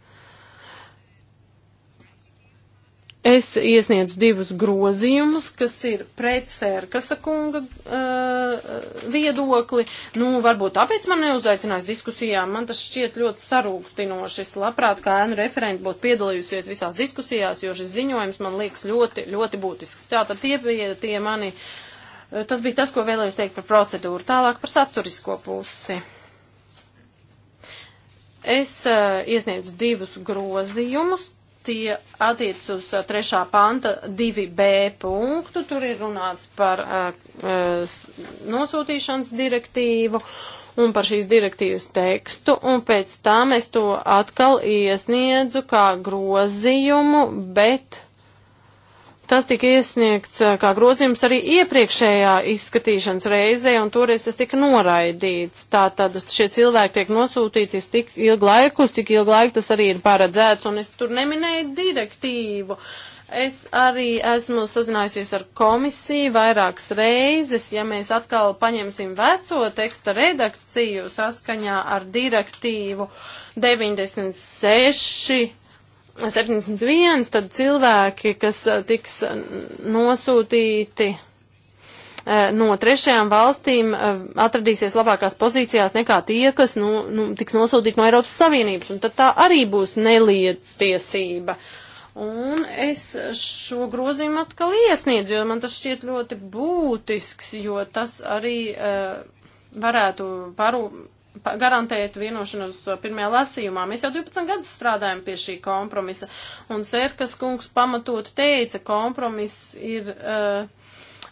S2: Es iesniedzu divus grozījumus, kas ir pret Sērkasa kunga uh, viedokli. Nu, varbūt tāpēc man neuzaicinājis diskusijām. Man tas šķiet ļoti sarūktinoši. Es labprāt, kā ēnu referenti, būtu piedalījusies visās diskusijās, jo šis ziņojums man liekas ļoti, ļoti būtisks. Tātad tie bija tie mani. Uh, tas bija tas, ko vēlējos teikt par procedūru. Tālāk par saturisko pusi. Es uh, iesniedzu divus grozījumus, tie attiec uz uh, trešā panta 2b punktu, tur ir runāts par uh, uh, nosūtīšanas direktīvu un par šīs direktīvas tekstu, un pēc tam es to atkal iesniedzu kā grozījumu, bet Tas tika iesniegts kā grozījums arī iepriekšējā izskatīšanas reizē, un toreiz tas tika noraidīts. Tātad šie cilvēki tiek nosūtīti uz tik ilgu laiku, uz cik ilgu laiku tas arī ir paredzēts, un es tur neminēju direktīvu. Es arī esmu sazinājusies ar komisiju vairākas reizes, ja mēs atkal paņemsim veco teksta redakciju saskaņā ar direktīvu 96 71, tad cilvēki, kas eh, tiks nosūtīti eh, no trešajām valstīm, eh, atradīsies labākās pozīcijās nekā tie, kas nu, nu, tiks nosūtīti no Eiropas Savienības. Un tad tā arī būs neliedztiesība. Un es šo grozījumu atkal iesniedzu, jo man tas šķiet ļoti būtisks, jo tas arī uh, varētu paru, garantēt vienošanos uh, pirmajā lasījumā. Mēs jau 12 gadus strādājam pie šī kompromisa, un Serkas kungs pamatot teica, kompromiss ir. Uh,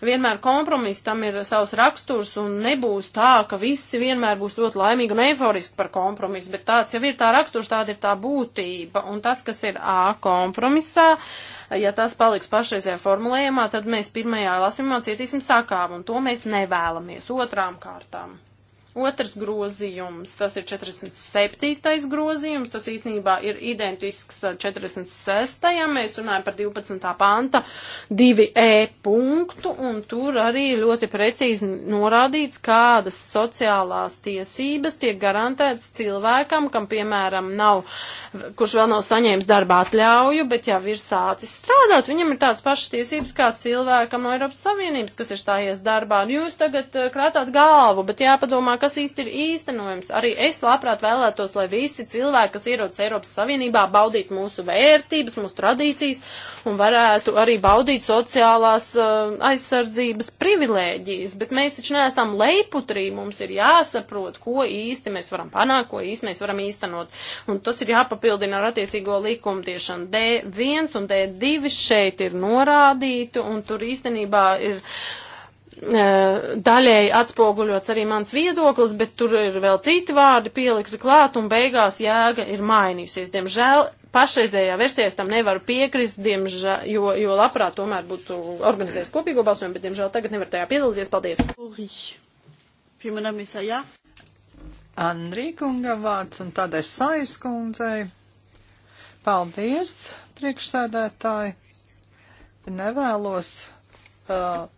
S2: vienmēr kompromiss, tam ir savs raksturs un nebūs tā, ka visi vienmēr būs ļoti laimīgi un eiforiski par kompromisu, bet tāds jau ir tā raksturs, tāda ir tā būtība. Un tas, kas ir A kompromisā, ja tas paliks pašreizajā formulējumā, tad mēs pirmajā lasījumā cietīsim sakām, un to mēs nevēlamies otrām kārtām. Otrs grozījums, tas ir 47. grozījums, tas īstenībā ir identisks 46. Mēs runājam par 12. panta 2e punktu, un tur arī ļoti precīzi norādīts, kādas sociālās tiesības tiek garantētas cilvēkam, kam, piemēram, nav, kurš vēl nav saņēmis darba atļauju, bet jau ir sācis strādāt. Viņam ir tādas pašas tiesības kā cilvēkam no Eiropas Savienības, kas ir stājies darbā. Nu, jūs tagad eh, krātāt galvu, bet jāpadomā, kas īsti ir īstenojams. Arī es labprāt vēlētos, lai visi cilvēki, kas ierodas Eiropas Savienībā, baudītu mūsu vērtības, mūsu tradīcijas un varētu arī baudīt sociālās uh, aizsardzības privilēģijas. Bet mēs taču neesam leiputrī, mums ir jāsaprot, ko īsti mēs varam panākt, ko īsti mēs varam īstenot. Un tas ir jāpapildina ar attiecīgo likumtiešanu. D1 un D2 šeit ir norādīti un tur īstenībā ir Eh, daļēji atspoguļots arī mans viedoklis, bet tur ir vēl citi vārdi pielikti klāt un beigās jēga ir mainījusies. Diemžēl pašreizējā versijā es tam nevaru piekrist, diemžēl, jo, jo labprāt tomēr būtu organizējis kopīgo balsojumu, bet diemžēl tagad nevar tajā piedalīties. Paldies!
S5: Andrī kunga vārds un tādēļ Sajas kundzei. Paldies, priekšsēdētāji! Nevēlos. Uh,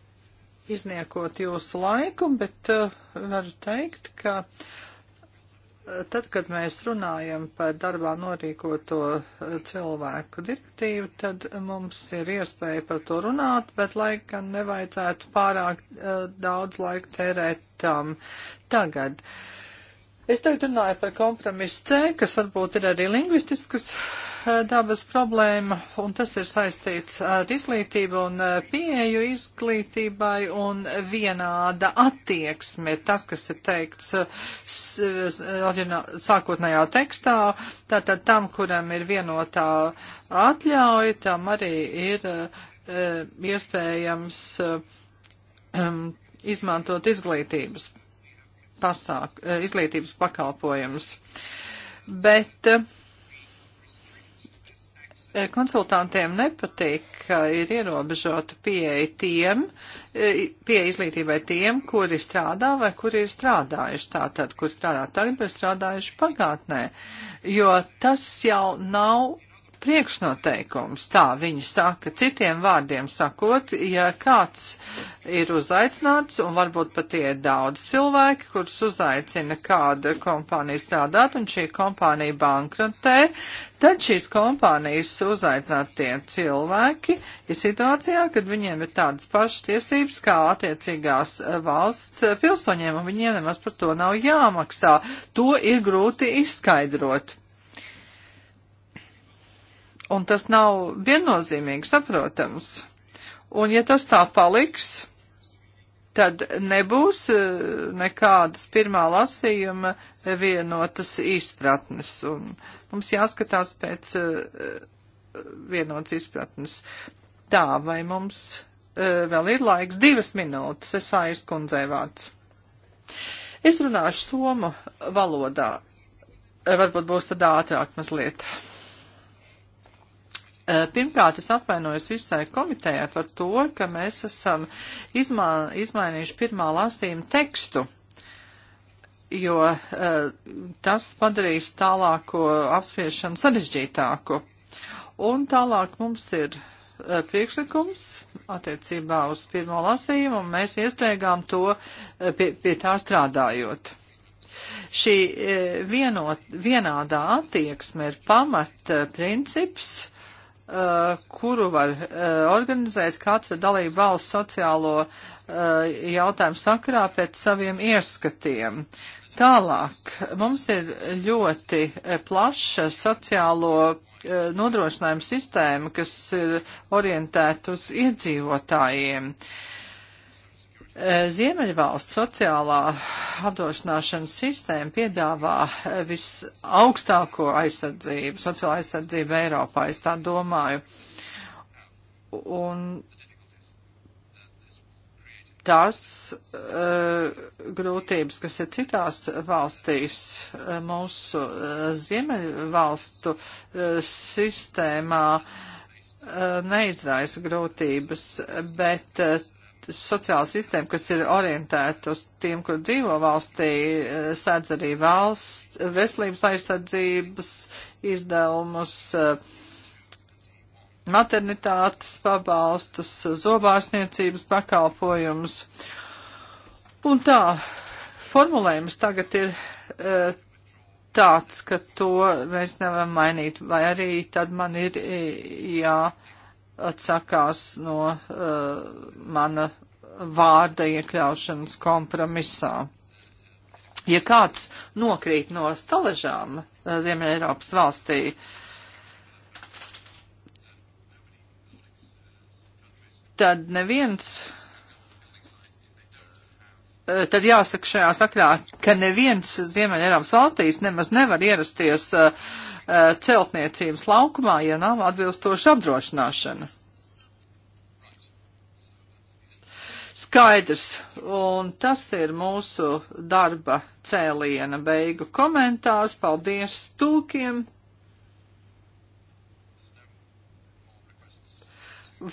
S5: izniekot jūsu laiku, bet uh, varu teikt, ka eh, tad, kad mēs runājam par darbā norīkoto eh, cilvēku direktīvu, tad mums ir iespēja par to runāt, bet lai gan nevajadzētu pārāk uh, daudz laika tērēt tam um, tagad. Es tagad runāju par kompromisu C, kas varbūt ir arī lingvistisks dabas problēma, un tas ir saistīts ar izglītību un eh, pieeju izglītībai un vienāda attieksme. Tas, kas ir teikts eh, sākotnējā tekstā, tātad tam, kuram ir vienotā atļauja, tam arī ir eh, iespējams ehm, izmantot izglītības, pasāk, izglītības pakalpojumus. Bet uh, E, konsultantiem nepatīk, ka ir ierobežota pieeja tiem, e, pieeja izglītībai tiem, kuri strādā vai kuri ir strādājuši tātad, kur strādā tagad, bet strādājuši pagātnē, jo tas jau nav priekšnoteikums, tā viņi saka. Citiem vārdiem sakot, ja kāds ir uzaicināts, un varbūt pat ir daudz cilvēki, kurus uzaicina kāda kompānija strādāt, un šī kompānija bankrotē, tad šīs kompānijas uzaicinātie cilvēki ir situācijā, kad viņiem ir tādas pašas tiesības kā attiecīgās eh, valsts eh, pilsoņiem, un viņiem nemaz par to nav jāmaksā. To ir grūti izskaidrot un tas nav viennozīmīgi saprotams. Un ja tas tā paliks, tad nebūs e, nekādas pirmā lasījuma vienotas izpratnes. Un mums jāskatās pēc e, vienotas izpratnes. Tā, vai mums e, vēl ir laiks? Divas minūtes, es aizkundzē vārds. Es runāšu somu valodā. Varbūt būs tad ātrāk mazliet. Eh, pirmkārt, es atvainojos visai komitejai par to, ka mēs esam izmā, izmainījuši pirmā lasījuma tekstu, jo uh, tas padarīs tālāko apspriešanu sarežģītāku. Un tālāk mums ir uh, priekšlikums attiecībā uz pirmo lasījumu, un mēs iestrēgām to uh, pie, pie tā strādājot. Šī vienot, vienādā attieksme ir pamat princips Uh, kuru var uh, organizēt katra dalība valsts sociālo uh, jautājumu sakarā pēc saviem ieskatiem. Tālāk, mums ir ļoti plaša sociālo nodrošinājumu sistēma, kas ir orientēta uz iedzīvotājiem. Uh, Ziemeļvalsts sociālā apdrošināšanas sistēma piedāvā eh, visaugstāko aizsardzību, sociālo aizsardzību Eiropā, es tā domāju. Un tās uh, eh, grūtības, kas ir citās valstīs, eh, mūsu uh, ziemeļvalstu uh, sistēmā neizraisa grūtības, bet sociāla sistēma, kas ir orientēta uz tiem, kur dzīvo valstī, eh, sēdz arī valsts veselības aizsardzības izdevumus, eh, maternitātes pabalstus, zobārsniecības pakalpojumus. Un tā, formulējums tagad ir eh, tāds, ka to mēs nevaram mainīt, vai arī tad man ir jā. Ja, atsakās no uh, mana vārda iekļaušanas kompromisā. Ja kāds nokrīt no staležām eh, Ziemē Eiropas valstī, tad neviens eh, tad jāsaka šajā sakrā, ka neviens Ziemeļ Eiropas valstīs nemaz nevar ierasties uh, Eh, celtniecības laukumā, ja nav atbilstoša apdrošināšana. Skaidrs, un tas ir mūsu darba cēliena beigu komentārs. Paldies tūkiem!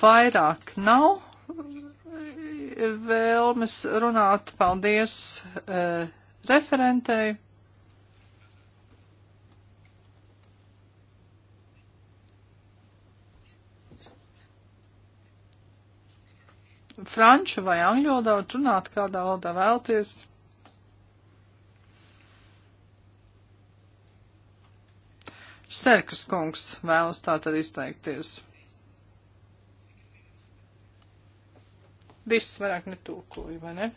S5: Vairāk nav vēlmes runāt. Paldies e, referentei! franču vai angļu valodā, runāt kādā valodā vēlties. Serkas kungs vēlas tā tad izteikties. Viss vairāk netūkoju, vai ne?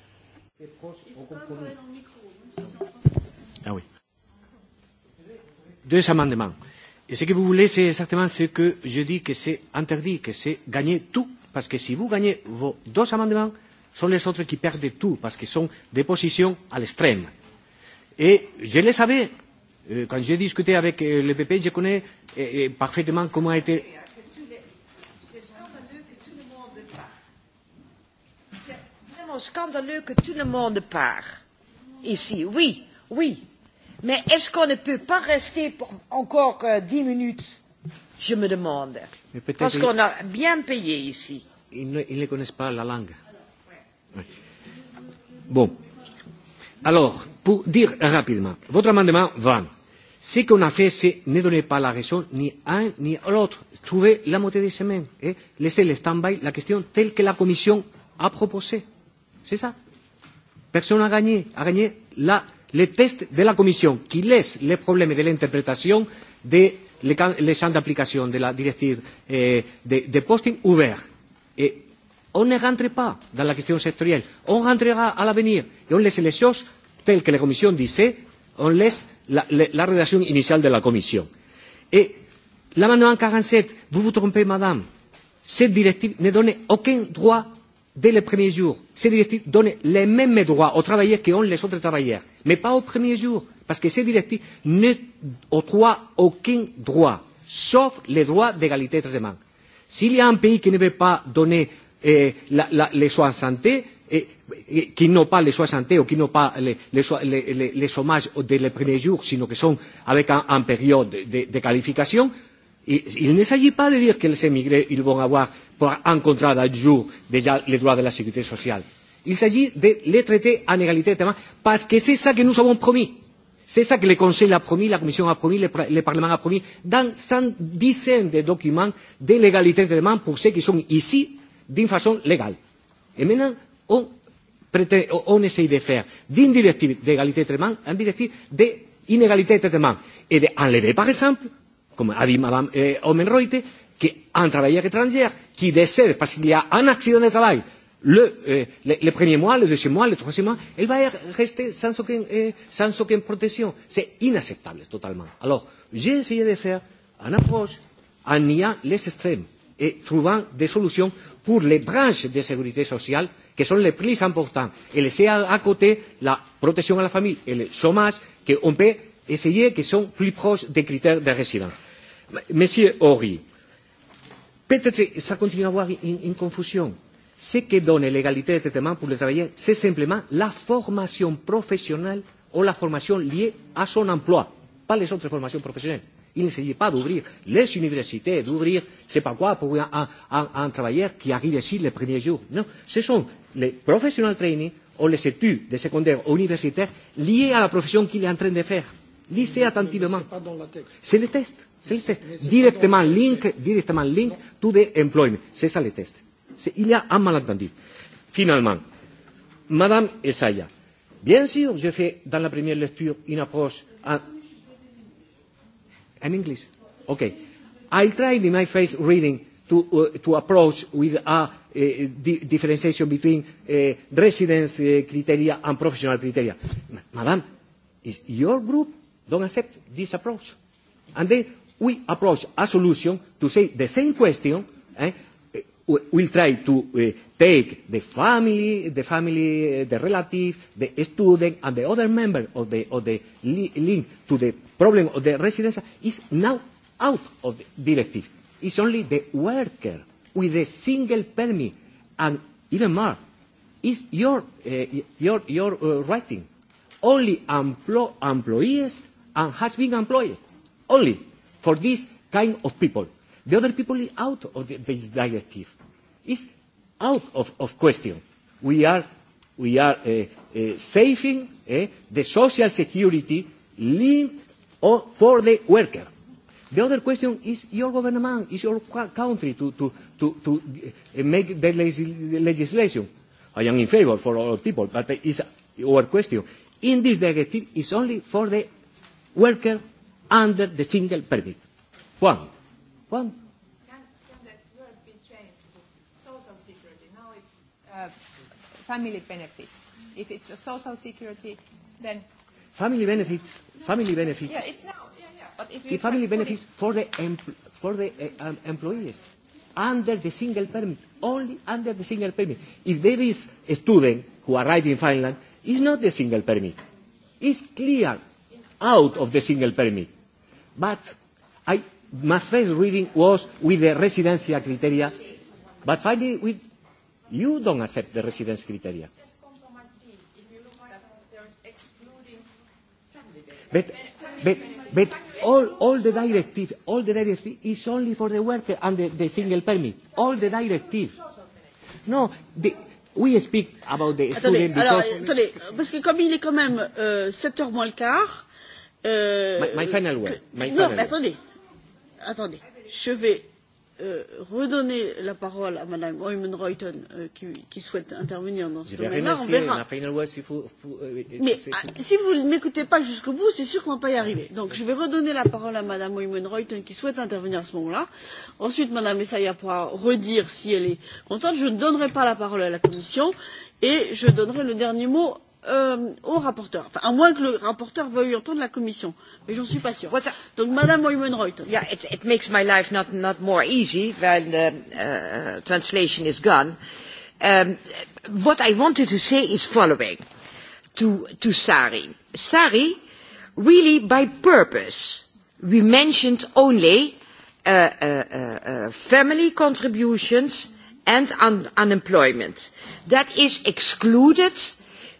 S3: Ah oui. Deux amendements. Et ce que vous voulez, c'est exactement ce que je dis que c'est interdit, que c'est gagner tout parce que si vous gagnez vos deux amendements, sont les autres qui perdent tout, parce qu'ils sont des positions à l'extrême. Et je le savais, euh, quand j'ai discuté avec euh, le PP, je connais
S7: euh, parfaitement comment a été. Vraiment scandaleux que tout le monde part ici. Oui, oui. Mais est-ce qu'on ne peut pas rester pour encore euh, dix euh, minutes je me demande. Parce qu'on a bien payé ici. Ils ne, ils ne connaissent pas la langue.
S3: Bon. Alors, pour dire rapidement, votre amendement 20. Ce qu'on a fait, c'est ne donner pas la raison ni à un ni à l'autre. Trouver la moitié des semaines. Eh? Laisser le stand-by, la question telle que la Commission a proposée. C'est ça. Personne n'a gagné. A gagné la, le test de la Commission qui laisse les problèmes de l'interprétation des les champs d'application de la directive euh, de, de posting ouvert. Et on ne rentre pas dans la question sectorielle. On rentrera à l'avenir et on laisse les choses telles que la Commission disait, on laisse la, la, la rédaction initiale de la Commission. Et l'amendement 47, vous vous trompez, madame, cette directive ne donne aucun droit dès les premiers jours. Cette directive donne les mêmes droits aux travailleurs qu'ont les autres travailleurs, mais pas au premier jour. Parce que ces directives n'octroient aucun droit, sauf les droits d'égalité de traitement. S'il y a un pays qui ne veut pas donner euh, la, la, les soins de santé, et, eh, et, eh, qui n'ont pas les soins de santé ou qui n'ont pas les, les, les, les, les chômages dès les premiers jours, sinon qui sont avec un, un période de, de qualification, Et il ne s'agit pas de dire que les émigrés ils vont avoir pour un contrat d'un jour déjà les droits de la sécurité sociale. Il s'agit de les traiter en égalité de terrain parce que c'est ça que nous avons promis. C'est ça que le Conseil a promis, la Commission a promis, le, le Parlement a promis, dans 100 dizaines de documents de légalité de demande pour ceux qui sont ici d'une façon légale. Et maintenant, on, prétend, on essaye de faire d'une directive d'égalité de traitement une directive d'inégalité de traitement. Et d'enlever, par exemple, comme a dit Mme euh, Omenreuter, qu'un travailleur étranger qui décède parce qu'il y a un accident de travail le, euh, les, les premiers mois, le deuxième mois, le troisième mois, elle va rester sans aucune, euh, sans aucune protection. C'est inacceptable totalement. Alors, j'ai essayé de faire une approche en niant les extrêmes et trouvant des solutions pour les branches de sécurité sociale qui sont les plus importantes et laisser à, à côté la protection à la famille et le chômage qu'on peut essayer qui sont plus proches des critères de résidence. Monsieur Horry, peut-être ça continue à avoir une, une confusion ce que donne l'égalité de traitement pour le travailleur, c'est simplement la formation professionnelle ou la formation liée à son emploi, pas les autres formations professionnelles. Il ne s'agit pas d'ouvrir les universités, d'ouvrir, c'est pas quoi, pour un, un, un, un travailleur qui arrive ici les premiers jours. Non, ce sont les professional training ou les études de secondaire ou universitaire liées à la profession qu'il est en train de faire. Lisez mais, attentivement. C'est pas dans le texte. C'est le texte. C'est le texte. Directement link, directement link non. to the employment. C'est ça le texte. Il y a un malentendu. Finalement, Madame Essaya, bien sûr, j'ai fait dans la première lecture une approche en, en English. Okay. I tried in my first reading to, uh, to approach with a uh, di differentiation between uh, residence uh, criteria and professional criteria. Ma Madam, is your group don't accept this approach? And then we approach a solution to say the same question eh, will try to uh, take the family, the family, uh, the relative, the student, and the other member of the, of the li- link to the problem of the residence is now out of the directive. It's only the worker with a single permit, and even more, is your, uh, your, your uh, writing. Only emplo- employees and has been employed. Only for this kind of people The other people is out of the, this directive. It's out of, of question. We are, we are uh, uh, saving uh, the social security linked or for the worker. The other question is your government, is your country to, to, to, to uh, make the legislation. I am in favor for all people, but it's our question. In this directive, it's only for the worker under the single permit. One. Well,
S6: can, can that word be changed to social security? Now it's uh, family benefits. If it's a social security, then
S3: family benefits. No, family benefits. Yeah,
S6: it's now. Yeah, yeah. But if the family benefits it,
S3: for the empl- for the uh, um, employees under the single permit, only under the single permit. If there is a student who arrived in Finland, it's not the single permit. It's clear out of the single permit. But I my first reading was with the residency criteria, but finally we, you don't accept the residence criteria. But, but, but all, all the directive, all the directive is only for the worker and the, the single permit. All the directive. No, the, we speak about the attendez, student alors, because...
S1: Attendez, parce que comme il est quand même euh, 7h moins le quart... Euh, my, my final word. My final non, word. attendez. Word attendez, je vais euh, redonner la parole à Madame Oymen Reuten euh, qui, qui souhaite intervenir dans ce domaine-là. On verra.
S3: Euh, euh, Mais ah, si
S1: vous ne m'écoutez pas jusqu'au bout, c'est sûr qu'on ne va pas y arriver. Donc je vais redonner la parole à Madame Oymen Reuten qui souhaite intervenir à ce moment-là. Ensuite, Madame Essaya pourra redire si elle est contente. Je ne donnerai pas la parole à la Commission et je donnerai le dernier mot euh, au rapporteur, enfin, à moins
S7: que le rapporteur veuille entendre la Commission, mais j'en suis pas sûre. What a... Donc, Madame Oymenreuter. Yeah, it, it makes my life not, not more easy when the uh, translation is gone. Um, what I wanted to say is following to, to Sari. Sari, really by purpose, we mentioned only uh, uh, uh, uh family contributions and un unemployment. That is excluded uh,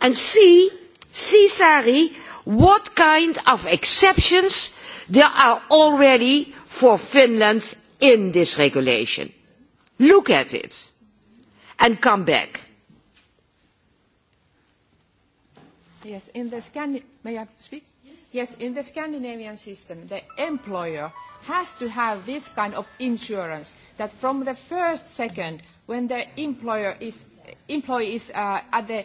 S7: and see, see Sari, what kind of exceptions there are already for Finland in this regulation. Look at it and come back.
S6: Yes, in the Scandi- may I speak? Yes. yes, in the Scandinavian system, the employer has to have this kind of insurance that from the first second when the employer is, employee is uh, at the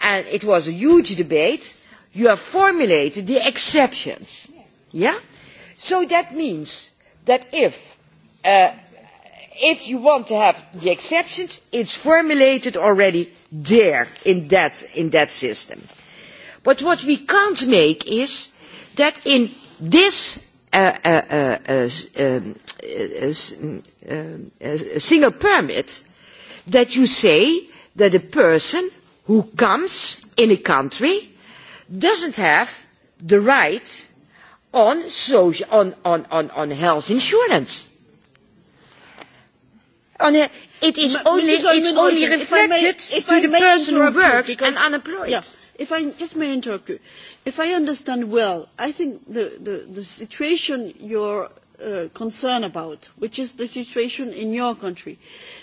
S7: and it was a huge debate, you have formulated the exceptions. Yes. Yeah? So that means that if, uh, if you want to have the exceptions, it's formulated already there in that, in that system. But what we can't make is that in this uh, uh, uh, uh, um, uh, um, uh, uh, single permit, that you say that a person who comes in a country doesn't have the right on, social, on, on, on, on health insurance. On a, it is only, it's only reflected may, to the person who works because, and unemployed. Yeah,
S1: if I just may interrupt you. If I understand well, I think the, the, the situation you're uh, concerned about, which is the situation in your country, uh,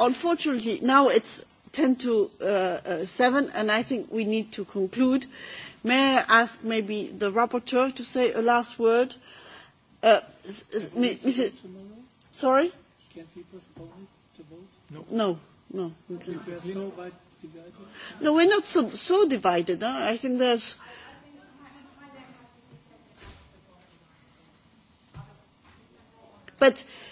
S1: unfortunately, now it's 10 to uh, uh, 7, and I think we need to conclude. May I ask maybe the rapporteur to say a last word? Uh, Mrs. Sorry?
S3: Can we postpone it to vote? No. No,
S1: no. We if we are so divided? No, we're not so, so divided. Huh? I think there's... But... Uh,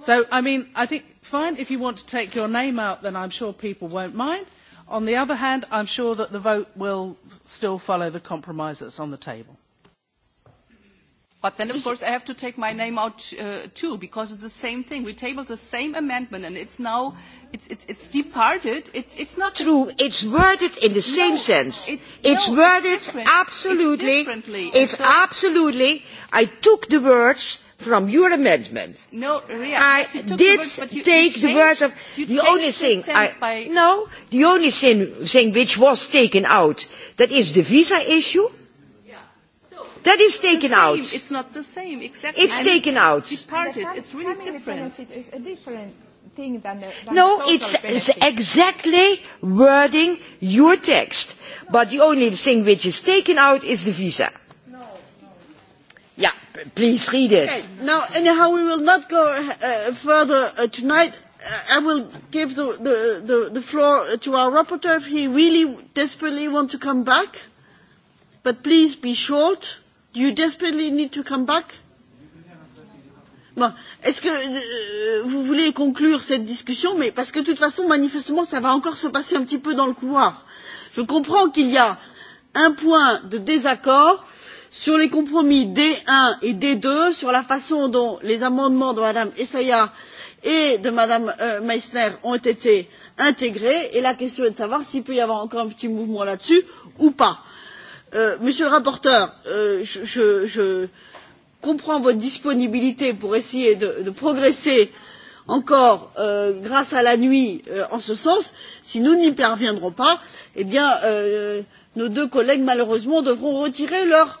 S4: So, I mean, I think, fine, if you want to take your name out, then I'm sure people won't mind. On the other hand, I'm sure that the vote will still follow the compromise that's on the table.
S5: But then, of course, I have to take my name
S6: out uh, too, because it's the same thing. We tabled the same amendment, and it's now it's it's,
S7: it's departed. It's it's not true. The, it's worded in the same no, sense. It's, it's no, worded it's different. absolutely. It's, differently. it's so, absolutely. I took the words from your amendment. No, Ria, I you took did the word, you, take you changed, the words of you the only thing. The I, by... No, the only thing, thing which was taken out that is the visa issue. Yeah. So, that is taken same, out. It's
S6: not the same, exactly. It's and taken it's out. Departed. It's really different. It's a different thing than the. Than no, the it's, benefit. it's
S7: exactly wording your text. No. But the only thing which is taken out is the visa. Yeah. Please read it. Okay.
S1: Now, anyhow, we will not go uh, further uh, tonight. Uh, I will give the, the, the, the floor to our rapporteur if he really desperately wants to come back. But please be short. Do you desperately need to come back? Bon, est-ce que euh, vous voulez conclure cette discussion Mais parce que de toute façon, manifestement, ça va encore se passer un petit peu dans le couloir. Je comprends qu'il y a un point de désaccord sur les compromis d un et d deux sur la façon dont les amendements de mme essayah et de mme euh, meissner ont été intégrés et la question est de savoir s'il peut y avoir encore un petit mouvement là dessus ou pas. Euh, monsieur le rapporteur euh, je, je, je comprends votre disponibilité pour essayer de, de progresser encore euh, grâce à la nuit euh, en ce sens. si nous n'y parviendrons pas eh bien euh, nos deux collègues malheureusement devront retirer leur